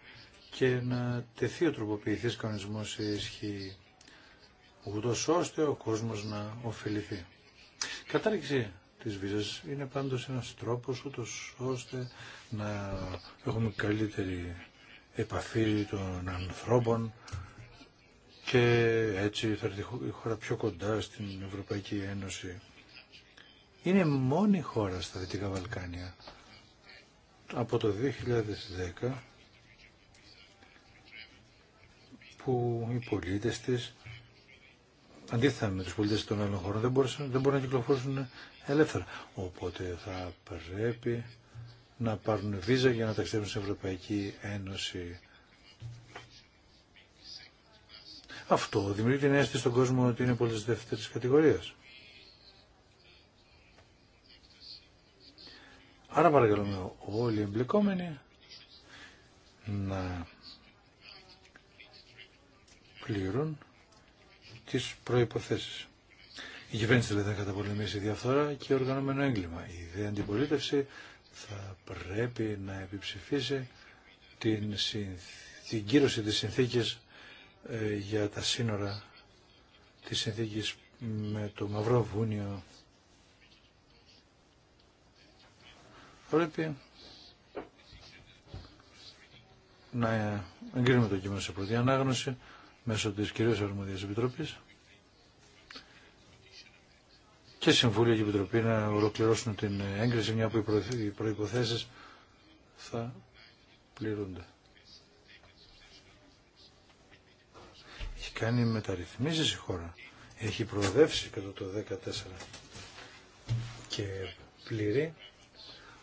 και να τεθεί ο τροποποιηθής κανονισμός σε ισχύ ούτως ώστε ο κόσμος να ωφεληθεί. Κατάρριξη της είναι πάντως ένας τρόπος ούτως ώστε να έχουμε καλύτερη επαφή των ανθρώπων και έτσι θα έρθει η χώρα πιο κοντά στην Ευρωπαϊκή Ένωση. Είναι μόνη χώρα στα Δυτικά Βαλκάνια. Από το 2010 που οι πολίτες της αντίθετα με τους πολίτες των άλλων χωρών δεν, μπορούν, δεν μπορούν να κυκλοφορήσουν ελεύθερα. Οπότε θα πρέπει να πάρουν βίζα για να ταξιδεύουν στην Ευρωπαϊκή Ένωση. Αυτό δημιουργεί την αίσθηση στον κόσμο ότι είναι πολίτες δεύτερη κατηγορίας. Άρα παρακαλούμε όλοι οι εμπλεκόμενοι να πληρούν τις προϋποθέσεις. Η κυβέρνηση δεν θα καταπολεμήσει διαφθορά και οργανωμένο έγκλημα. Η δε αντιπολίτευση θα πρέπει να επιψηφίσει την, συνθ... την κύρωση της συνθήκης ε, για τα σύνορα της συνθήκης με το Μαυρό Βούνιο. Πρέπει να εγκρίνουμε το κείμενο σε πρώτη ανάγνωση μέσω της κυρίως Αρμόδιας Επιτροπής και Συμβούλιο και Επιτροπή να ολοκληρώσουν την έγκριση μια που οι προϋποθέσεις θα πληρούνται. Έχει κάνει μεταρρυθμίσεις η χώρα. Έχει προοδεύσει κατά το 2014 και πληρεί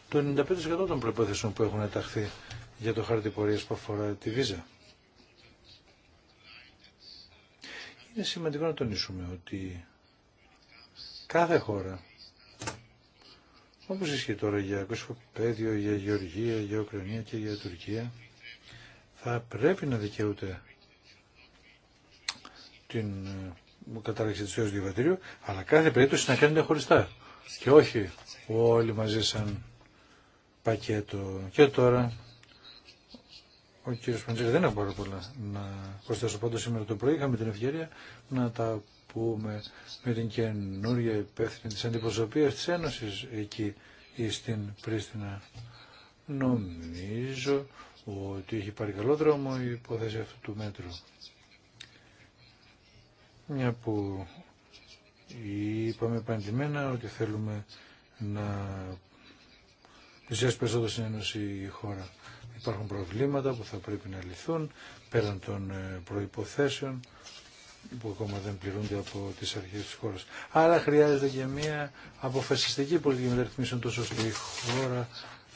το 95% των προϋποθέσεων που έχουν εταχθεί για το χάρτη πορείας που αφορά τη Βίζα. Είναι σημαντικό να τονίσουμε ότι κάθε χώρα. Όπως ισχύει τώρα για Κοσκοπέδιο, για Γεωργία, για Ουκρανία και για Τουρκία, θα πρέπει να δικαιούται την ε, κατάραξη της θεώρησης αλλά κάθε περίπτωση να κάνετε χωριστά. Και όχι όλοι μαζί σαν πακέτο. Και τώρα, ο κύριος Παντζέρη δεν έχω πάρα πολλά να προσθέσω. Πάντως σήμερα το πρωί είχαμε την ευκαιρία να τα με την καινούργια υπεύθυνη της αντιπροσωπείας της Ένωσης εκεί ή στην Πρίστινα. Νομίζω ότι έχει πάρει καλό δρόμο η υπόθεση αυτού του μέτρου. Μια που είπαμε επανειλημμένα ότι θέλουμε να πλησιάσει περισσότερο στην Ένωση η χώρα. Υπάρχουν προβλήματα που θα πρέπει να λυθούν πέραν των ε, προϋποθέσεων που ακόμα δεν πληρούνται από τις αρχές της χώρας. Άρα χρειάζεται και μια αποφασιστική πολιτική μεταρρυθμίσεων τόσο ώστε η χώρα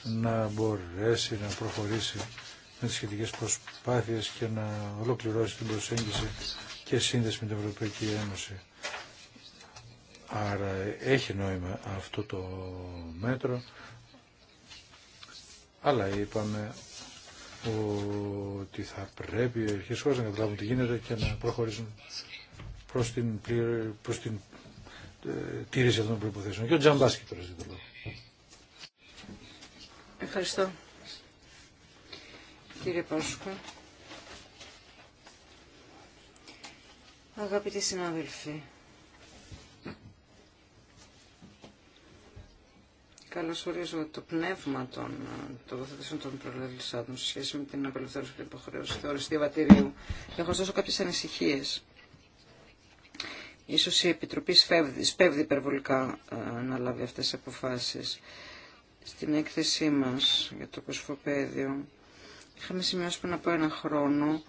να μπορέσει να προχωρήσει με τις σχετικές προσπάθειες και να ολοκληρώσει την προσέγγιση και σύνδεση με την Ευρωπαϊκή Ένωση. Άρα έχει νόημα αυτό το μέτρο, αλλά είπαμε ότι θα πρέπει οι αρχές χώρες να καταλάβουν τι γίνεται και να προχωρήσουν προς την, προς την ε, τήρηση αυτών των προϋποθέσεων. Και ο Τζαμπάσκη τώρα ζητώ λόγο. Ευχαριστώ. Κύριε Πρόσκο. Αγαπητοί συνάδελφοι, Καλωσορίζω το πνεύμα των ε, τοποθετήσεων των σε σχέση με την απελευθέρωση και υποχρέωση θεώρηση διαβατηρίου. Έχω δώσω κάποιε ανησυχίε. Ίσως η Επιτροπή σπέβδει, υπερβολικά ε, να λάβει αυτέ τι αποφάσεις. Στην έκθεσή μα για το κοσφοπέδιο είχαμε σημειώσει πριν από ένα χρόνο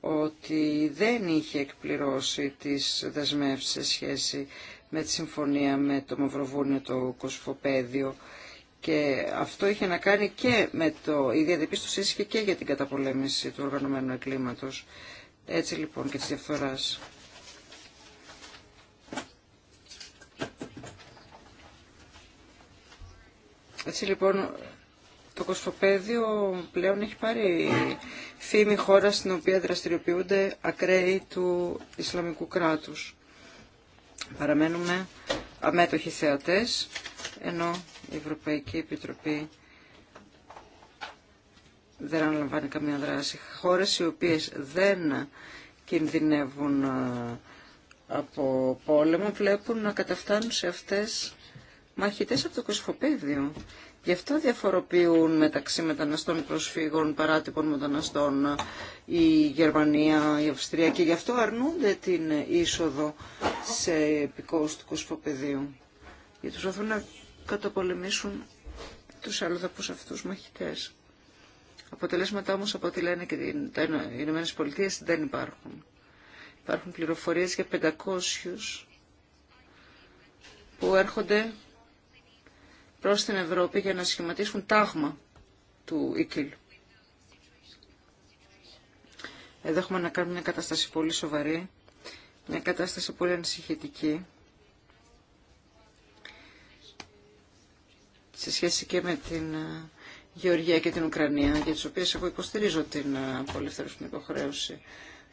ότι δεν είχε εκπληρώσει τις δεσμεύσεις σε σχέση με τη συμφωνία με το Μαυροβούνιο, το Κοσφοπέδιο. Και αυτό είχε να κάνει και με το... Η διαδιπίστωση ίσχυε και για την καταπολέμηση του οργανωμένου εγκλήματος. Έτσι λοιπόν και της διαφθορά. Έτσι λοιπόν το Κοσφοπέδιο πλέον έχει πάρει φήμη χώρα στην οποία δραστηριοποιούνται ακραίοι του Ισλαμικού κράτους παραμένουμε αμέτωχοι θεατές, ενώ η Ευρωπαϊκή Επιτροπή δεν αναλαμβάνει καμία δράση. Χώρες οι οποίες δεν κινδυνεύουν ε, από πόλεμο βλέπουν να καταφτάνουν σε αυτές μαχητές από το κοσφοπέδιο. Γι' αυτό διαφοροποιούν μεταξύ μεταναστών προσφύγων, παράτυπων μεταναστών η Γερμανία, η Αυστρία και γι' αυτό αρνούνται την είσοδο σε επικόστικο του Γιατί Γιατί προσπαθούν να καταπολεμήσουν τους από αυτούς μαχητές. Αποτελέσματα όμως από ό,τι λένε και τα Ηνωμένες Πολιτείες δεν υπάρχουν. Υπάρχουν πληροφορίες για 500 που έρχονται προς την Ευρώπη για να σχηματίσουν τάγμα του ΙΚΙΛ. Εδώ έχουμε να κάνουμε μια κατάσταση πολύ σοβαρή, μια κατάσταση πολύ ανησυχητική. σε σχέση και με την ε, Γεωργία και την Ουκρανία, για τις οποίες εγώ υποστηρίζω την ε, απολευθέρωση υποχρέωση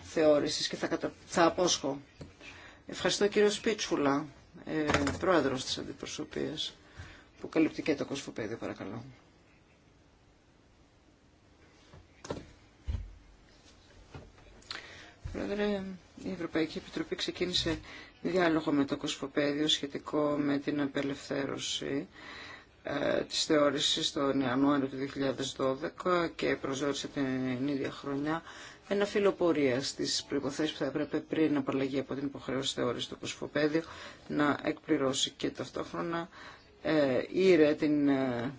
θεώρησης και θα, θα απόσχω. Ευχαριστώ κύριο Σπίτσουλα, ε, πρόεδρος της αντιπροσωπείας που καλύπτει και το κοσφοπέδιο, παρακαλώ. Πρόεδρε, η Ευρωπαϊκή Επιτροπή ξεκίνησε διάλογο με το κοσφοπέδιο σχετικό με την απελευθέρωση ε, της θεώρησης τον Ιανουάριο του 2012 και προσδόρισε την ίδια χρονιά ένα φιλοπορία στι προποθέσει που θα έπρεπε πριν απαλλαγή από την υποχρέωση θεώρηση του κοσφοπέδιο να εκπληρώσει και ταυτόχρονα ε, ήρε την ε,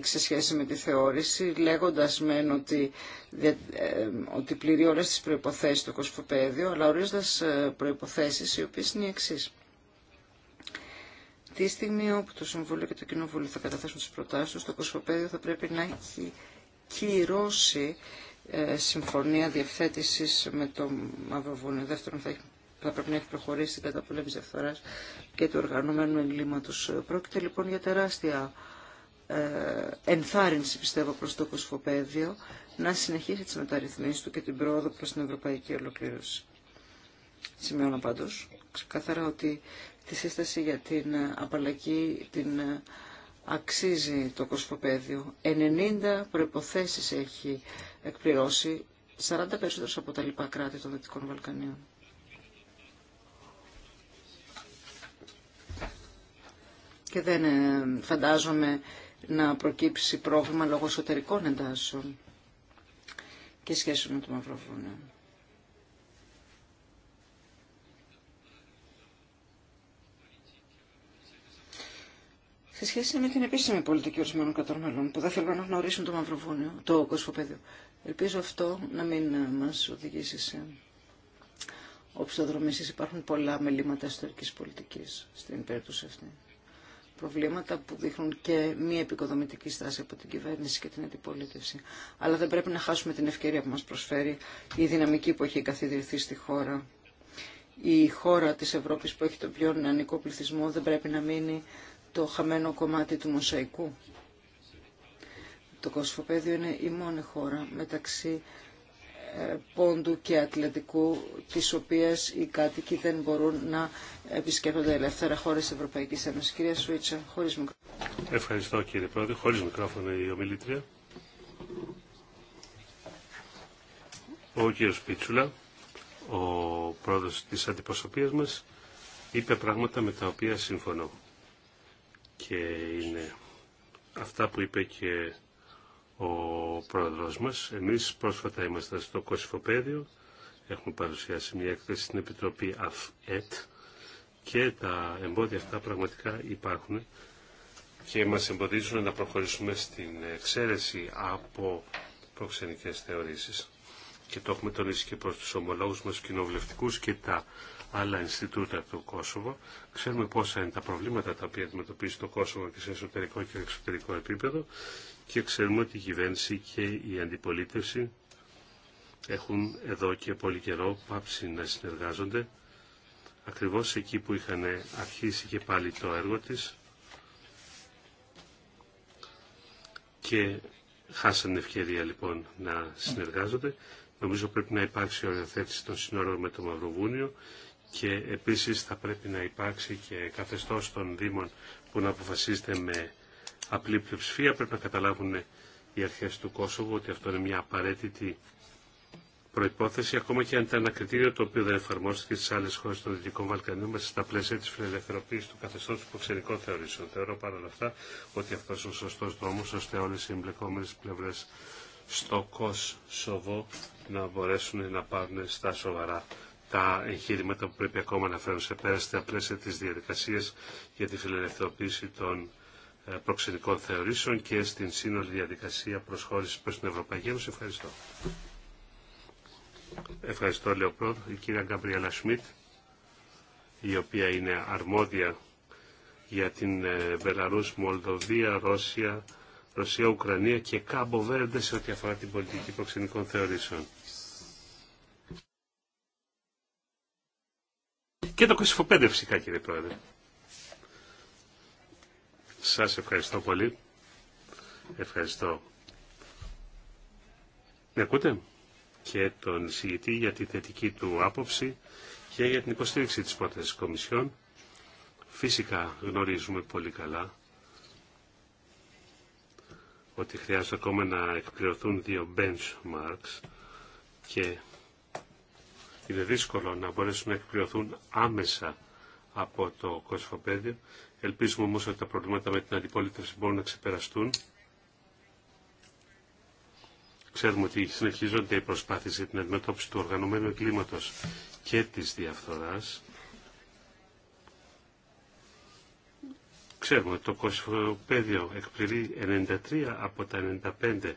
σε σχέση με τη θεώρηση, λέγοντας μεν ότι, ε, ότι πληρεί όλες τις προϋποθέσεις του κοσφοπέδιου, αλλά ορίζοντας προϋποθέσεις οι οποίες είναι οι εξής. Τη στιγμή όπου το Συμβούλιο και το Κοινοβούλιο θα καταθέσουν τις προτάσεις του, το κοσφοπέδιο θα πρέπει να έχει κυρώσει συμφωνία διευθέτησης με το Μαυροβούνιο. Δεύτερον, θα έχει θα πρέπει να έχει προχωρήσει κατά καταπολέμηση διαφθοράς και του οργανωμένου εγκλήματος. Πρόκειται λοιπόν για τεράστια ε, ενθάρρυνση πιστεύω προς το κοσφοπέδιο να συνεχίσει τις μεταρρυθμίσεις του και την πρόοδο προς την ευρωπαϊκή ολοκλήρωση. Σημειώνω πάντως ξεκάθαρα ότι τη σύσταση για την απαλλαγή την αξίζει το κοσφοπέδιο. 90 προϋποθέσεις έχει εκπληρώσει 40 περισσότερες από τα λοιπά κράτη των Δυτικών Βαλκανίων. και δεν ε, φαντάζομαι να προκύψει πρόβλημα λόγω εσωτερικών εντάσεων και σχέσεων με το Μαυροβούνιο. Σε σχέση με την επίσημη πολιτική ορισμένων κατορμαλών που δεν θέλουν να γνωρίσουν το Μαυροβούνιο, το Κοσμοπέδιο, ελπίζω αυτό να μην ε, μας οδηγήσει σε οψοδρομήσεις. Υπάρχουν πολλά μελήματα ιστορικής πολιτικής στην περίπτωση αυτή προβλήματα που δείχνουν και μία επικοδομητική στάση από την κυβέρνηση και την αντιπολίτευση. Αλλά δεν πρέπει να χάσουμε την ευκαιρία που μας προσφέρει η δυναμική που έχει καθιδρυθεί στη χώρα. Η χώρα της Ευρώπης που έχει τον πιο νεανικό πληθυσμό δεν πρέπει να μείνει το χαμένο κομμάτι του μοσαϊκού. Το Κωσφοπέδιο είναι η μόνη χώρα μεταξύ πόντου και ατλαντικού, τις οποίες οι κάτοικοι δεν μπορούν να επισκέπτονται ελεύθερα χώρες Ευρωπαϊκής Ένωσης. Κυρία Σουίτσα, χωρίς μικρόφωνο. Ευχαριστώ κύριε Πρόεδρε. Χωρίς μικρόφωνο η ομιλήτρια. Ο κύριος Πίτσουλα, ο πρόεδρος της αντιπροσωπείας μας, είπε πράγματα με τα οποία συμφωνώ. Και είναι αυτά που είπε και ο πρόεδρος μας. Εμείς πρόσφατα είμαστε στο Κωσυφοπαίδιο, έχουμε παρουσιάσει μια έκθεση στην Επιτροπή ΑΦΕΤ και τα εμπόδια αυτά πραγματικά υπάρχουν και μας εμποδίζουν να προχωρήσουμε στην εξαίρεση από προξενικές θεωρήσεις. Και το έχουμε τονίσει και προς τους ομολόγους μας κοινοβουλευτικούς και τα άλλα Ινστιτούτα του Κόσοβο. Ξέρουμε πόσα είναι τα προβλήματα τα οποία αντιμετωπίζει το Κόσοβο και σε εσωτερικό και εξωτερικό επίπεδο και ξέρουμε ότι η κυβέρνηση και η αντιπολίτευση έχουν εδώ και πολύ καιρό πάψει να συνεργάζονται ακριβώς εκεί που είχαν αρχίσει και πάλι το έργο της και χάσαν ευκαιρία λοιπόν να συνεργάζονται. Νομίζω πρέπει να υπάρξει οριοθέτηση των συνόρων με το Μαυροβούνιο και επίσης θα πρέπει να υπάρξει και καθεστώς των Δήμων που να αποφασίζεται με απλή πλειοψηφία. Πρέπει να καταλάβουν οι αρχές του Κόσοβου ότι αυτό είναι μια απαραίτητη προϋπόθεση, ακόμα και αν ήταν ένα κριτήριο το οποίο δεν εφαρμόστηκε στις άλλες χώρες των Δυτικών Βαλκανίων μέσα στα πλαίσια της φιλελευθεροποίησης του που ξενικό θεωρήσεων. Θεωρώ παρόλα αυτά ότι αυτός είναι ο σωστός δρόμος ώστε όλες οι εμπλεκόμενες πλευρές στο Κόσοβο να μπορέσουν να πάρουν στα σοβαρά τα εγχείρηματα που πρέπει ακόμα να φέρουν σε πέρα πλαίσια της διαδικασίας για τη φιλελευθερωποίηση των ε, προξενικών θεωρήσεων και στην σύνολη διαδικασία προσχώρησης προς την Ευρωπαϊκή Ένωση. Ευχαριστώ. Ευχαριστώ, πρώτο, Η κυρία Γκαμπριέλα Σμιτ, η οποία είναι αρμόδια για την ε, Βελαρούς, Μολδοβία, Ρώσια, Ρωσία, Ουκρανία και Κάμπο Βέρντε σε ό,τι αφορά την πολιτική προξενικών θεωρήσεων. Και το 25 φυσικά κύριε Πρόεδρε. Σας ευχαριστώ πολύ. Ευχαριστώ. Με ακούτε και τον συγητή για τη θετική του άποψη και για την υποστήριξη της πρότασης Κομισιόν. Φυσικά γνωρίζουμε πολύ καλά ότι χρειάζεται ακόμα να εκπληρωθούν δύο benchmarks και είναι δύσκολο να μπορέσουν να εκπληρωθούν άμεσα από το κοσφοπέδιο Ελπίζουμε όμως ότι τα προβλήματα με την αντιπολίτευση μπορούν να ξεπεραστούν. Ξέρουμε ότι συνεχίζονται οι προσπάθειες για την αντιμετώπιση του οργανωμένου εγκλήματος και της διαφθοράς. Ξέρουμε ότι το κοσφοπέδιο εκπληρεί 93 από τα 95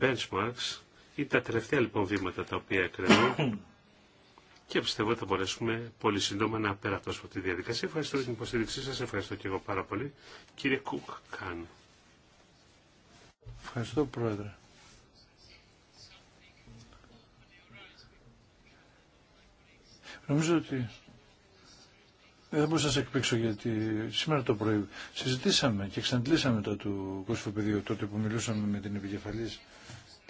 benchmarks ή τα τελευταία λοιπόν βήματα τα οποία εκκρεμούν και πιστεύω ότι θα μπορέσουμε πολύ σύντομα να περάσουμε τη διαδικασία. Ευχαριστώ την υποστήριξή σας, ευχαριστώ και εγώ πάρα πολύ. Κύριε Κουκ, Καν. Ευχαριστώ, Πρόεδρε. Νομίζω ότι δεν μπορούσα να σα εκπίξω γιατί σήμερα το πρωί συζητήσαμε και εξαντλήσαμε το του Κόσμου Πεδίου τότε που μιλούσαμε με την επικεφαλής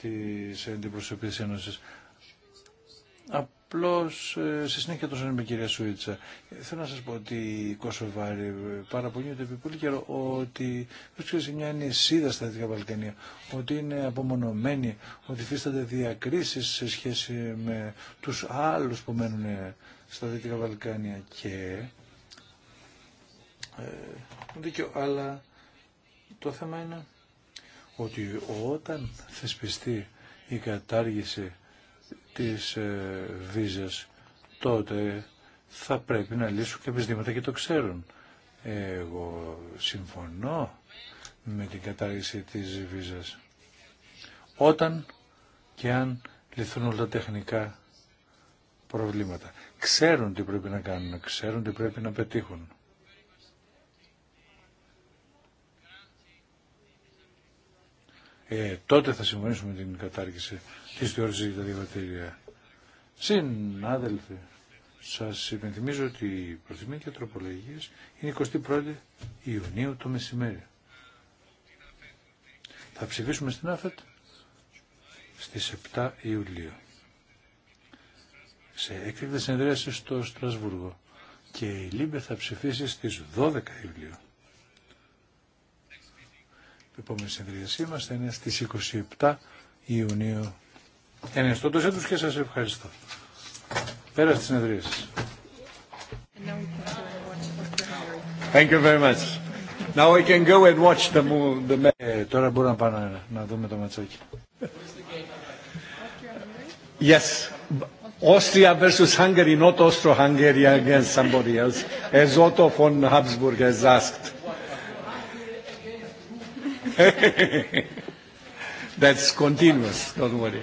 της Αντιπροσωπής Ένωσης. Απλώς ε, σε συνέχεια το με κυρία Σουίτσα. Θέλω να σα πω ότι η Κόσοβάρη ε, παραπονιούνται επί πολύ καιρό ότι βρίσκεται σε μια νησίδα στα Δυτικά Βαλκανία, ότι είναι απομονωμένη, ότι φύστανται διακρίσεις σε σχέση με τους άλλους που μένουν ε, στα Δυτικά Βαλκάνια και ε, δίκιο, αλλά το θέμα είναι ότι όταν θεσπιστεί η κατάργηση τις ε, βίζες, τότε θα πρέπει να λύσουν και ζητήματα και το ξέρουν. Εγώ συμφωνώ με την κατάργηση της βίζας. Όταν και αν λυθούν όλα τα τεχνικά προβλήματα. Ξέρουν τι πρέπει να κάνουν, ξέρουν τι πρέπει να πετύχουν. Ε, τότε θα συμφωνήσουμε την κατάργηση και στη τα διαβατήρια. Συνάδελφοι, σας υπενθυμίζω ότι η προθυμία και τροπολογίες είναι 21η Ιουνίου το μεσημέρι. Θα ψηφίσουμε στην ΑΦΕΤ στις 7 Ιουλίου. Σε έκρηκτη συνεδρίαση στο Στρασβούργο. Και η ΛΥΜΠΕ θα ψηφίσει στις 12 Ιουλίου. Η επόμενη συνεδρίασή μας θα είναι στις 27 Ιουνίου ενεστώντας τους και σας ευχαριστώ. Πέρα στις συνεδρίες Thank you very much. Now we can go and watch the, the... Ε, τώρα μπορούμε να πάμε να δούμε το ματσάκι. yes. Austria versus Hungary, not Austro-Hungary against somebody else, as Otto von Habsburg has asked. That's continuous, don't worry.